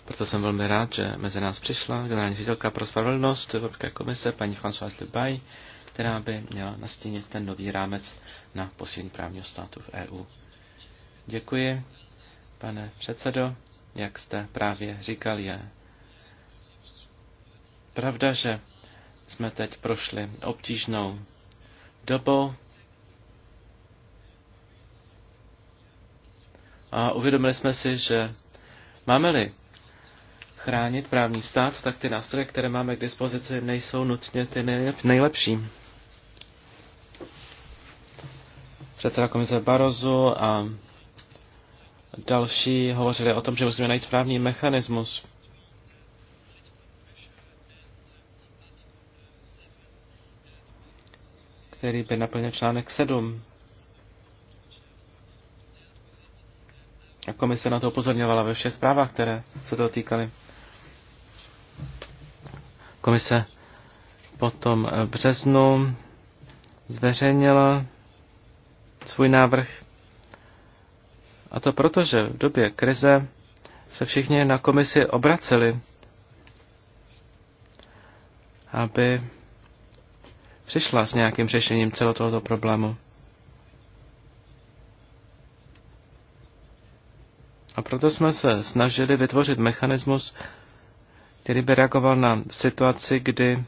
Proto jsem velmi rád, že mezi nás přišla generální ředitelka pro spravedlnost Evropské komise, paní Françoise Dubaj, která by měla nastínit ten nový rámec na posílení právního státu v EU. Děkuji, pane předsedo. Jak jste právě říkal, je pravda, že jsme teď prošli obtížnou dobou, a uvědomili jsme si, že máme-li chránit právní stát, tak ty nástroje, které máme k dispozici, nejsou nutně ty nejlepší. Předseda komise Barozu a další hovořili o tom, že musíme najít správný mechanismus. který by naplnil článek 7 Komise na to upozorňovala ve všech zprávách, které se toho týkaly. Komise potom eh, v březnu zveřejnila svůj návrh. A to proto, že v době krize se všichni na komisi obraceli, aby přišla s nějakým řešením celého tohoto problému. A proto jsme se snažili vytvořit mechanismus, který by reagoval na situaci, kdy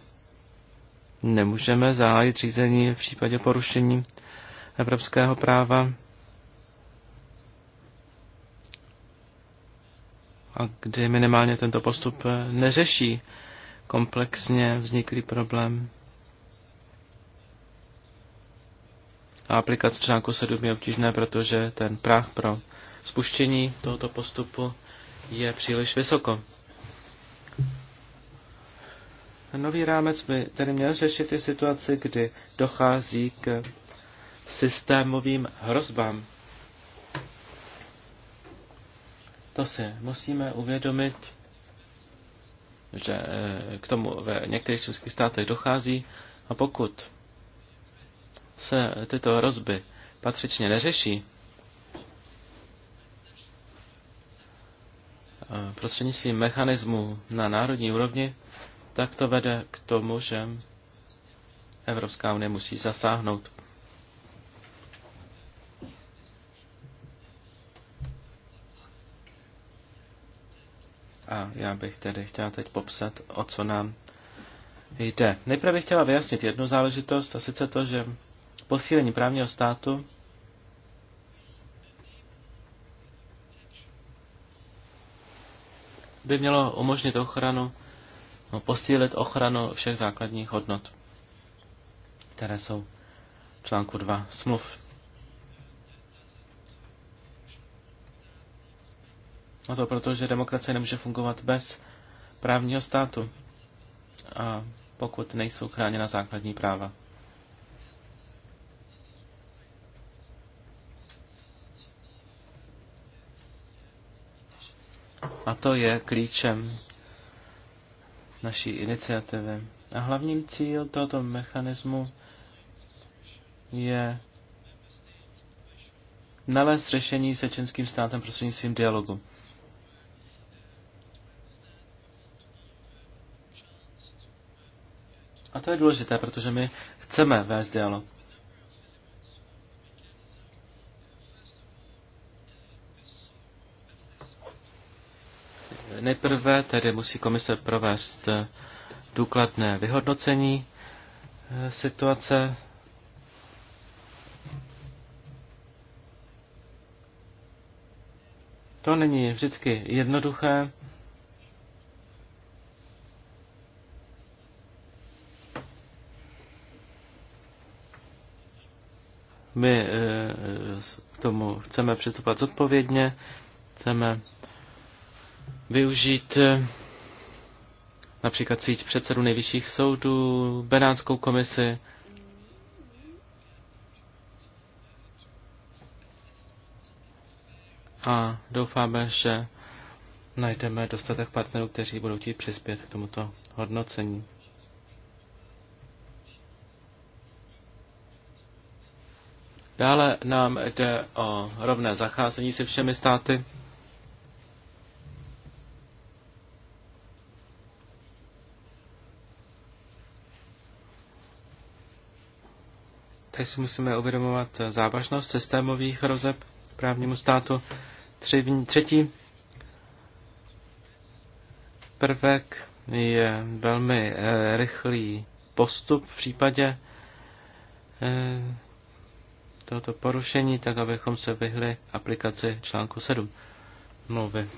nemůžeme zahájit řízení v případě porušení evropského práva. a kdy minimálně tento postup neřeší komplexně vzniklý problém. A aplikace článku 7 je obtížné, protože ten práh pro spuštění tohoto postupu je příliš vysoko. nový rámec by tedy měl řešit i situaci, kdy dochází k systémovým hrozbám. To si musíme uvědomit, že eh, k tomu ve některých českých státech dochází a pokud se tyto hrozby patřičně neřeší, prostřednictvím mechanismu na národní úrovni, tak to vede k tomu, že Evropská unie musí zasáhnout. A já bych tedy chtěla teď popsat, o co nám jde. Nejprve bych chtěla vyjasnit jednu záležitost, a sice to, že posílení právního státu by mělo umožnit ochranu, no, postílit ochranu všech základních hodnot, které jsou v článku 2 smluv. A to proto, že demokracie nemůže fungovat bez právního státu, a pokud nejsou chráněna základní práva. A to je klíčem naší iniciativy. A hlavním cíl tohoto mechanismu je nalézt řešení se čínským státem prostřednictvím dialogu. A to je důležité, protože my chceme vést dialog. Nejprve tedy musí komise provést eh, důkladné vyhodnocení eh, situace. To není vždycky jednoduché. My eh, k tomu chceme přistupovat zodpovědně, chceme využít eh, například síť předsedů nejvyšších soudů, Benátskou komisi. A doufáme, že najdeme dostatek partnerů, kteří budou chtít přispět k tomuto hodnocení. Dále nám jde o rovné zacházení se všemi státy. Tady si musíme uvědomovat závažnost systémových hrozeb právnímu státu. Třetí prvek je velmi eh, rychlý postup v případě eh, tohoto porušení, tak abychom se vyhli aplikaci článku 7 mluvy.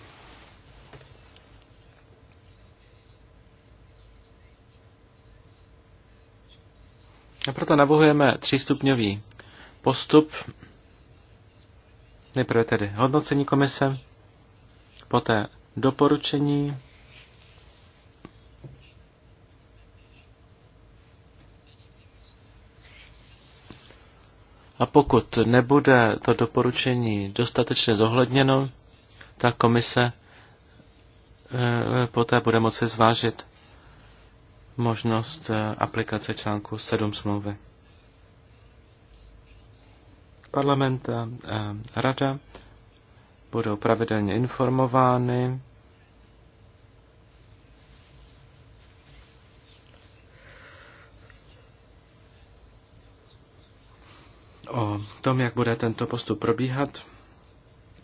A proto navrhujeme třístupňový postup. Nejprve tedy hodnocení komise, poté doporučení, A pokud nebude to doporučení dostatečně zohledněno, ta komise eh, poté bude moci zvážit možnost eh, aplikace článku 7 smlouvy. Parlament a rada budou pravidelně informovány o tom, jak bude tento postup probíhat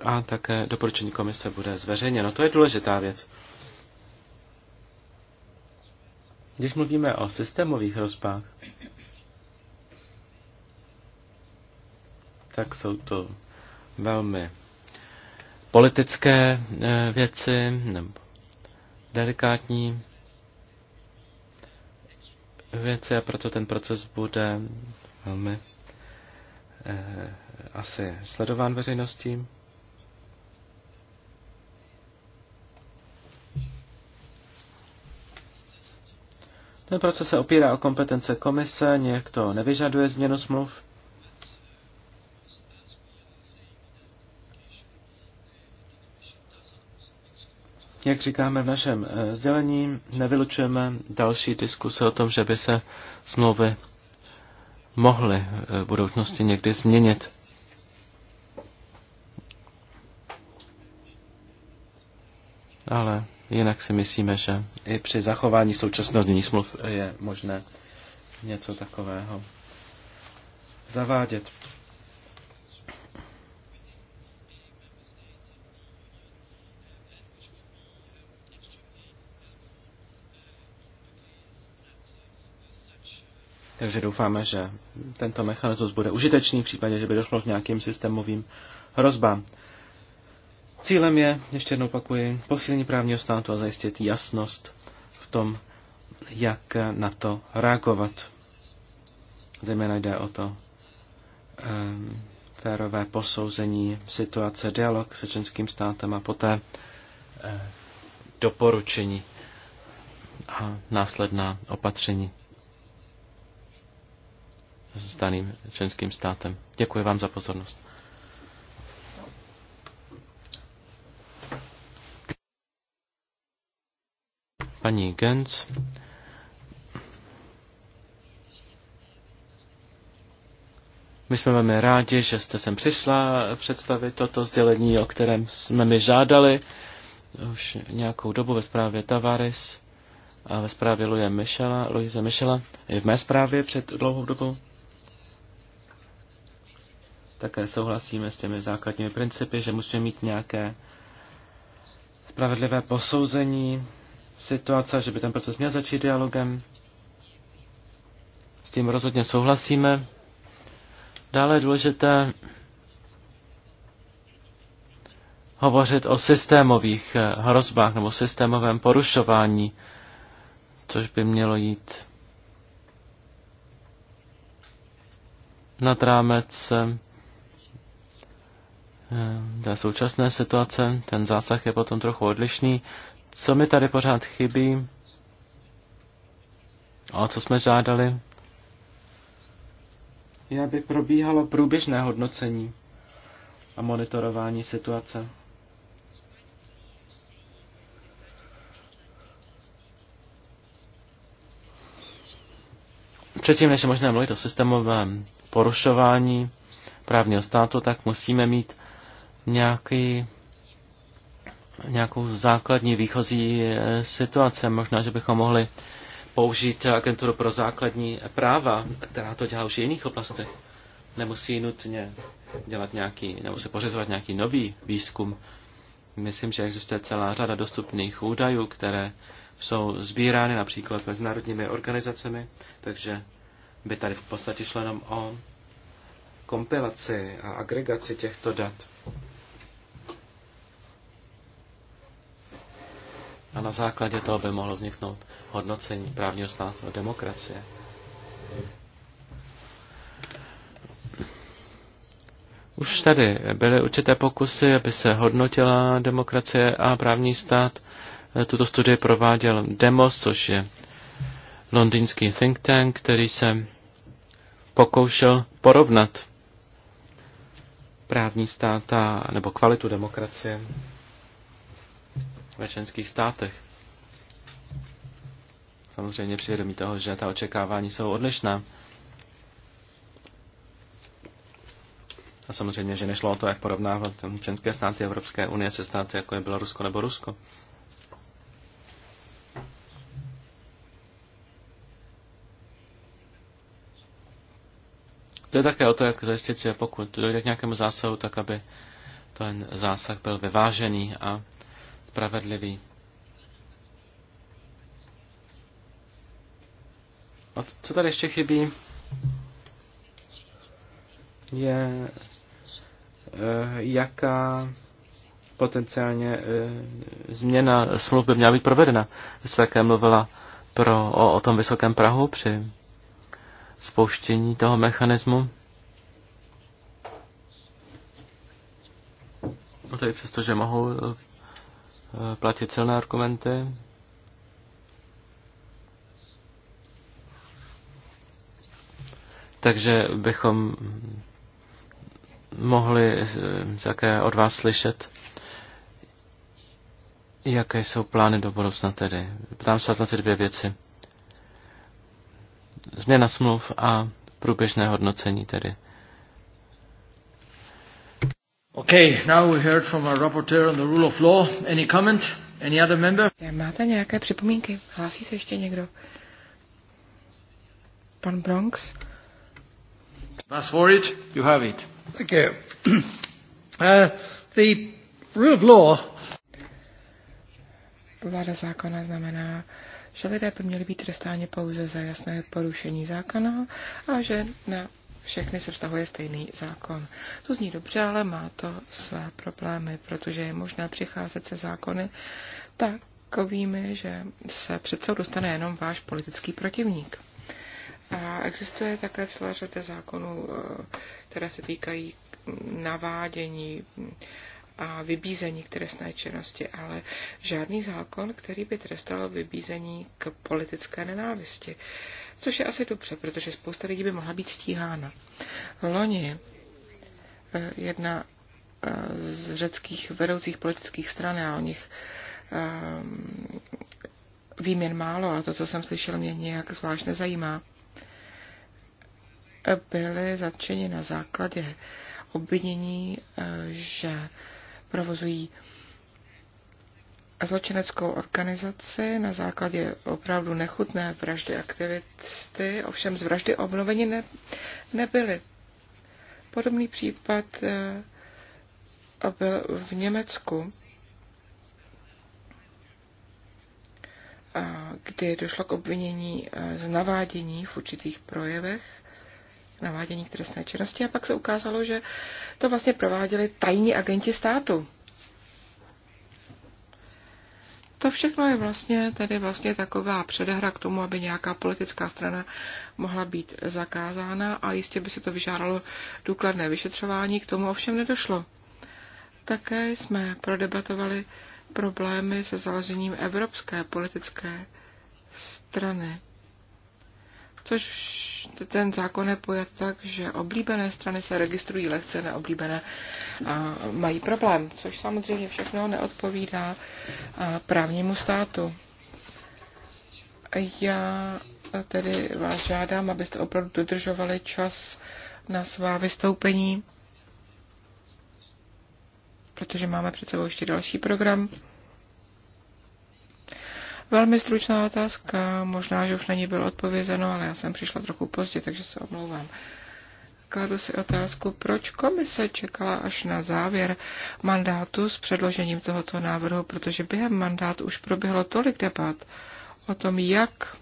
a také doporučení komise bude zveřejněno. To je důležitá věc. Když mluvíme o systémových hrozbách, tak jsou to velmi politické eh, věci nebo delikátní věci a proto ten proces bude velmi eh, asi sledován veřejností. Ten proces se opírá o kompetence komise, nějak to nevyžaduje změnu smluv. Jak říkáme v našem eh, sdělení, nevylučujeme další diskuse o tom, že by se smlouvy mohly eh, v budoucnosti někdy změnit. Ale Jinak si myslíme, že i při zachování současného znění smluv je možné něco takového zavádět. Takže doufáme, že tento mechanismus bude užitečný v případě, že by došlo k nějakým systémovým hrozbám. Cílem je, ještě jednou opakuji, posílení právního státu a zajistit jasnost v tom, jak na to reagovat. Zejména jde o to um, férové posouzení situace, dialog se členským státem a poté eh, doporučení a následná opatření s daným členským státem. Děkuji vám za pozornost. paní Genc, My jsme velmi rádi, že jste sem přišla představit toto sdělení, o kterém jsme mi žádali už nějakou dobu ve zprávě Tavares a ve zprávě Luise Michela, Luise Michela i v mé zprávě před dlouhou dobu Také souhlasíme s těmi základními principy, že musíme mít nějaké spravedlivé posouzení situace, že by ten proces měl začít dialogem. S tím rozhodně souhlasíme. Dále je důležité hovořit o systémových eh, hrozbách nebo systémovém porušování, což by mělo jít nad rámec eh, té současné situace. Ten zásah je potom trochu odlišný. Co mi tady pořád chybí? O co jsme žádali? Je, aby probíhalo průběžné hodnocení a monitorování situace. Předtím, než je možné mluvit o systémovém porušování právního státu, tak musíme mít nějaký nějakou základní výchozí eh, situace. Možná, že bychom mohli použít agenturu pro základní práva, která to dělá už v jiných oblastech. Nemusí nutně dělat nějaký, nebo se pořizovat nějaký nový výzkum. Myslím, že existuje celá řada dostupných údajů, které jsou sbírány například mezinárodními organizacemi, takže by tady v podstatě šlo jenom o kompilaci a agregaci těchto dat. A na základě toho by mohlo vzniknout hodnocení právního státu a demokracie. Už tady byly určité pokusy, aby se hodnotila demokracie a právní stát. Tuto studii prováděl Demos, což je londýnský think tank, který se pokoušel porovnat právní stát a, nebo kvalitu demokracie ve členských státech. Samozřejmě přivědomí toho, že ta očekávání jsou odlišná. A samozřejmě, že nešlo o to, jak porovnávat členské státy Evropské unie se státy, jako je Bělorusko nebo Rusko. To je také o to, jak zajistit si, pokud dojde k nějakému zásahu, tak aby ten zásah byl vyvážený a spravedlivý. A co tady ještě chybí, je eh, jaká potenciálně eh, změna smluv by měla být provedena. Vy jste také mluvila pro, o, o tom Vysokém Prahu při spouštění toho mechanismu. A no je přesto, že mohou eh, Eh, platit silné argumenty. Takže bychom mohli také od vás slyšet, jaké jsou plány do budoucna tedy. Ptám se vás na ty dvě věci. Změna smluv a průběžné hodnocení tedy. Okay, now we heard from our rapporteur on the rule of law. Any comment? Any other member? Eh, máte nějaké připomínky? Hlásí se ještě někdo? Pan Bronx? Pass for it. You have it. Thank you. Uh, the rule of law. Vláda zákona znamená, že lidé by měli být trestáni pouze za jasné porušení zákona a že na všechny se vztahuje stejný zákon. To zní dobře, ale má to své problémy, protože je možné přicházet se zákony takovými, že se přece dostane jenom váš politický protivník. A existuje také celá řada zákonů, eh, které se týkají navádění hm, a vybízení k trestné činnosti, ale žádný zákon, který by trestal vybízení k politické nenávisti což je asi dobře, protože spousta lidí by mohla být stíhána. Loni eh, jedna eh, z řeckých vedoucích politických stran, a o nich eh, vím jen málo, a to, co jsem slyšel, mě nějak zvlášť nezajímá, byly zatčeni na základě obvinění, že provozují zločineckou organizaci na základě opravdu nechutné vraždy aktivisty, ovšem z vraždy obnoveni ne, nebyly. Podobný případ eh, byl v Německu, kdy došlo k obvinění eh, z navádění v určitých projevech, navádění k trestné činnosti a pak se ukázalo, že to vlastně prováděli tajní agenti státu. To všechno je vlastně tedy vlastně taková předehra k tomu, aby nějaká politická strana mohla být zakázána a jistě by se to vyžádalo důkladné vyšetřování, k tomu ovšem nedošlo. Také jsme prodebatovali problémy se založením Evropské politické strany což ten zákon je pojat tak, že oblíbené strany se registrují lehce, neoblíbené a mají problém, což samozřejmě všechno neodpovídá právnímu státu. Já tedy vás žádám, abyste opravdu dodržovali čas na svá vystoupení, protože máme před sebou ještě další program. Velmi stručná otázka, možná, že už na ní bylo odpovězeno, ale já jsem přišla trochu pozdě, takže se omlouvám. Kladu si otázku, proč komise čekala až na závěr mandátu s předložením tohoto návrhu, protože během mandátu už proběhlo tolik debat o tom, jak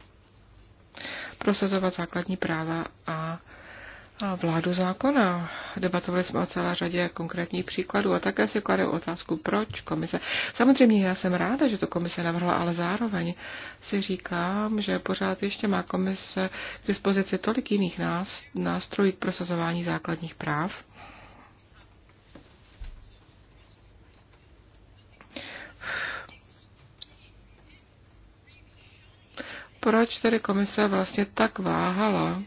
prosazovat základní práva a vládu zákona. Debatovali jsme o celé řadě konkrétních příkladů a také si kladu otázku, proč komise. Samozřejmě já jsem ráda, že to komise navrhla, ale zároveň si říkám, že pořád ještě má komise k dispozici tolik jiných nástrojů k prosazování základních práv. Proč tedy komise vlastně tak váhala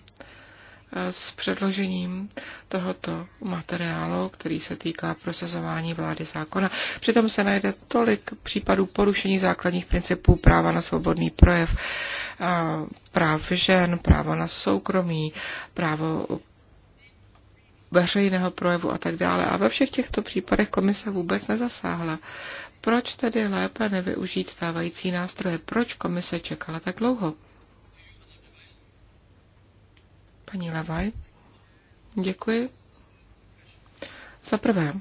s předložením tohoto materiálu, který se týká procesování vlády zákona. Přitom se najde tolik případů porušení základních principů práva na svobodný projev, práv žen, práva na soukromí, právo veřejného projevu a tak dále. A ve všech těchto případech komise vůbec nezasáhla. Proč tedy lépe nevyužít stávající nástroje? Proč komise čekala tak dlouho? Paní Levaj, děkuji. Za prvé,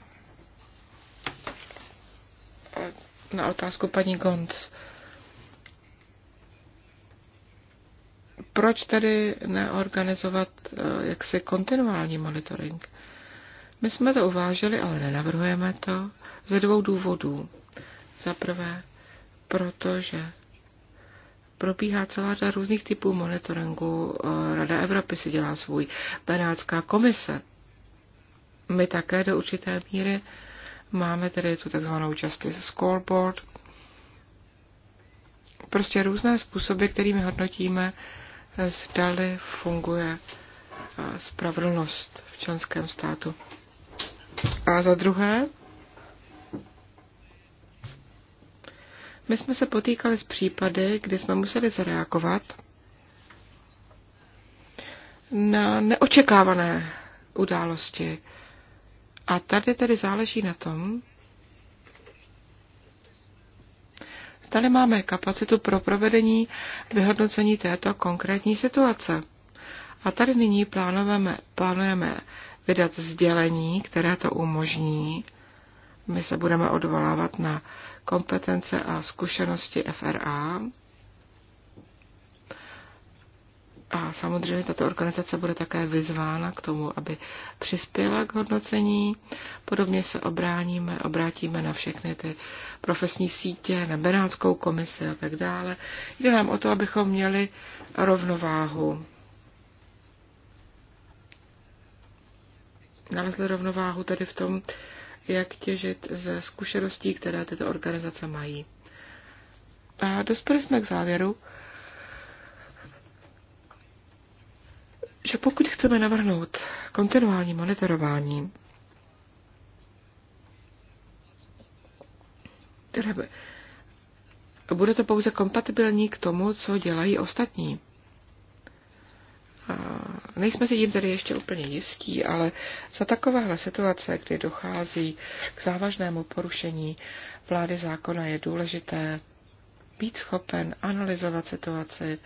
na otázku paní Gonc. Proč tedy neorganizovat eh, jaksi kontinuální monitoring? My jsme to uvážili, ale nenavrhujeme to ze dvou důvodů. Za prvé, protože probíhá celá řada různých typů monitoringu. Eh, Rada Evropy si dělá svůj, Benátská komise. My také do určité míry máme tedy tu takzvanou Justice Scoreboard. Prostě různé způsoby, kterými hodnotíme, eh, zdali funguje eh, spravedlnost v členském státu. A za druhé, My jsme se potýkali s případy, kdy jsme museli zareagovat na neočekávané události. A tady tedy záleží na tom, zdali máme kapacitu pro provedení vyhodnocení této konkrétní situace. A tady nyní plánujeme, plánujeme vydat sdělení, které to umožní. My se budeme odvolávat na kompetence a zkušenosti FRA. A samozřejmě tato organizace bude také vyzvána k tomu, aby přispěla k hodnocení. Podobně se obráníme, obrátíme na všechny ty profesní sítě, na Benátskou komisi a tak dále. Jde nám o to, abychom měli rovnováhu. Nalezli rovnováhu tedy v tom, jak těžit ze zkušeností, které tyto organizace mají. A dospěli jsme k závěru, že pokud chceme navrhnout kontinuální monitorování, které by, bude to pouze kompatibilní k tomu, co dělají ostatní nejsme si tím tedy ještě úplně jistí, ale za takovéhle situace, kdy dochází k závažnému porušení vlády zákona, je důležité být schopen analyzovat situaci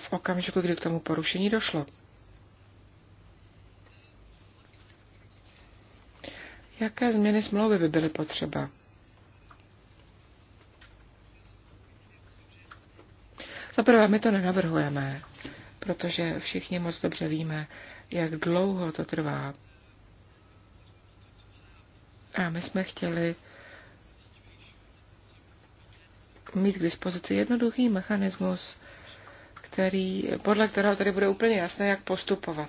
v okamžiku, kdy k tomu porušení došlo. Jaké změny smlouvy by byly potřeba? Za prvé, my to nenavrhujeme, protože všichni moc dobře víme, jak dlouho to trvá. A my jsme chtěli mít k dispozici jednoduchý mechanismus, který, podle kterého tady bude úplně jasné, jak postupovat,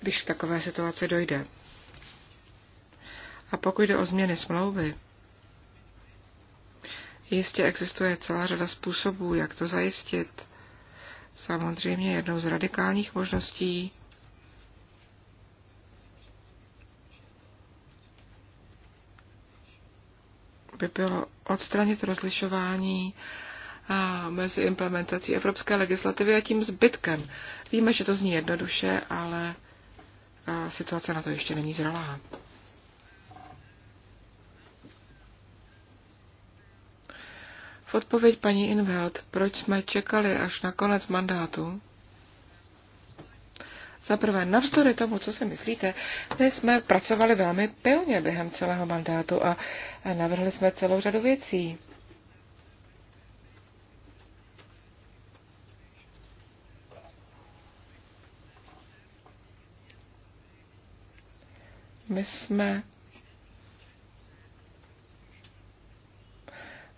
když v takové situaci dojde. A pokud jde o změny smlouvy, Jistě existuje celá řada způsobů, jak to zajistit. Samozřejmě jednou z radikálních možností by bylo odstranit rozlišování a mezi implementací evropské legislativy a tím zbytkem. Víme, že to zní jednoduše, ale situace na to ještě není zralá. V odpověď paní Inveld, proč jsme čekali až na konec mandátu? Za prvé, navzdory tomu, co si myslíte, my jsme pracovali velmi pilně během celého mandátu a navrhli jsme celou řadu věcí. My jsme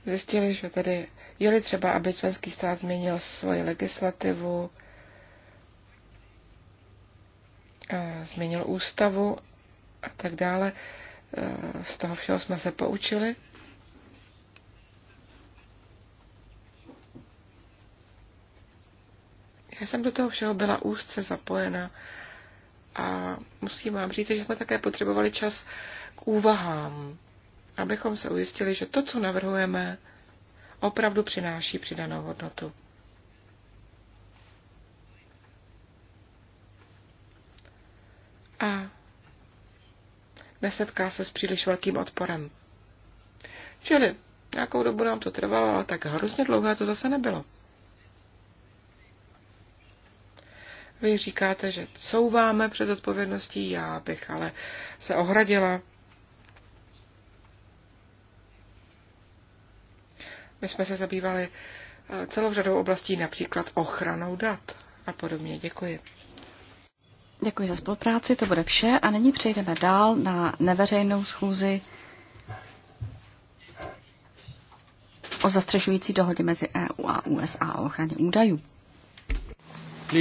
zjistili, že tedy je třeba, aby členský stát změnil svoji legislativu, eh, změnil ústavu a tak dále, eh, z toho všeho jsme se poučili. Já jsem do toho všeho byla úzce zapojena a musím vám říct, že jsme také potřebovali čas k úvahám abychom se ujistili, že to, co navrhujeme, opravdu přináší přidanou hodnotu. A nesetká se s příliš velkým odporem. Čili nějakou dobu nám to trvalo, ale tak hrozně dlouhé to zase nebylo. Vy říkáte, že couváme před odpovědností, já bych ale se ohradila My jsme se zabývali eh, celou řadou oblastí, například ochranou dat a podobně. Děkuji. Děkuji za spolupráci, to bude vše. A nyní přejdeme dál na neveřejnou schůzi o zastřešující dohodě mezi EU a USA o ochraně údajů.